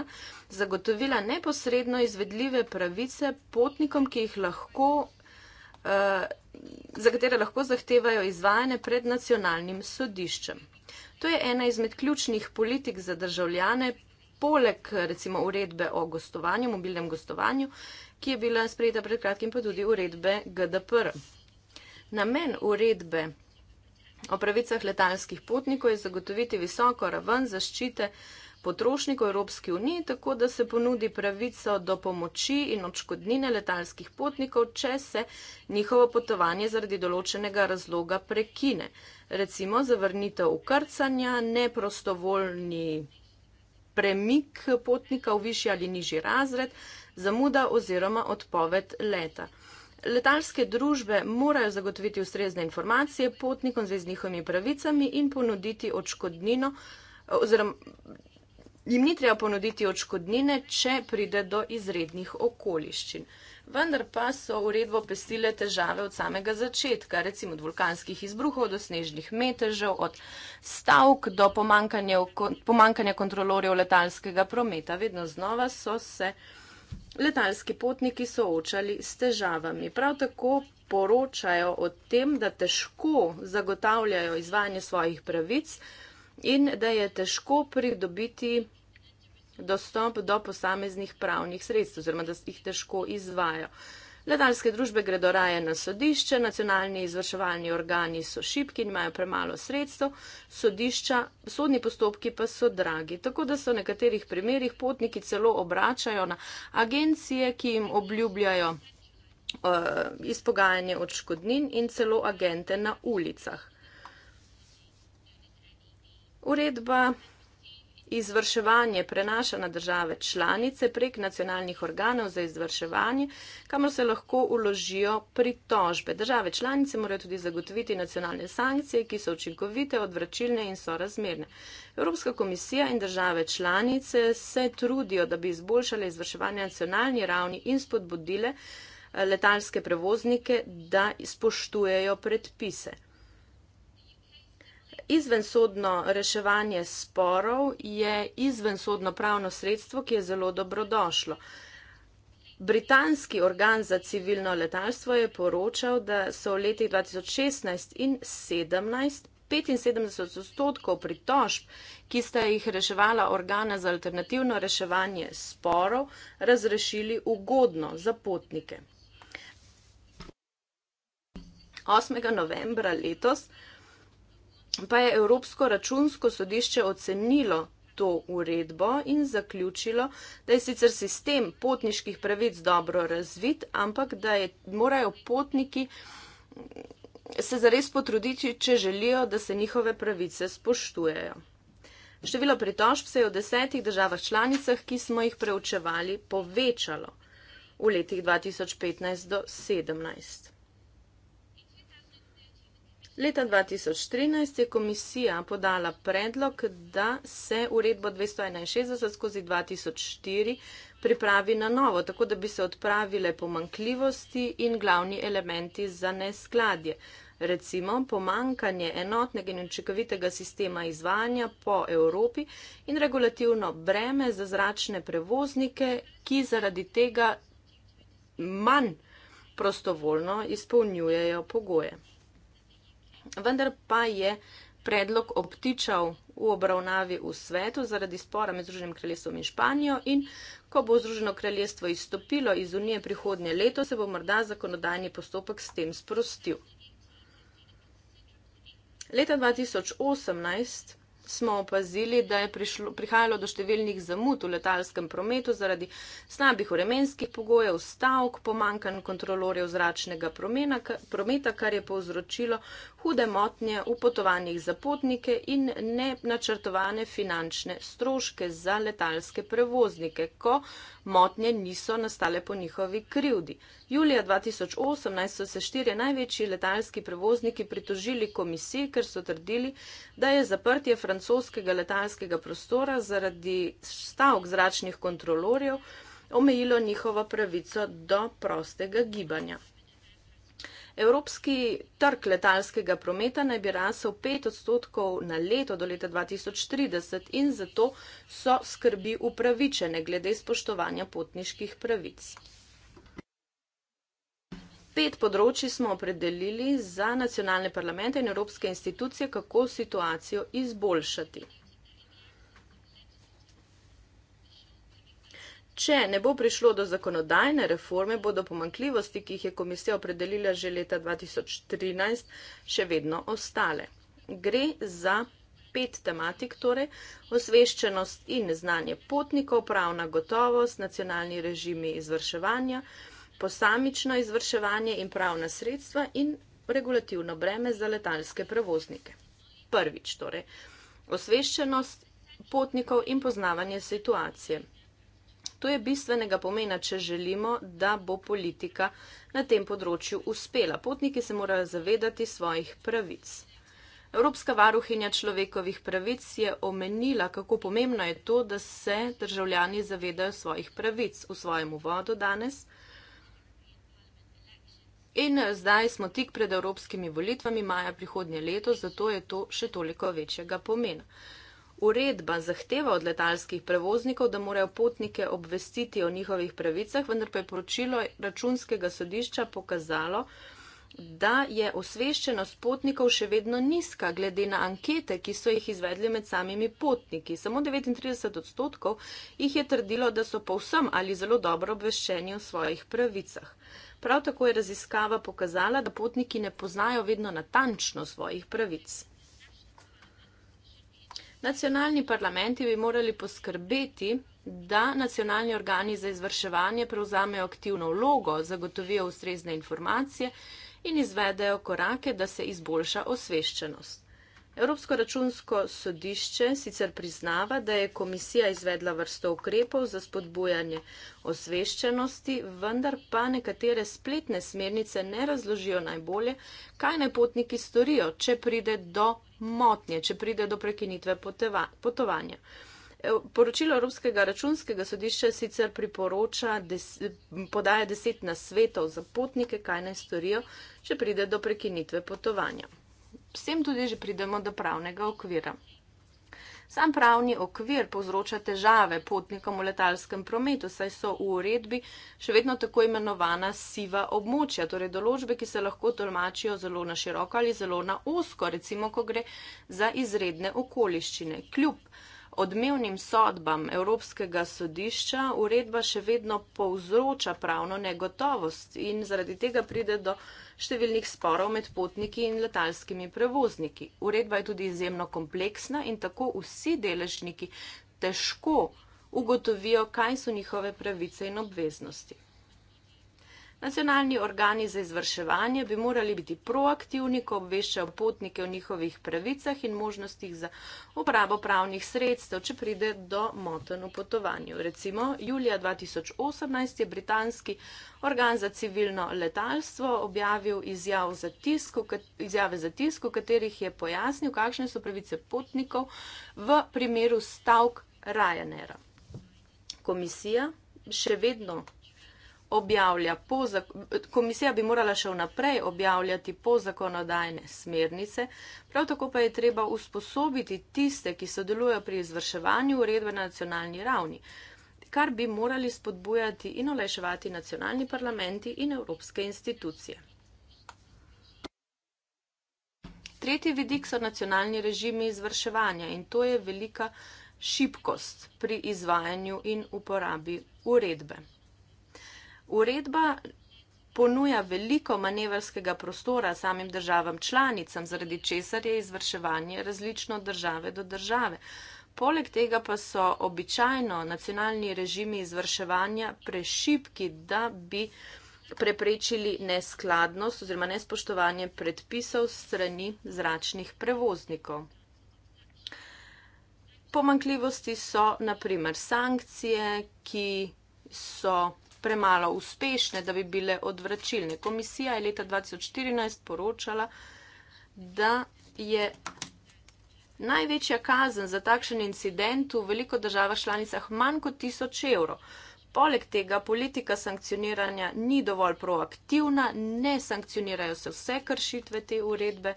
zagotovila neposredno izvedljive pravice potnikom, ki jih lahko. Uh, za katere lahko zahtevajo izvajanje pred nacionalnim sodiščem. To je ena izmed ključnih politik za državljane, poleg recimo uredbe o gostovanju, mobilnem gostovanju, ki je bila sprejeta pred kratkim, pa tudi uredbe GDPR. Namen uredbe o pravicah letalskih potnikov je zagotoviti visoko raven zaščite potrošnikov Evropske unije, tako da se ponudi pravico do pomoči in odškodnine letalskih potnikov, če se njihovo potovanje zaradi določenega razloga prekine. Recimo zavrnitev ukrcanja, neprostovoljni premik potnika v višji ali nižji razred, zamuda oziroma odpoved leta. Letalske družbe morajo zagotoviti ustrezne informacije potnikom z njihovimi pravicami in ponuditi odškodnino, oziroma jim ni treba ponuditi odškodnine, če pride do izrednih okoliščin. Vendar pa so uredbo pestile težave od samega začetka, recimo od vulkanskih izbruhov, do snežnih metežev, od stavk do pomankanja, pomankanja kontrolorjev letalskega prometa. Vedno znova so se letalski potniki soočali s težavami. Prav tako poročajo o tem, da težko zagotavljajo izvajanje svojih pravic in da je težko pridobiti dostop do posameznih pravnih sredstv oziroma da jih težko izvajo. Letalske družbe gredo raje na sodišče, nacionalni izvrševalni organi so šipki in imajo premalo sredstev, sodišča, sodni postopki pa so dragi. Tako da se v nekaterih primerjih potniki celo obračajo na agencije, ki jim obljubljajo uh, izpogajanje odškodnin in celo agente na ulicah. Uredba izvrševanje prenaša na države članice prek nacionalnih organov za izvrševanje, kamor se lahko uložijo pritožbe. Države članice morajo tudi zagotoviti nacionalne sankcije, ki so učinkovite, odvračilne in sorazmerne. Evropska komisija in države članice se trudijo, da bi izboljšale izvrševanje nacionalni ravni in spodbudile eh, letalske prevoznike, da spoštujejo predpise izvensodno reševanje sporov je izvensodno pravno sredstvo, ki je zelo dobrodošlo. Britanski organ za civilno letalstvo je poročal, da so v letih 2016 in 2017 75 odstotkov pritožb, ki sta jih reševala organa za alternativno reševanje sporov, razrešili ugodno za potnike. 8. novembra letos pa je Evropsko računsko sodišče ocenilo to uredbo in zaključilo, da je sicer sistem potniških pravic dobro razvit, ampak da je, morajo potniki se zares potruditi, če želijo, da se njihove pravice spoštujejo. Število pritožb se je v desetih državah članicah, ki smo jih preučevali, povečalo v letih 2015 do 2017. Leta 2013 je komisija podala predlog, da se uredbo 261 skozi 2004 pripravi na novo, tako da bi se odpravile pomankljivosti in glavni elementi za neskladje. Recimo pomankanje enotnega in učinkovitega sistema izvajanja po Evropi in regulativno breme za zračne prevoznike, ki zaradi tega manj prostovoljno izpolnjujejo pogoje. Vendar pa je predlog obtičal v obravnavi v svetu zaradi spora med Združenim kraljestvom in Španijo in ko bo Združeno kraljestvo izstopilo iz Unije prihodnje leto, se bo morda zakonodajni postopek s tem sprostil. Leta 2018 smo opazili, da je prišlo, prihajalo do številnih zamud v letalskem prometu zaradi slabih vremenskih pogojev, stavk, pomankanj kontrolorjev zračnega prometa, kar je povzročilo hude motnje v potovanjih za potnike in ne načrtovane finančne stroške za letalske prevoznike, ko motnje niso nastale po njihovi krivdi. Julija 2018 so se štirje največji letalski prevozniki pritožili komisiji, ker so trdili, da je zaprtje francoskega letalskega prostora zaradi stavk zračnih kontrolorjev omejilo njihovo pravico do prostega gibanja. Evropski trg letalskega prometa naj bi rasel 5 odstotkov na leto do leta 2030 in zato so skrbi upravičene glede spoštovanja potniških pravic. Pet področji smo opredelili za nacionalne parlamente in evropske institucije, kako situacijo izboljšati. Če ne bo prišlo do zakonodajne reforme, bodo pomankljivosti, ki jih je komisija opredelila že leta 2013, še vedno ostale. Gre za pet tematik, torej osveščenost in znanje potnikov, pravna gotovost, nacionalni režimi izvrševanja, posamično izvrševanje in pravna sredstva in regulativno breme za letalske prevoznike. Prvič, torej osveščenost potnikov in poznavanje situacije. To je bistvenega pomena, če želimo, da bo politika na tem področju uspela. Potniki se morajo zavedati svojih pravic. Evropska varuhinja človekovih pravic je omenila, kako pomembno je to, da se državljani zavedajo svojih pravic v svojem uvodu danes. In eh, zdaj smo tik pred evropskimi volitvami maja prihodnje leto, zato je to še toliko večjega pomena. Uredba zahteva od letalskih prevoznikov, da morajo potnike obvestiti o njihovih pravicah, vendar pa je poročilo računskega sodišča pokazalo, da je osveščenost potnikov še vedno nizka, glede na ankete, ki so jih izvedli med samimi potniki. Samo 39 odstotkov jih je trdilo, da so povsem ali zelo dobro obveščeni o svojih pravicah. Prav tako je raziskava pokazala, da potniki ne poznajo vedno natančno svojih pravic. Nacionalni parlamenti bi morali poskrbeti, da nacionalni organi za izvrševanje prevzamejo aktivno vlogo, zagotovijo ustrezne informacije in izvedejo korake, da se izboljša osveščenost. Evropsko računsko sodišče sicer priznava, da je komisija izvedla vrsto ukrepov za spodbujanje osveščenosti, vendar pa nekatere spletne smernice ne razložijo najbolje, kaj naj potniki storijo, če pride do motnje, če pride do prekinitve poteva, potovanja. E, poročilo Evropskega računskega sodišča sicer priporoča, des, podaja deset nasvetov za potnike, kaj naj storijo, če pride do prekinitve potovanja. S tem tudi že pridemo do pravnega okvira. Sam pravni okvir povzroča težave potnikom v letalskem prometu, saj so v uredbi še vedno tako imenovana siva območja, torej določbe, ki se lahko tolmačijo zelo na široko ali zelo na osko, recimo, ko gre za izredne okoliščine. Kljub odmevnim sodbam Evropskega sodišča uredba še vedno povzroča pravno negotovost in zaradi tega pride do številnih sporov med potniki in letalskimi prevozniki. Uredba je tudi izjemno kompleksna in tako vsi deležniki težko ugotovijo, kaj so njihove pravice in obveznosti. Nacionalni organi za izvrševanje bi morali biti proaktivni, ko obveščajo potnike o njihovih pravicah in možnostih za uporabo pravnih sredstev, če pride do moten v potovanju. Recimo, julija 2018 je britanski organ za civilno letalstvo objavil izjav za tisku, izjave za tisk, v katerih je pojasnil, kakšne so pravice potnikov v primeru stavk Ryanaira. Komisija še vedno objavlja, komisija bi morala še vnaprej objavljati pozakonodajne smernice, prav tako pa je treba usposobiti tiste, ki sodelujo pri izvrševanju uredbe na nacionalni ravni, kar bi morali spodbujati in olajševati nacionalni parlamenti in evropske institucije. Tretji vidik so nacionalni režimi izvrševanja in to je velika šibkost pri izvajanju in uporabi uredbe. Uredba ponuja veliko manevrskega prostora samim državam članicam, zaradi česar je izvrševanje različno države do države. Poleg tega pa so običajno nacionalni režimi izvrševanja prešipki, da bi preprečili neskladnost oziroma nespoštovanje predpisov strani zračnih prevoznikov. Pomankljivosti so naprimer sankcije, ki so premalo uspešne, da bi bile odvračilne. Komisija je leta 2014 poročala, da je največja kazen za takšen incident v veliko državah članicah manj kot tisoč evrov. Poleg tega politika sankcioniranja ni dovolj proaktivna, ne sankcionirajo se vse kršitve te uredbe.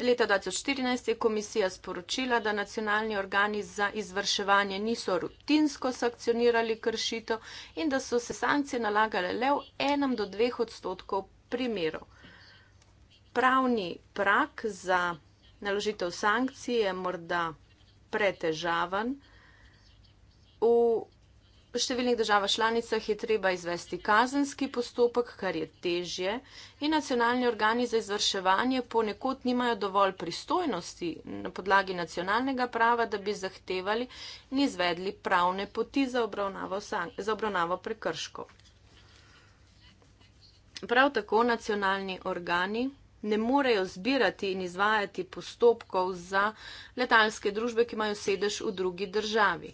Leta 2014 je komisija sporočila, da nacionalni organi za izvrševanje niso rutinsko sankcionirali kršito in da so se sankcije nalagale le v enem do dveh odstotkov primerov. Pravni prak za naložitev sankcij je morda pretežavan. V V številnih državah članicah je treba izvesti kazenski postopek, kar je težje, in nacionalni organi za izvrševanje ponekod nimajo dovolj pristojnosti na podlagi nacionalnega prava, da bi zahtevali in izvedli pravne poti za obravnavo, za obravnavo prekrškov. Prav tako nacionalni organi ne morejo zbirati in izvajati postopkov za letalske družbe, ki imajo sedež v drugi državi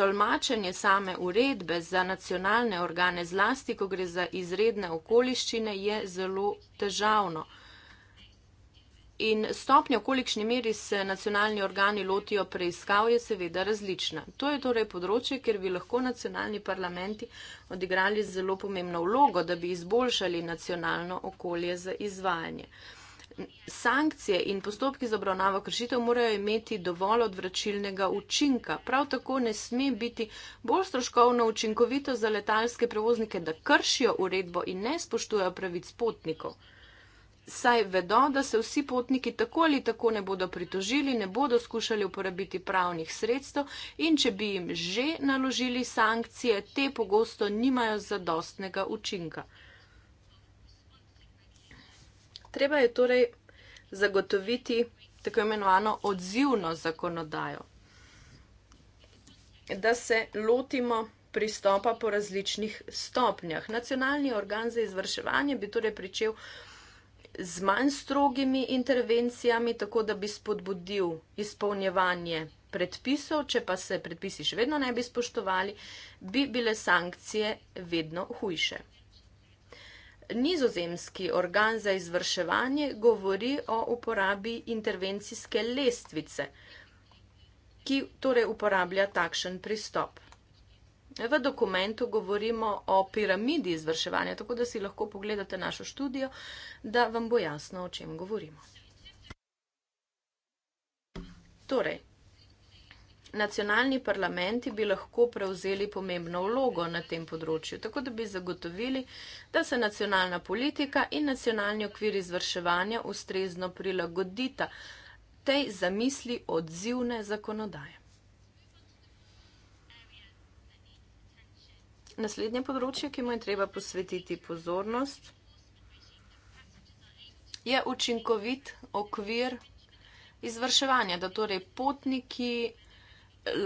tolmačenje same uredbe za nacionalne organe, zlasti, ko gre za izredne okoliščine, je zelo težavno. In stopnja, v kolikšni meri se nacionalni organi lotijo preiskav, je seveda različna. To je torej področje, kjer bi lahko nacionalni parlamenti odigrali zelo pomembno vlogo, da bi izboljšali nacionalno okolje za izvajanje sankcije in postopki za obravnavo kršitev morajo imeti dovolj odvračilnega učinka. Prav tako ne sme biti bolj stroškovno učinkovito za letalske prevoznike, da kršijo uredbo in ne spoštujejo pravic potnikov. Saj vedo, da se vsi potniki tako ali tako ne bodo pritožili, ne bodo skušali uporabiti pravnih sredstev in če bi jim že naložili sankcije, te pogosto nimajo zadostnega učinka. Treba je torej zagotoviti tako imenovano odzivno zakonodajo, da se lotimo pristopa po različnih stopnjah. Nacionalni organ za izvrševanje bi torej pričel z manj strogimi intervencijami, tako da bi spodbudil izpolnjevanje predpisov, če pa se predpisi še vedno ne bi spoštovali, bi bile sankcije vedno hujše nizozemski organ za izvrševanje govori o uporabi intervencijske lestvice, ki torej uporablja takšen pristop. V dokumentu govorimo o piramidi izvrševanja, tako da si lahko pogledate našo študijo, da vam bo jasno, o čem govorimo. Torej, nacionalni parlamenti bi lahko prevzeli pomembno vlogo na tem področju, tako da bi zagotovili, da se nacionalna politika in nacionalni okvir izvrševanja ustrezno prilagodita tej zamisli odzivne zakonodaje. Naslednje področje, ki mu je treba posvetiti pozornost, je učinkovit okvir izvrševanja, da torej potniki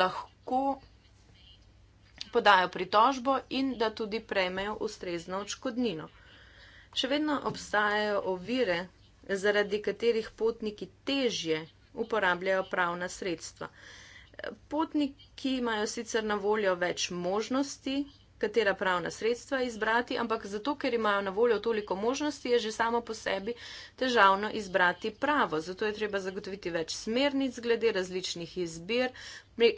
lahko podajo pritožbo in da tudi prejmejo ustrezno odškodnino. Še vedno obstajajo ovire, zaradi katerih potniki težje uporabljajo pravna sredstva. Potniki imajo sicer na voljo več možnosti, katera pravna sredstva izbrati, ampak zato, ker imajo na voljo toliko možnosti, je že samo po sebi težavno izbrati pravo. Zato je treba zagotoviti več smernic glede različnih izbir,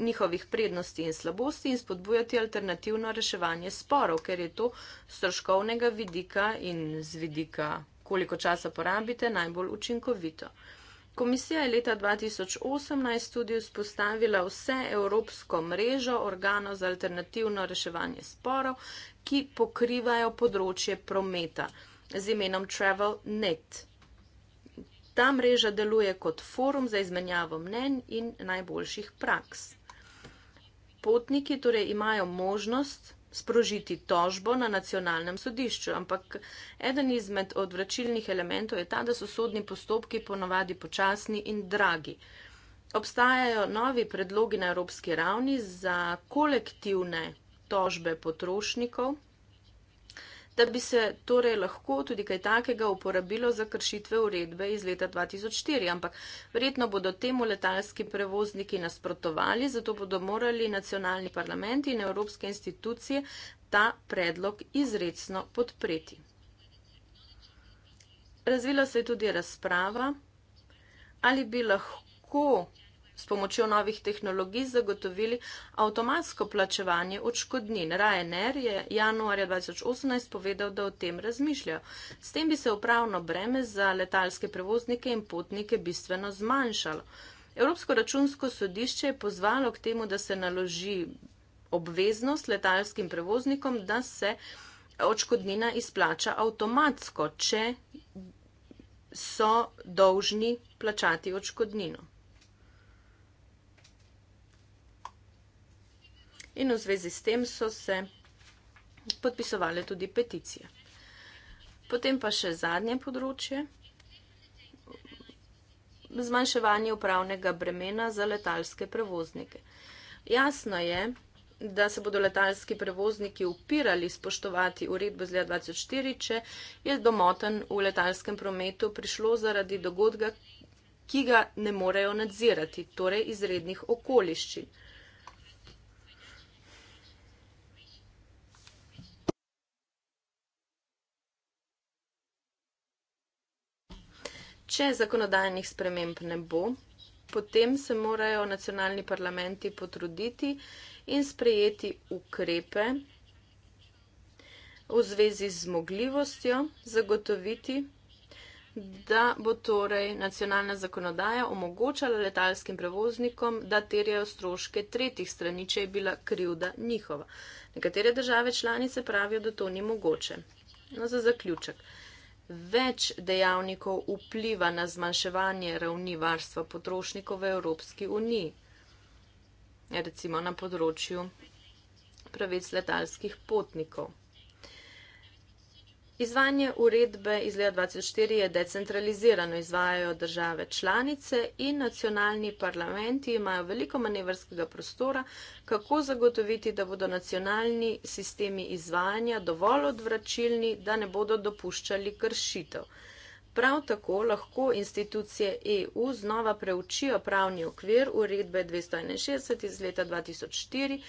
njihovih prednosti in slabosti in spodbujati alternativno reševanje sporov, ker je to stroškovnega vidika in z vidika, koliko časa porabite, najbolj učinkovito. Komisija je leta 2018 tudi vzpostavila vse evropsko mrežo organov za alternativno reševanje sporov, ki pokrivajo področje prometa z imenom TravelNet. Ta mreža deluje kot forum za izmenjavo mnenj in najboljših praks. Potniki torej imajo možnost sprožiti tožbo na nacionalnem sodišču, ampak eden izmed odvračilnih elementov je ta, da so sodni postopki ponavadi počasni in dragi. Obstajajo novi predlogi na evropski ravni za kolektivne tožbe potrošnikov, da bi se torej lahko tudi kaj takega uporabilo za kršitve uredbe iz leta 2004. Ampak verjetno bodo temu letalski prevozniki nasprotovali, zato bodo morali nacionalni parlamenti in evropske institucije ta predlog izredno podpreti. Razvila se je tudi razprava, ali bi lahko s pomočjo novih tehnologij zagotovili avtomatsko plačevanje odškodnin. Ryanair je januarja 2018 povedal, da o tem razmišljajo. S tem bi se upravno breme za letalske prevoznike in potnike bistveno zmanjšalo. Evropsko računsko sodišče je pozvalo k temu, da se naloži obveznost letalskim prevoznikom, da se odškodnina izplača avtomatsko, če so dolžni plačati odškodnino. in v zvezi s tem so se podpisovali tudi peticije. Potem pa še zadnje področje. Zmanjševanje upravnega bremena za letalske prevoznike. Jasno je, da se bodo letalski prevozniki upirali spoštovati uredbo z leta 2004, če je domoten v letalskem prometu prišlo zaradi dogodka, ki ga ne morejo nadzirati, torej izrednih okoliščin. če zakonodajnih sprememb ne bo, potem se morajo nacionalni parlamenti potruditi in sprejeti ukrepe v zvezi z zmogljivostjo zagotoviti, da bo torej nacionalna zakonodaja omogočala letalskim prevoznikom, da terjajo stroške tretjih strani, če je bila krivda njihova. Nekatere države članice pravijo, da to ni mogoče. No, za zaključek več dejavnikov vpliva na zmanjševanje ravni varstva potrošnikov v Evropski uniji, recimo na področju pravic letalskih potnikov. Izvajanje uredbe iz leta 2004 je decentralizirano, izvajajo države članice in nacionalni parlamenti imajo veliko manevrskega prostora, kako zagotoviti, da bodo nacionalni sistemi izvajanja dovolj odvračilni, da ne bodo dopuščali kršitev. Prav tako lahko institucije EU znova preučijo pravni okvir uredbe 261 iz leta 2004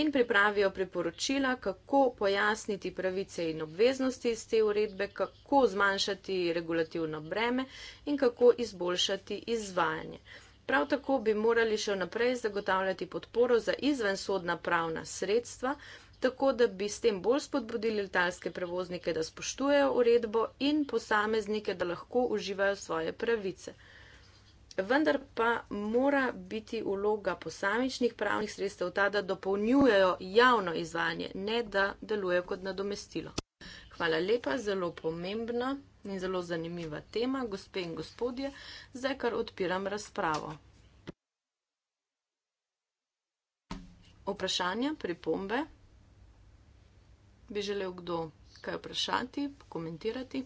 in pripravijo priporočila, kako pojasniti pravice in obveznosti iz te uredbe, kako zmanjšati regulativno breme in kako izboljšati izvajanje. Prav tako bi morali še naprej zagotavljati podporo za izvensodna pravna sredstva, tako da bi s tem bolj spodbudili letalske prevoznike, da spoštujejo uredbo in posameznike, da lahko uživajo svoje pravice vendar pa mora biti uloga posamičnih pravnih sredstev ta, da dopolnjujejo javno izvajanje, ne da delujejo kot nadomestilo. Hvala lepa, zelo pomembna in zelo zanimiva tema, gospe in gospodje, zdaj kar odpiram razpravo. Vprašanja, pripombe? Bi želel kdo kaj vprašati, komentirati?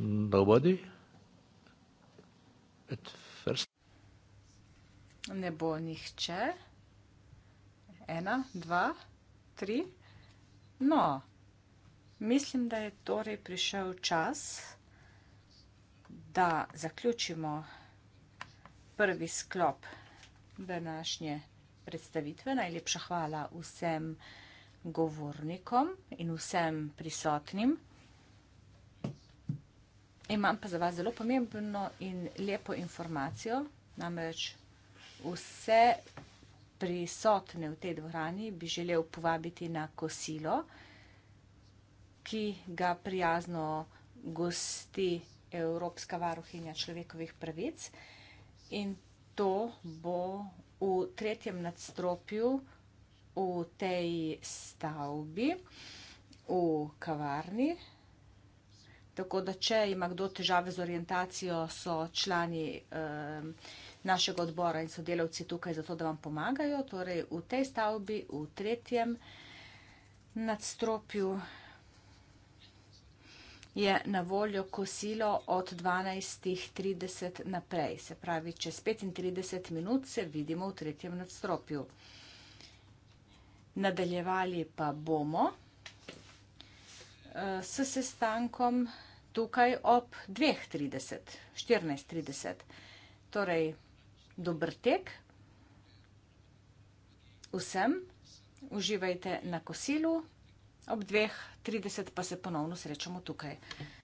Nobody? At first? Ne bo nihče. Ena, dva, tri. No, mislim, da je torej prišel čas, da zaključimo prvi sklop današnje predstavitve. Najlepša hvala vsem govornikom in vsem prisotnim. Imam pa za vas zelo pomembno in lepo informacijo, namreč vse prisotne v tej dvorani bi želel povabiti na kosilo, ki ga prijazno gosti Evropska varuhinja človekovih pravic in to bo v tretjem nadstropju v tej stavbi, v kavarni. Tako da, če ima kdo težave z orientacijo, so člani ehm, našega odbora in sodelavci tukaj zato, da vam pomagajo. Torej, v tej stavbi, v tretjem nadstropju je na voljo kosilo od 12.30 naprej. Se pravi, čez 35 minut se vidimo v tretjem nadstropju. Nadaljevali pa bomo eh, s sestankom. Se tukaj ob 2.30, 14.30. Torej, dober tek vsem, uživajte na kosilu, ob 2.30 pa se ponovno srečamo tukaj. Hvala.